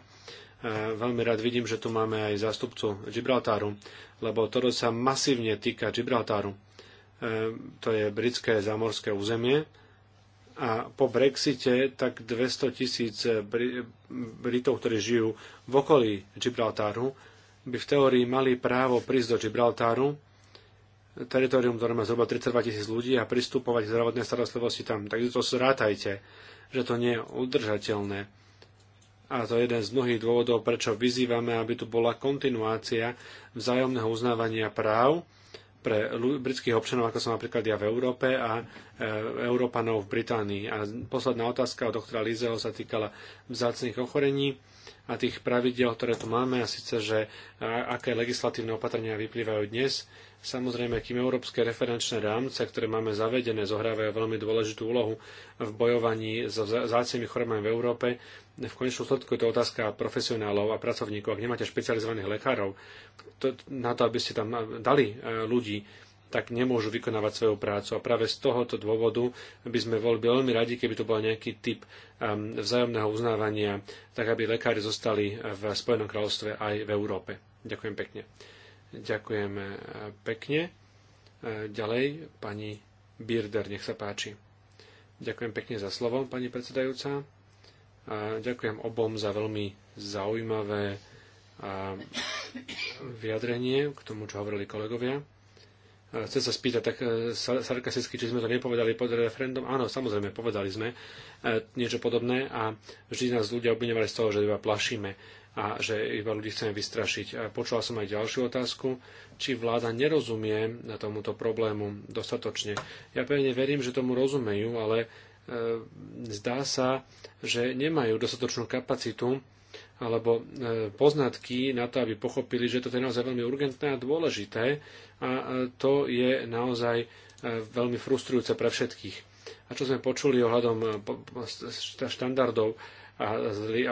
veľmi rád vidím, že tu máme aj zástupcu Gibraltáru, lebo toto sa masívne týka Gibraltáru. E, to je britské zámorské územie a po Brexite tak 200 tisíc Britov, ktorí žijú v okolí Gibraltáru, by v teórii mali právo prísť do Gibraltáru, teritorium, ktoré má zhruba 32 tisíc ľudí a pristupovať k zdravotnej starostlivosti tam. Takže to zrátajte že to nie je udržateľné. A to je jeden z mnohých dôvodov, prečo vyzývame, aby tu bola kontinuácia vzájomného uznávania práv pre britských občanov, ako som napríklad ja v Európe a e, Európanov v Británii. A posledná otázka od doktora Lizeho sa týkala vzácných ochorení a tých pravidel, ktoré tu máme, a síce, že aké legislatívne opatrenia vyplývajú dnes Samozrejme, kým európske referenčné rámce, ktoré máme zavedené, zohrávajú veľmi dôležitú úlohu v bojovaní so zácimi chorobami v Európe, v konečnom sledku je to otázka profesionálov a pracovníkov. Ak nemáte špecializovaných lekárov to, na to, aby ste tam eh, dali eh, ľudí, tak nemôžu vykonávať svoju prácu. A práve z tohoto dôvodu by sme boli veľmi radi, keby to bol nejaký typ ehm, vzájomného uznávania, tak aby lekári zostali eh, v Spojenom kráľovstve aj v Európe. Ďakujem pekne. Ďakujeme e, pekne. E, ďalej pani Birder, nech sa páči. Ďakujem pekne za slovo, pani predsedajúca. E, ďakujem obom za veľmi zaujímavé vyjadrenie k tomu, čo hovorili kolegovia. Chcem sa spýtať tak sarkasticky, či sme to nepovedali pod referendum. Áno, samozrejme, povedali sme niečo podobné a vždy nás ľudia obvinovali z toho, že iba plašíme a že iba ľudí chceme vystrašiť. A počula som aj ďalšiu otázku, či vláda nerozumie tomuto problému dostatočne. Ja pevne verím, že tomu rozumejú, ale e, zdá sa, že nemajú dostatočnú kapacitu alebo e, poznatky na to, aby pochopili, že to je naozaj veľmi urgentné a dôležité a to je naozaj e, veľmi frustrujúce pre všetkých. A čo sme počuli ohľadom štandardov a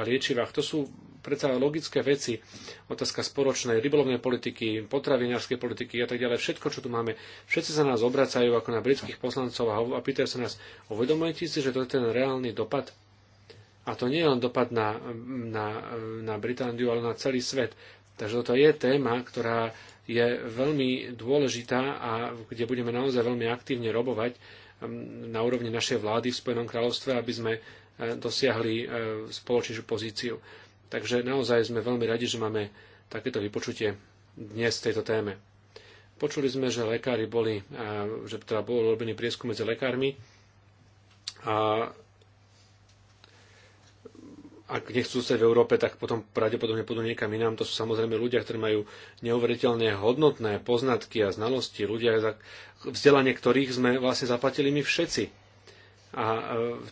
liečivách, to sú predsa logické veci, otázka spoločnej rybolovnej politiky, potravinárskej politiky a tak ďalej, všetko, čo tu máme, všetci sa nás obracajú ako na britských poslancov a, a pýtajú sa nás, uvedomujete si, že to je ten reálny dopad? A to nie je len dopad na, na, na Britániu, ale na celý svet. Takže toto je téma, ktorá je veľmi dôležitá a kde budeme naozaj veľmi aktívne robovať um, na úrovni našej vlády v Spojenom kráľovstve, aby sme eh, dosiahli eh, spoločnejšiu pozíciu. Takže naozaj sme veľmi radi, že máme takéto vypočutie dnes v tejto téme. Počuli sme, že lekári boli, že teda bol robený prieskum medzi lekármi a ak nechcú zostať v Európe, tak potom pravdepodobne pôjdu niekam inám. To sú samozrejme ľudia, ktorí majú neuveriteľne hodnotné poznatky a znalosti, ľudia, za vzdelanie ktorých sme vlastne zaplatili my všetci a e,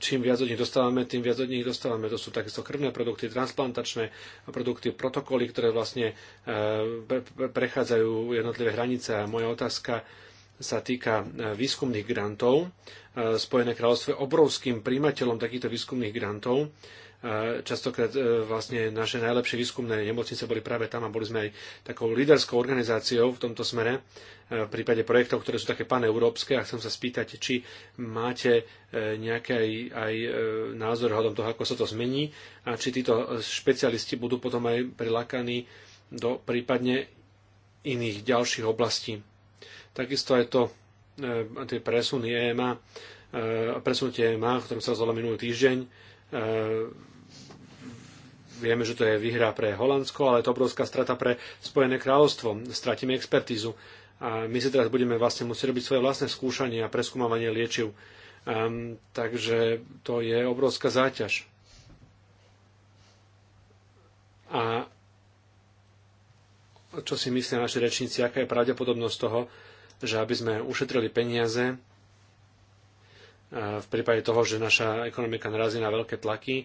čím viac od nich dostávame, tým viac od nich dostávame. To sú takisto krvné produkty, transplantačné produkty, protokoly, ktoré vlastne e, prechádzajú jednotlivé hranice. A moja otázka sa týka e, výskumných grantov. Spojené kráľovstvo je obrovským príjmateľom takýchto výskumných grantov Častokrát e, vlastne naše najlepšie výskumné nemocnice boli práve tam a boli sme aj takou líderskou organizáciou v tomto smere e, v prípade projektov, ktoré sú také paneurópske a chcem sa spýtať, či máte e, nejaký aj, aj názor hľadom toho, ako sa to zmení a či títo špecialisti budú potom aj prilákaní do prípadne iných ďalších oblastí. Takisto aj to, tie presuny EMA, presunutie EMA, o ktorom sa rozhodlo minulý týždeň, Vieme, že to je výhra pre Holandsko, ale je to obrovská strata pre Spojené kráľovstvo. Stratíme expertízu. A my si teraz budeme vlastne musieť robiť svoje vlastné skúšanie a preskúmavanie liečiv. Um, takže to je obrovská záťaž. A čo si myslia naši rečníci, aká je pravdepodobnosť toho, že aby sme ušetrili peniaze, e, v prípade toho, že naša ekonomika narazí na veľké tlaky, e,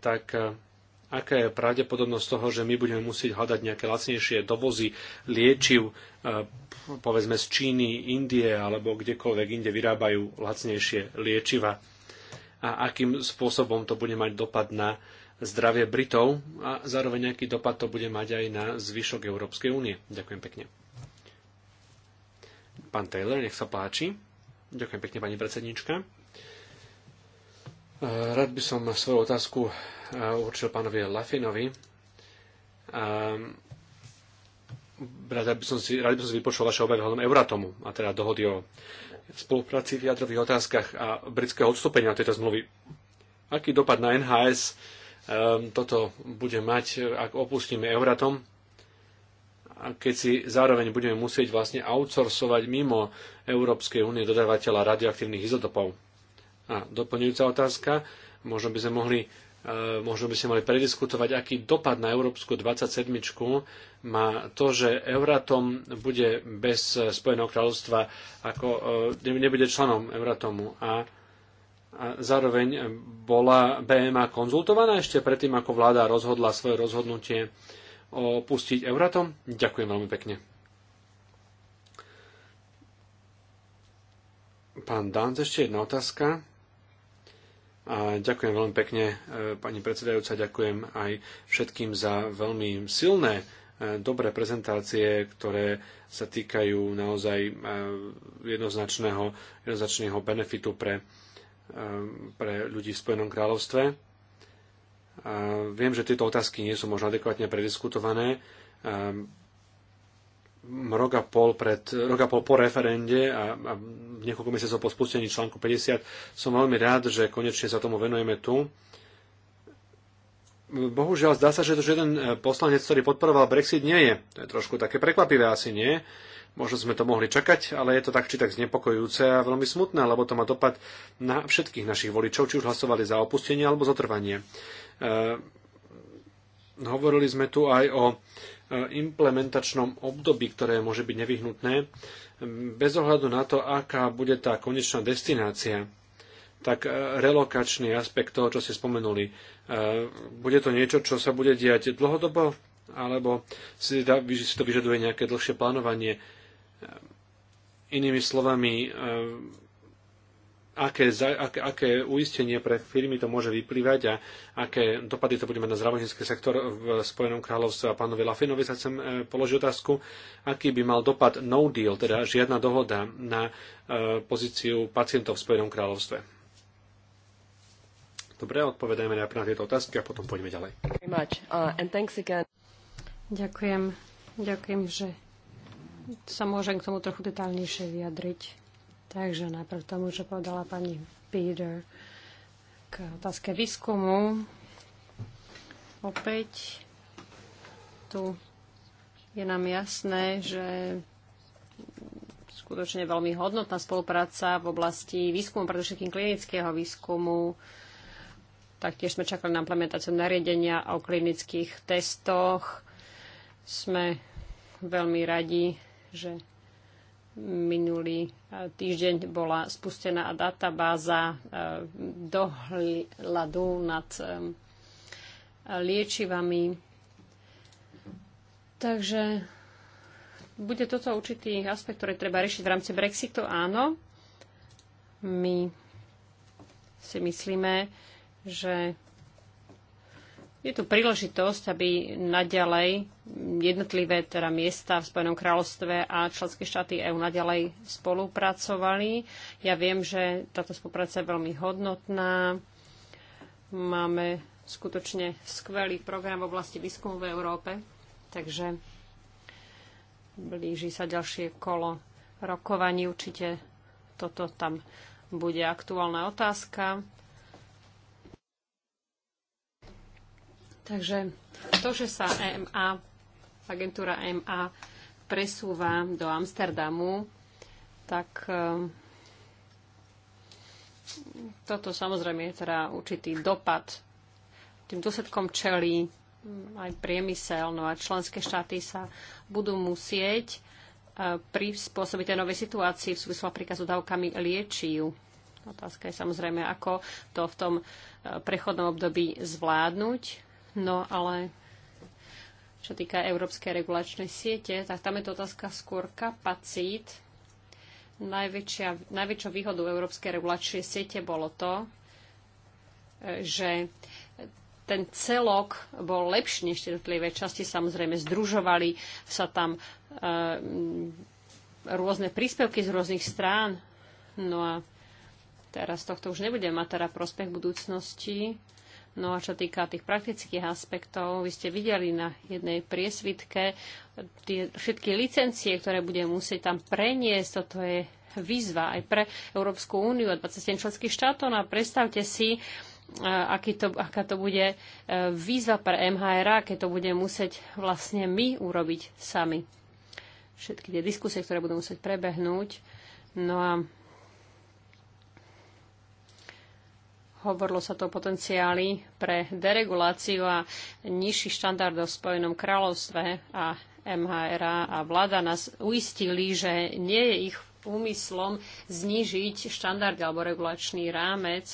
tak e, aká je pravdepodobnosť toho, že my budeme musieť hľadať nejaké lacnejšie dovozy liečiv, e, povedzme z Číny, Indie alebo kdekoľvek inde vyrábajú lacnejšie liečiva a akým spôsobom to bude mať dopad na zdravie Britov a zároveň nejaký dopad to bude mať aj na zvyšok Európskej únie. Ďakujem pekne. Pán Taylor, nech sa páči. Ďakujem pekne, pani predsednička. Eh, rád by som svoju otázku eh, určil pánovi Lafinovi. Ehm, rád by som si, rád by som vypočul vaše obavy hľadom Euratomu, a teda dohody o spolupráci v jadrových otázkach a britského odstúpenia od tejto zmluvy. Aký dopad na NHS ehm, toto bude mať, ak opustíme Euratom? A keď si zároveň budeme musieť vlastne outsourcovať mimo Európskej únie dodávateľa radioaktívnych izotopov. A doplňujúca otázka, možno by sme mohli e, možno by sme mali prediskutovať, aký dopad na Európsku 27 má to, že Euratom bude bez Spojeného kráľovstva ako e, nebude členom Euratomu a, a zároveň bola BMA konzultovaná ešte predtým, ako vláda rozhodla svoje rozhodnutie opustiť Euratom? Ďakujem veľmi pekne. Pán Dan, ešte jedna otázka. A ďakujem veľmi pekne, e, pani predsedajúca, ďakujem aj všetkým za veľmi silné, e, dobré prezentácie, ktoré sa týkajú naozaj e, jednoznačného, jednoznačného benefitu pre, pre ľudí v Spojenom kráľovstve. A viem, že tieto otázky nie sú možno adekvátne prediskutované rok a pol, pred, rok a pol po referende a, a niekoľko mesiacov po spustení článku 50 som veľmi rád, že konečne sa tomu venujeme tu. Bohužiaľ, zdá sa, že to jeden e, poslanec, ktorý podporoval Brexit, nie je. To je trošku také prekvapivé, asi nie. Možno sme to mohli čakať, ale je to tak či tak znepokojúce a veľmi smutné, lebo to má dopad na všetkých našich voličov, či už hlasovali za opustenie alebo zotrvanie. E, hovorili sme tu aj o Eh, implementačnom období, ktoré môže byť nevyhnutné, mm, bez ohľadu na to, aká bude tá konečná destinácia, tak eh, relokačný aspekt toho, čo ste spomenuli, eh, bude to niečo, čo sa bude diať dlhodobo, alebo si to vyžaduje nejaké dlhšie plánovanie. Inými slovami, aké, aké, aké uistenie pre firmy to môže vyplývať a aké dopady to bude mať na zdravotnícky sektor v Spojenom kráľovstve. A pánovi Lafinovi sa chcem e, položiť otázku, aký by mal dopad no deal, teda žiadna dohoda na e, pozíciu pacientov v Spojenom kráľovstve. Dobre, odpovedajme najprv na tieto otázky a potom poďme ďalej. Uh, Ďakujem. Ďakujem, že sa môžem k tomu trochu detálnejšie vyjadriť. Takže najprv tomu, čo povedala pani Peter k otázke výskumu. Opäť tu je nám jasné, že skutočne veľmi hodnotná spolupráca v oblasti výskumu, predovšetkým klinického výskumu. Taktiež sme čakali na implementáciu nariadenia o klinických testoch. Sme veľmi radi, že Minulý e, týždeň bola spustená databáza e, dohľadu nad e, liečivami. Takže bude toto určitý aspekt, ktorý treba riešiť v rámci Brexitu? Áno. My si myslíme, že je tu príležitosť, aby naďalej jednotlivé teda miesta v Spojenom kráľovstve a členské štáty EÚ naďalej spolupracovali. Ja viem, že táto spolupráca je veľmi hodnotná. Máme skutočne skvelý program v oblasti výskumu v Európe, takže blíži sa ďalšie kolo rokovaní. Určite toto tam bude aktuálna otázka. Takže to, že sa EMA, agentúra EMA presúva do Amsterdamu, tak eh, toto samozrejme je teda určitý dopad. Tým dôsledkom čelí hm, aj priemysel, no a členské štáty sa budú musieť eh, prispôsobiť tej novej situácii v súvislosti napríklad s dávkami liečiv. Otázka je samozrejme, ako to v tom eh, prechodnom období zvládnuť. No ale čo týka Európskej regulačnej siete, tak tam je to otázka skôr kapacít. Najväčšia, najväčšou výhodou Európskej regulačnej siete bolo to, že ten celok bol lepší než jednotlivé časti. Samozrejme, združovali sa tam e, rôzne príspevky z rôznych strán. No a teraz tohto už nebudeme mať teda prospech budúcnosti. No a čo týka tých praktických aspektov, vy ste videli na jednej priesvitke tie všetky licencie, ktoré bude musieť tam preniesť. Toto je výzva aj pre Európsku úniu a 27 členských štátov. No a predstavte si, e, aký to, aká to bude e, výzva pre MHRA, keď to bude musieť vlastne my urobiť sami. Všetky tie diskusie, ktoré budú musieť prebehnúť. No a Hovorilo sa to o potenciáli pre dereguláciu a nižší štandard v Spojenom kráľovstve a MHRA a vláda nás uistili, že nie je ich úmyslom znížiť štandard alebo regulačný rámec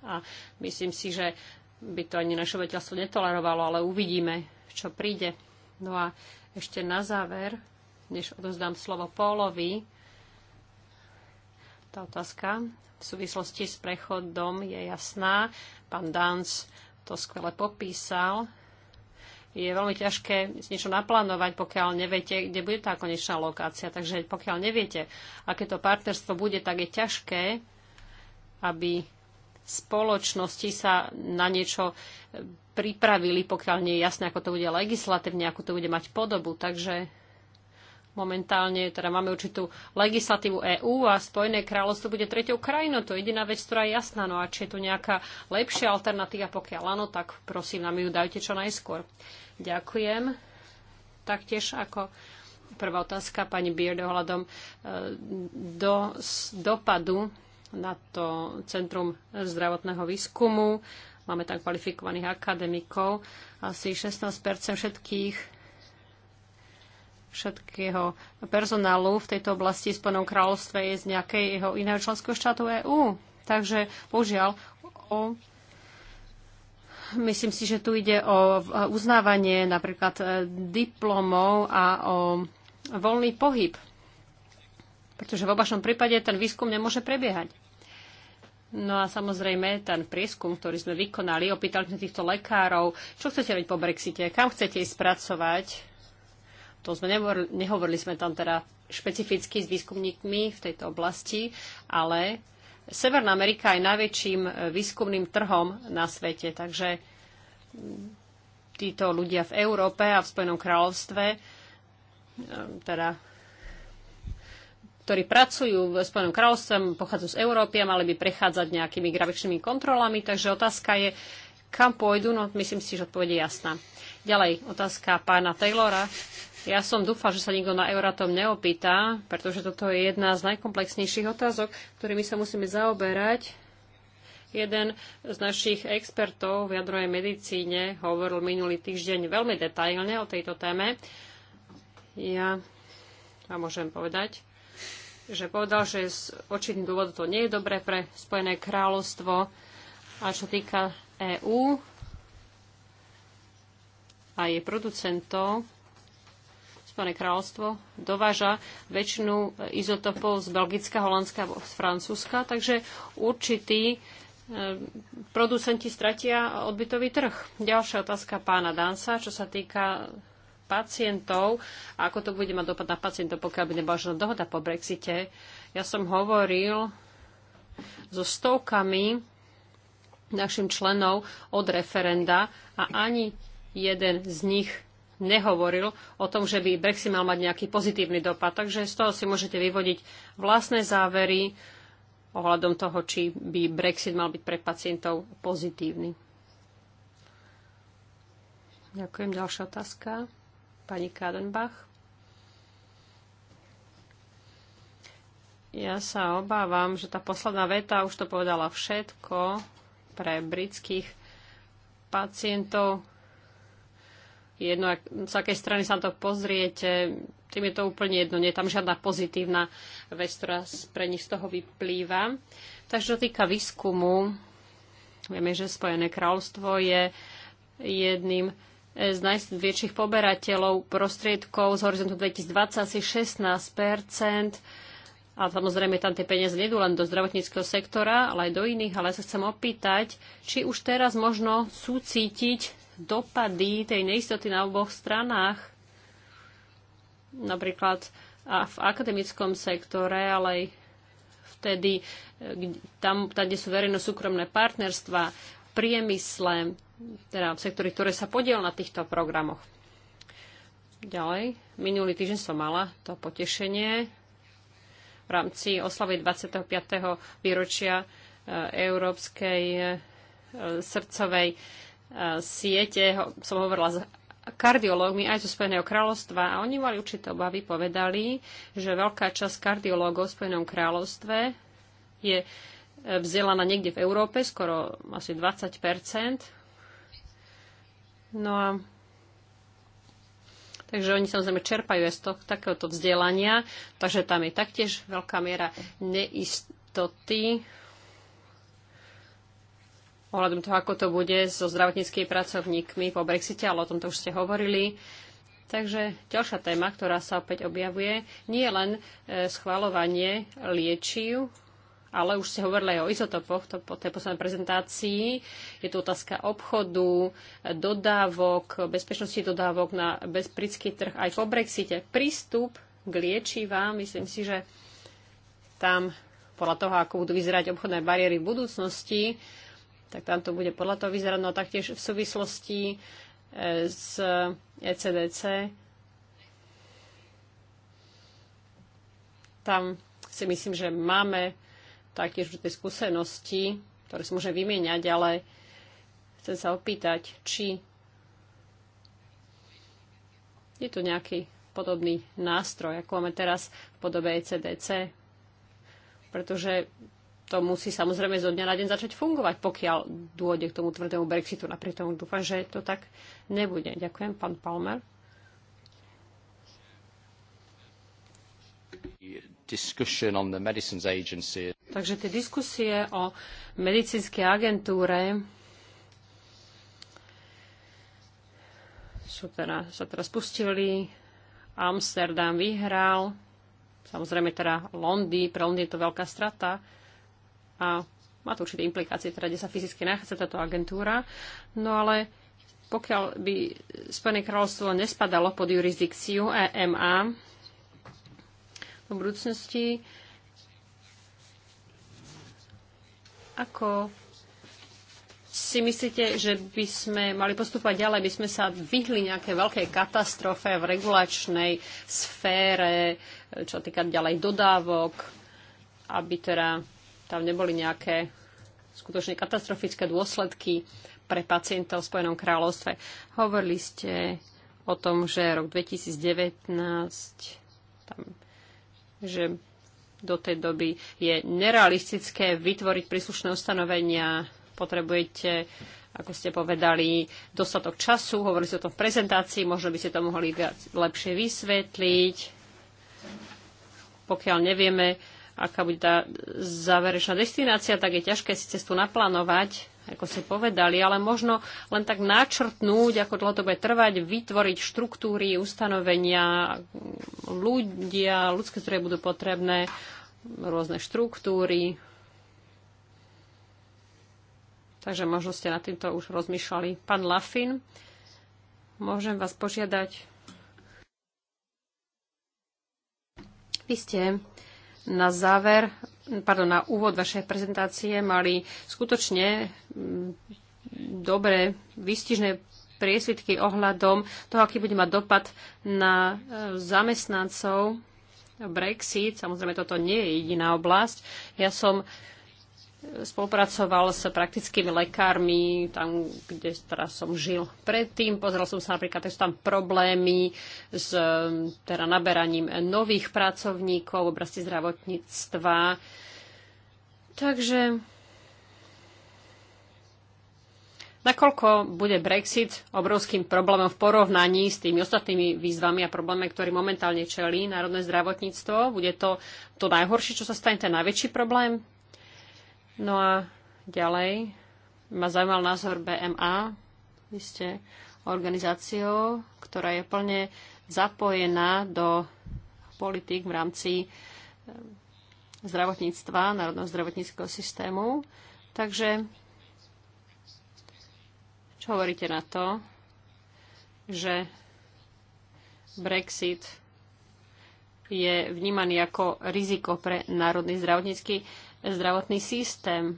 a myslím si, že by to ani naše obyvateľstvo netolerovalo, ale uvidíme, čo príde. No a ešte na záver, než odozdám slovo Pólovi, tá otázka v súvislosti s prechodom je jasná. Pán Danc to skvele popísal. Je veľmi ťažké niečo naplánovať, pokiaľ neviete, kde bude tá konečná lokácia. Takže pokiaľ neviete, aké to partnerstvo bude, tak je ťažké, aby spoločnosti sa na niečo e, pripravili, pokiaľ nie je jasné, ako to bude legislatívne, ako to bude mať podobu. Takže Momentálne teda máme určitú legislatívu EÚ a Spojené kráľovstvo bude tretiou krajinou. To je jediná vec, ktorá je jasná. No a či je tu nejaká lepšia alternatíva, pokiaľ áno, tak prosím, nám ju dajte čo najskôr. Ďakujem. Taktiež ako prvá otázka pani Bierde ohľadom eh, do, dopadu na to Centrum zdravotného výskumu. Máme tam kvalifikovaných akademikov. Asi 16 všetkých všetkého personálu v tejto oblasti v Spojenom kráľovstve je z nejakého iného členského štátu EÚ. Takže požiaľ, o, myslím si, že tu ide o uznávanie napríklad e, diplomov a o voľný pohyb. Pretože v obašom prípade ten výskum nemôže prebiehať. No a samozrejme, ten prieskum, ktorý sme vykonali, opýtali sme týchto lekárov, čo chcete robiť po Brexite, kam chcete ísť pracovať, to sme nehovorili, nehovorili sme tam teda špecificky s výskumníkmi v tejto oblasti, ale Severná Amerika je najväčším e, výskumným trhom na svete, takže títo ľudia v Európe a v Spojenom kráľovstve, e, teda, ktorí pracujú v Spojenom kráľovstve, pochádzajú z Európy a mali by prechádzať nejakými gravičnými kontrolami, takže otázka je, kam pôjdu, no myslím si, že odpovede je jasná. Ďalej, otázka pána Taylora ja som dúfal, že sa nikto na Euratom neopýta, pretože toto je jedna z najkomplexnejších otázok, ktorými sa musíme zaoberať. Jeden z našich expertov v jadrovej medicíne hovoril minulý týždeň veľmi detailne o tejto téme. Ja vám môžem povedať, že povedal, že z očitým dôvodov to nie je dobré pre Spojené kráľovstvo. A čo týka EÚ a jej producentov, Spojené kráľovstvo dováža väčšinu izotopov z Belgicka, Holandska a Francúzska, takže určití e, producenti stratia odbytový trh. Ďalšia otázka pána Dansa, čo sa týka pacientov a ako to bude mať dopad na pacientov, pokiaľ by nebola dohoda po Brexite. Ja som hovoril so stovkami našim členov od referenda a ani jeden z nich nehovoril o tom, že by Brexit mal mať nejaký pozitívny dopad. Takže z toho si môžete vyvodiť vlastné závery ohľadom toho, či by Brexit mal byť pre pacientov pozitívny. Ďakujem. Ďalšia otázka. Pani Kadenbach. Ja sa obávam, že tá posledná veta už to povedala všetko pre britských pacientov jedno, z akej strany sa to pozriete, tým je to úplne jedno, nie je tam žiadna pozitívna vec, ktorá pre nich z toho vyplýva. Takže čo týka výskumu, vieme, že Spojené kráľovstvo je jedným z najväčších poberateľov prostriedkov z horizontu 2020 asi 16 a samozrejme tam tie peniaze nedú len do zdravotníckého sektora, ale aj do iných. Ale ja sa chcem opýtať, či už teraz možno súcítiť dopady tej neistoty na oboch stranách, napríklad a v akademickom sektore, ale aj vtedy, tam, kde sú verejno-súkromné partnerstva, priemysle, teda sektory, ktoré sa podiel na týchto programoch. Ďalej, minulý týždeň som mala to potešenie v rámci oslavy 25. výročia e, Európskej e, srdcovej siete, som hovorila s kardiológmi aj zo Spojeného kráľovstva a oni mali určité obavy, povedali, že veľká časť kardiológov v Spojenom kráľovstve je e, vzdelaná niekde v Európe, skoro asi 20 No a Takže oni samozrejme čerpajú aj z toho, takéhoto vzdelania, takže tam je taktiež veľká miera neistoty ohľadom toho, ako to bude so zdravotníckými pracovníkmi po Brexite, ale o tomto už ste hovorili. Takže ďalšia téma, ktorá sa opäť objavuje, nie je len e, schvalovanie liečiv, ale už ste hovorili aj o izotopoch to, po tej poslednej prezentácii. Je tu otázka obchodu, dodávok, bezpečnosti dodávok na bezprický trh aj po Brexite. Prístup k liečivám, myslím si, že tam podľa toho, ako budú vyzerať obchodné bariéry v budúcnosti, tak tam to bude podľa toho vyzerať. No taktiež v súvislosti e, s ECDC tam si myslím, že máme taktiež tie skúsenosti, ktoré si môžeme vymieňať, ale chcem sa opýtať, či je tu nejaký podobný nástroj, ako máme teraz v podobe ECDC, pretože to musí samozrejme zo dňa na deň začať fungovať, pokiaľ dôjde k tomu tvrdému Brexitu. Napriek tomu dúfam, že to tak nebude. Ďakujem, pán Palmer. Takže tie diskusie o medicínskej agentúre sú teda, sa teraz pustili. Amsterdam vyhral. Samozrejme teda Londý, pre Londý je to veľká strata a má to určité implikácie, teda kde sa fyzicky nachádza táto agentúra. No ale pokiaľ by Spojené kráľovstvo nespadalo pod jurisdikciu EMA v budúcnosti, ako si myslíte, že by sme mali postupovať ďalej, by sme sa vyhli nejaké veľké katastrofe v regulačnej sfére, čo týka ďalej dodávok, aby teda tam neboli nejaké skutočne katastrofické dôsledky pre pacientov v Spojenom kráľovstve. Hovorili ste o tom, že rok 2019, tam, že do tej doby je nerealistické vytvoriť príslušné ustanovenia, potrebujete, ako ste povedali, dostatok času, hovorili ste o tom v prezentácii, možno by ste to mohli viac, lepšie vysvetliť. Pokiaľ nevieme, aká bude tá záverečná destinácia, tak je ťažké si cestu naplánovať, ako ste povedali, ale možno len tak načrtnúť, ako dlho to bude trvať, vytvoriť štruktúry, ustanovenia, ľudia, ľudské zdroje budú potrebné, rôzne štruktúry. Takže možno ste nad týmto už rozmýšľali. Pán Lafin, môžem vás požiadať. Vy ste na záver, pardon, na úvod vašej prezentácie mali skutočne mm, dobré, výstižné priesvitky ohľadom toho, aký bude mať dopad na e, zamestnancov Brexit. Samozrejme, toto nie je jediná oblasť. Ja som spolupracoval s praktickými lekármi, tam, kde teraz som žil predtým. Pozrel som sa napríklad, že sú tam problémy s um, teda naberaním nových pracovníkov v oblasti zdravotníctva. Takže nakoľko bude Brexit obrovským problémom v porovnaní s tými ostatnými výzvami a problémami, ktorý momentálne čelí národné zdravotníctvo, bude to to najhoršie, čo sa stane, ten najväčší problém? No a ďalej ma zaujímal názor BMA. Vy ste organizáciou, ktorá je plne zapojená do politik v rámci eh, zdravotníctva, národného zdravotníckého systému. Takže čo hovoríte na to, že Brexit je vnímaný ako riziko pre národný zdravotnícky zdravotný systém.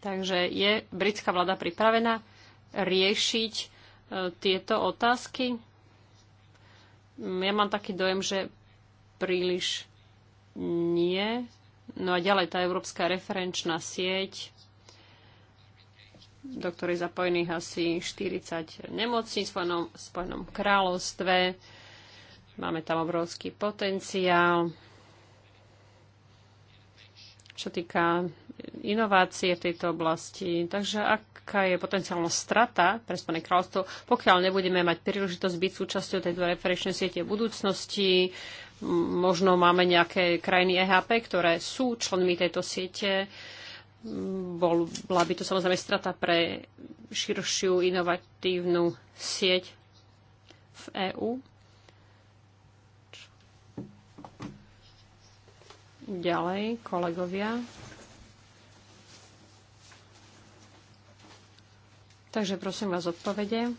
Takže je britská vláda pripravená riešiť e, tieto otázky? Ja mám taký dojem, že príliš nie. No a ďalej tá európska referenčná sieť, do ktorej zapojených asi 40 nemocníc v Spojenom kráľovstve. Máme tam obrovský potenciál čo týka inovácie v tejto oblasti. Takže aká je potenciálna strata pre Spojené kráľovstvo, pokiaľ nebudeme mať príležitosť byť súčasťou tejto referenčnej siete v budúcnosti, možno máme nejaké krajiny EHP, ktoré sú členmi tejto siete. Bol, bola by to samozrejme strata pre širšiu inovatívnu sieť v EÚ. Ďalej, kolegovia. Takže prosím vás odpovede.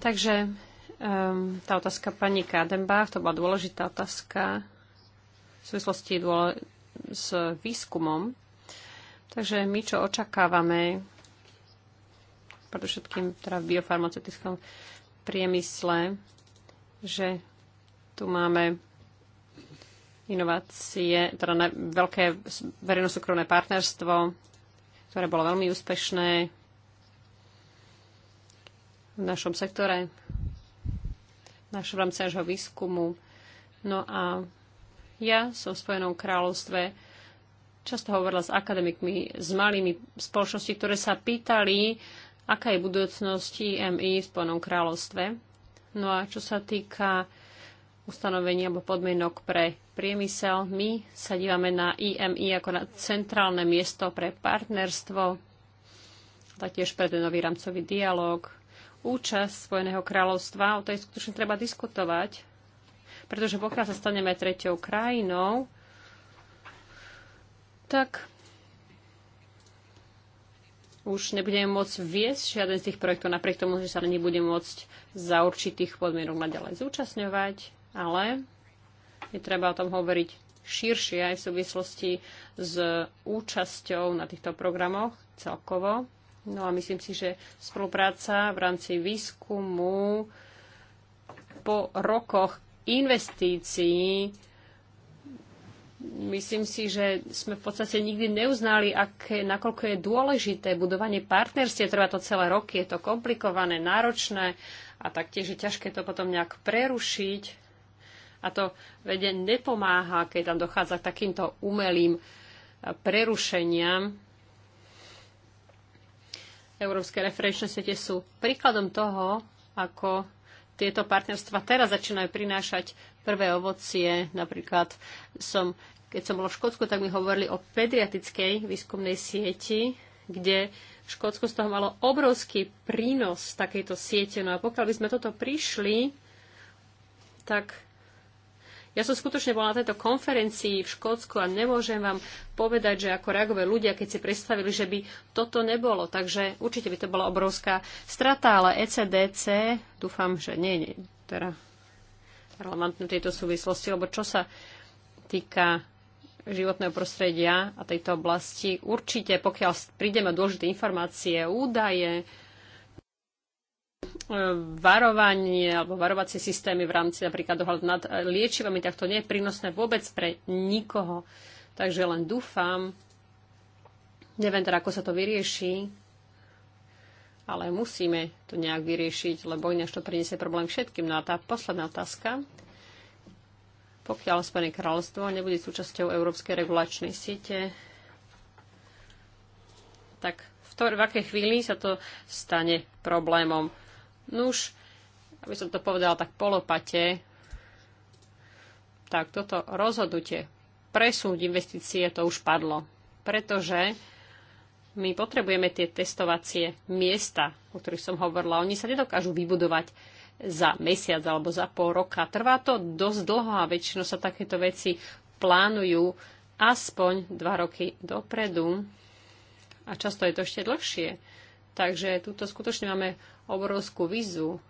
Takže um, tá otázka pani Kadenbach, to bola dôležitá otázka v súvislosti dôle- s výskumom. Takže my, čo očakávame, predovšetkým teda v biofarmaceutickom priemysle, že tu máme inovácie, teda na veľké verejnosúkromné partnerstvo, ktoré bolo veľmi úspešné v našom sektore, v našom rámci nášho výskumu. No a ja som v Spojenom kráľovstve často hovorila s akademikmi, s malými spoločnosti, ktoré sa pýtali, aká je budúcnosť IMI v Spojenom kráľovstve. No a čo sa týka ustanovení alebo podmienok pre priemysel. My sa dívame na IMI ako na centrálne miesto pre partnerstvo, taktiež pre ten nový rámcový dialog. Účasť Spojeného kráľovstva, o tej skutočne treba diskutovať, pretože pokiaľ sa staneme treťou krajinou, tak už nebudeme môcť viesť žiaden z tých projektov, napriek tomu, že sa nebudeme môcť za určitých podmienok naďalej zúčastňovať ale je treba o tom hovoriť širšie aj v súvislosti s účasťou na týchto programoch celkovo. No a myslím si, že spolupráca v rámci výskumu po rokoch investícií myslím si, že sme v podstate nikdy neuznali, aké, nakoľko je dôležité budovanie partnerstie. Trvá to celé roky, je to komplikované, náročné a taktiež je ťažké to potom nejak prerušiť. A to vede nepomáha, keď tam dochádza k takýmto umelým prerušeniam. Európske referenčné siete sú príkladom toho, ako tieto partnerstva teraz začínajú prinášať prvé ovocie. Napríklad som, keď som bola v Škótsku, tak mi hovorili o pediatrickej výskumnej sieti, kde Škótsko z toho malo obrovský prínos takejto siete. No a pokiaľ by sme toto prišli, tak ja som skutočne bola na tejto konferencii v Škótsku a nemôžem vám povedať, že ako reagové ľudia, keď si predstavili, že by toto nebolo. Takže určite by to bola obrovská strata, ale ECDC, dúfam, že nie, nie teda relevantné tejto súvislosti, lebo čo sa týka životného prostredia a tejto oblasti, určite pokiaľ prídeme dôležité informácie, údaje, E, varovanie alebo varovacie systémy v rámci napríklad dohľad nad liečivami, tak to nie je prínosné vôbec pre nikoho. Takže len dúfam, neviem teda, ako sa to vyrieši, ale musíme to nejak vyriešiť, lebo ináč to priniesie problém všetkým. No a tá posledná otázka. Pokiaľ Spojené kráľovstvo nebude súčasťou Európskej regulačnej siete, tak v, to, v akej chvíli sa to stane problémom? Nuž, aby som to povedala tak polopate, tak toto rozhodnutie presúť investície to už padlo. Pretože my potrebujeme tie testovacie miesta, o ktorých som hovorila. Oni sa nedokážu vybudovať za mesiac alebo za pol roka. Trvá to dosť dlho a väčšinou sa takéto veci plánujú aspoň dva roky dopredu a často je to ešte dlhšie. Takže tuto skutočne máme obrovskú vizu.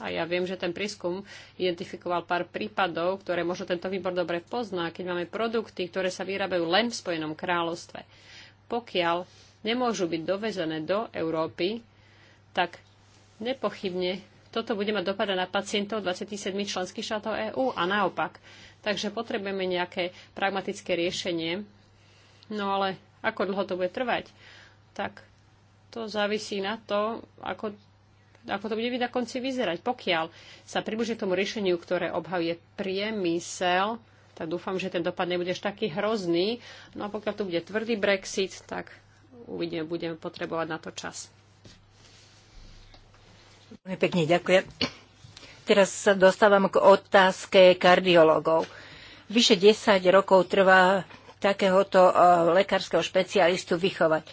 A ja viem, že ten prískum identifikoval pár prípadov, ktoré možno tento výbor dobre pozná, keď máme produkty, ktoré sa vyrábajú len v Spojenom kráľovstve. Pokiaľ nemôžu byť dovezené do Európy, tak nepochybne toto bude mať dopad na pacientov 27 členských štátov EÚ a naopak. Takže potrebujeme nejaké pragmatické riešenie. No ale ako dlho to bude trvať? Tak to závisí na to, ako ako to bude na konci vyzerať. Pokiaľ sa približí tomu riešeniu, ktoré obhavuje priemysel, tak dúfam, že ten dopad nebude až taký hrozný. No a pokiaľ tu bude tvrdý Brexit, tak uvidíme, budeme potrebovať na to čas. Veľmi pekne ďakujem. Teraz sa dostávam k otázke kardiológov. Vyše 10 rokov trvá takéhoto eh, lekárskeho špecialistu vychovať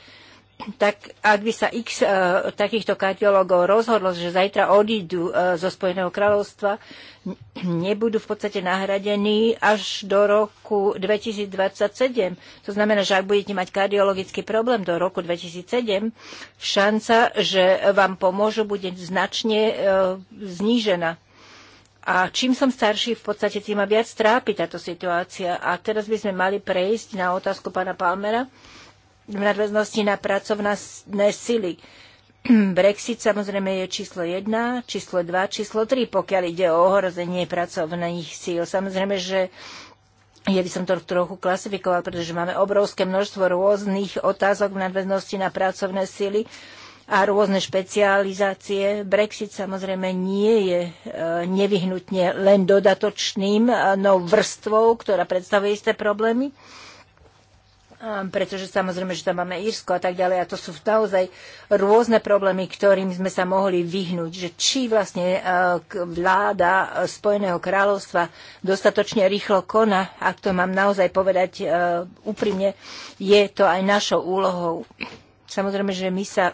tak ak by sa x uh, takýchto kardiologov rozhodlo, že zajtra odídu uh, zo Spojeného kráľovstva, nebudú v podstate nahradení až do roku 2027. To znamená, že ak budete mať kardiologický problém do roku 2007, šanca, že vám pomôžu, bude značne uh, znížená. A čím som starší, v podstate tým ma viac trápi táto situácia. A teraz by sme mali prejsť na otázku pána Palmera v nadväznosti na pracovné sily. Brexit samozrejme je číslo 1, číslo 2, číslo 3, pokiaľ ide o ohrozenie pracovných síl. Samozrejme, že ja by som to trochu klasifikoval, pretože máme obrovské množstvo rôznych otázok v nadväznosti na pracovné síly a rôzne špecializácie. Brexit samozrejme nie je e, nevyhnutne len dodatočným e, no vrstvou, ktorá predstavuje isté problémy. Ehm, pretože samozrejme, že tam máme Írsko a tak ďalej a to sú naozaj rôzne problémy, ktorým sme sa mohli vyhnúť, že či vlastne eh, vláda Spojeného kráľovstva dostatočne rýchlo kona, ak to mám naozaj povedať eh, úprimne, je to aj našou úlohou. Samozrejme, že my sa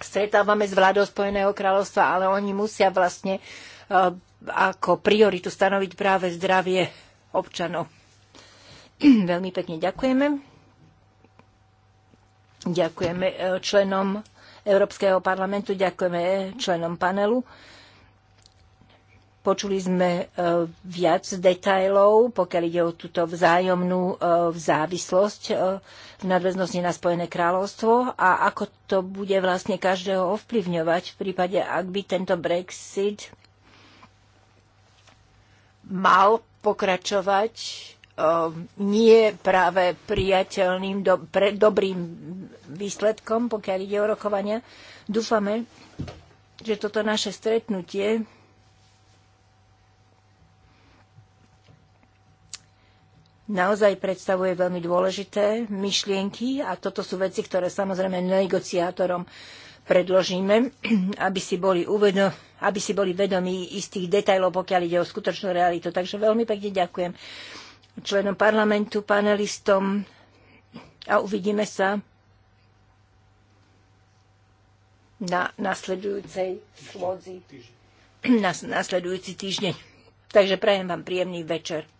stretávame s vládou Spojeného kráľovstva, ale oni musia vlastne eh, ako prioritu stanoviť práve zdravie občanov. Veľmi pekne ďakujeme. Ďakujeme e, členom Európskeho parlamentu, ďakujeme e, členom panelu. Počuli sme e, viac detajlov, pokiaľ ide o túto vzájomnú závislosť v nadväznosti na Spojené kráľovstvo a ako to bude vlastne každého ovplyvňovať v prípade, ak by tento Brexit mal pokračovať Um, nie práve priateľným, do, pre, dobrým výsledkom, pokiaľ ide o rokovania. Dúfame, že toto naše stretnutie naozaj predstavuje veľmi dôležité myšlienky a toto sú veci, ktoré samozrejme negociátorom predložíme, aby si boli, uvedom, aby si boli vedomí istých detajlov, pokiaľ ide o skutočnú realitu. Takže veľmi pekne ďakujem členom parlamentu, panelistom a uvidíme sa na nasledujúcej slodzi, na nasledujúci týždeň. Takže prajem vám príjemný večer.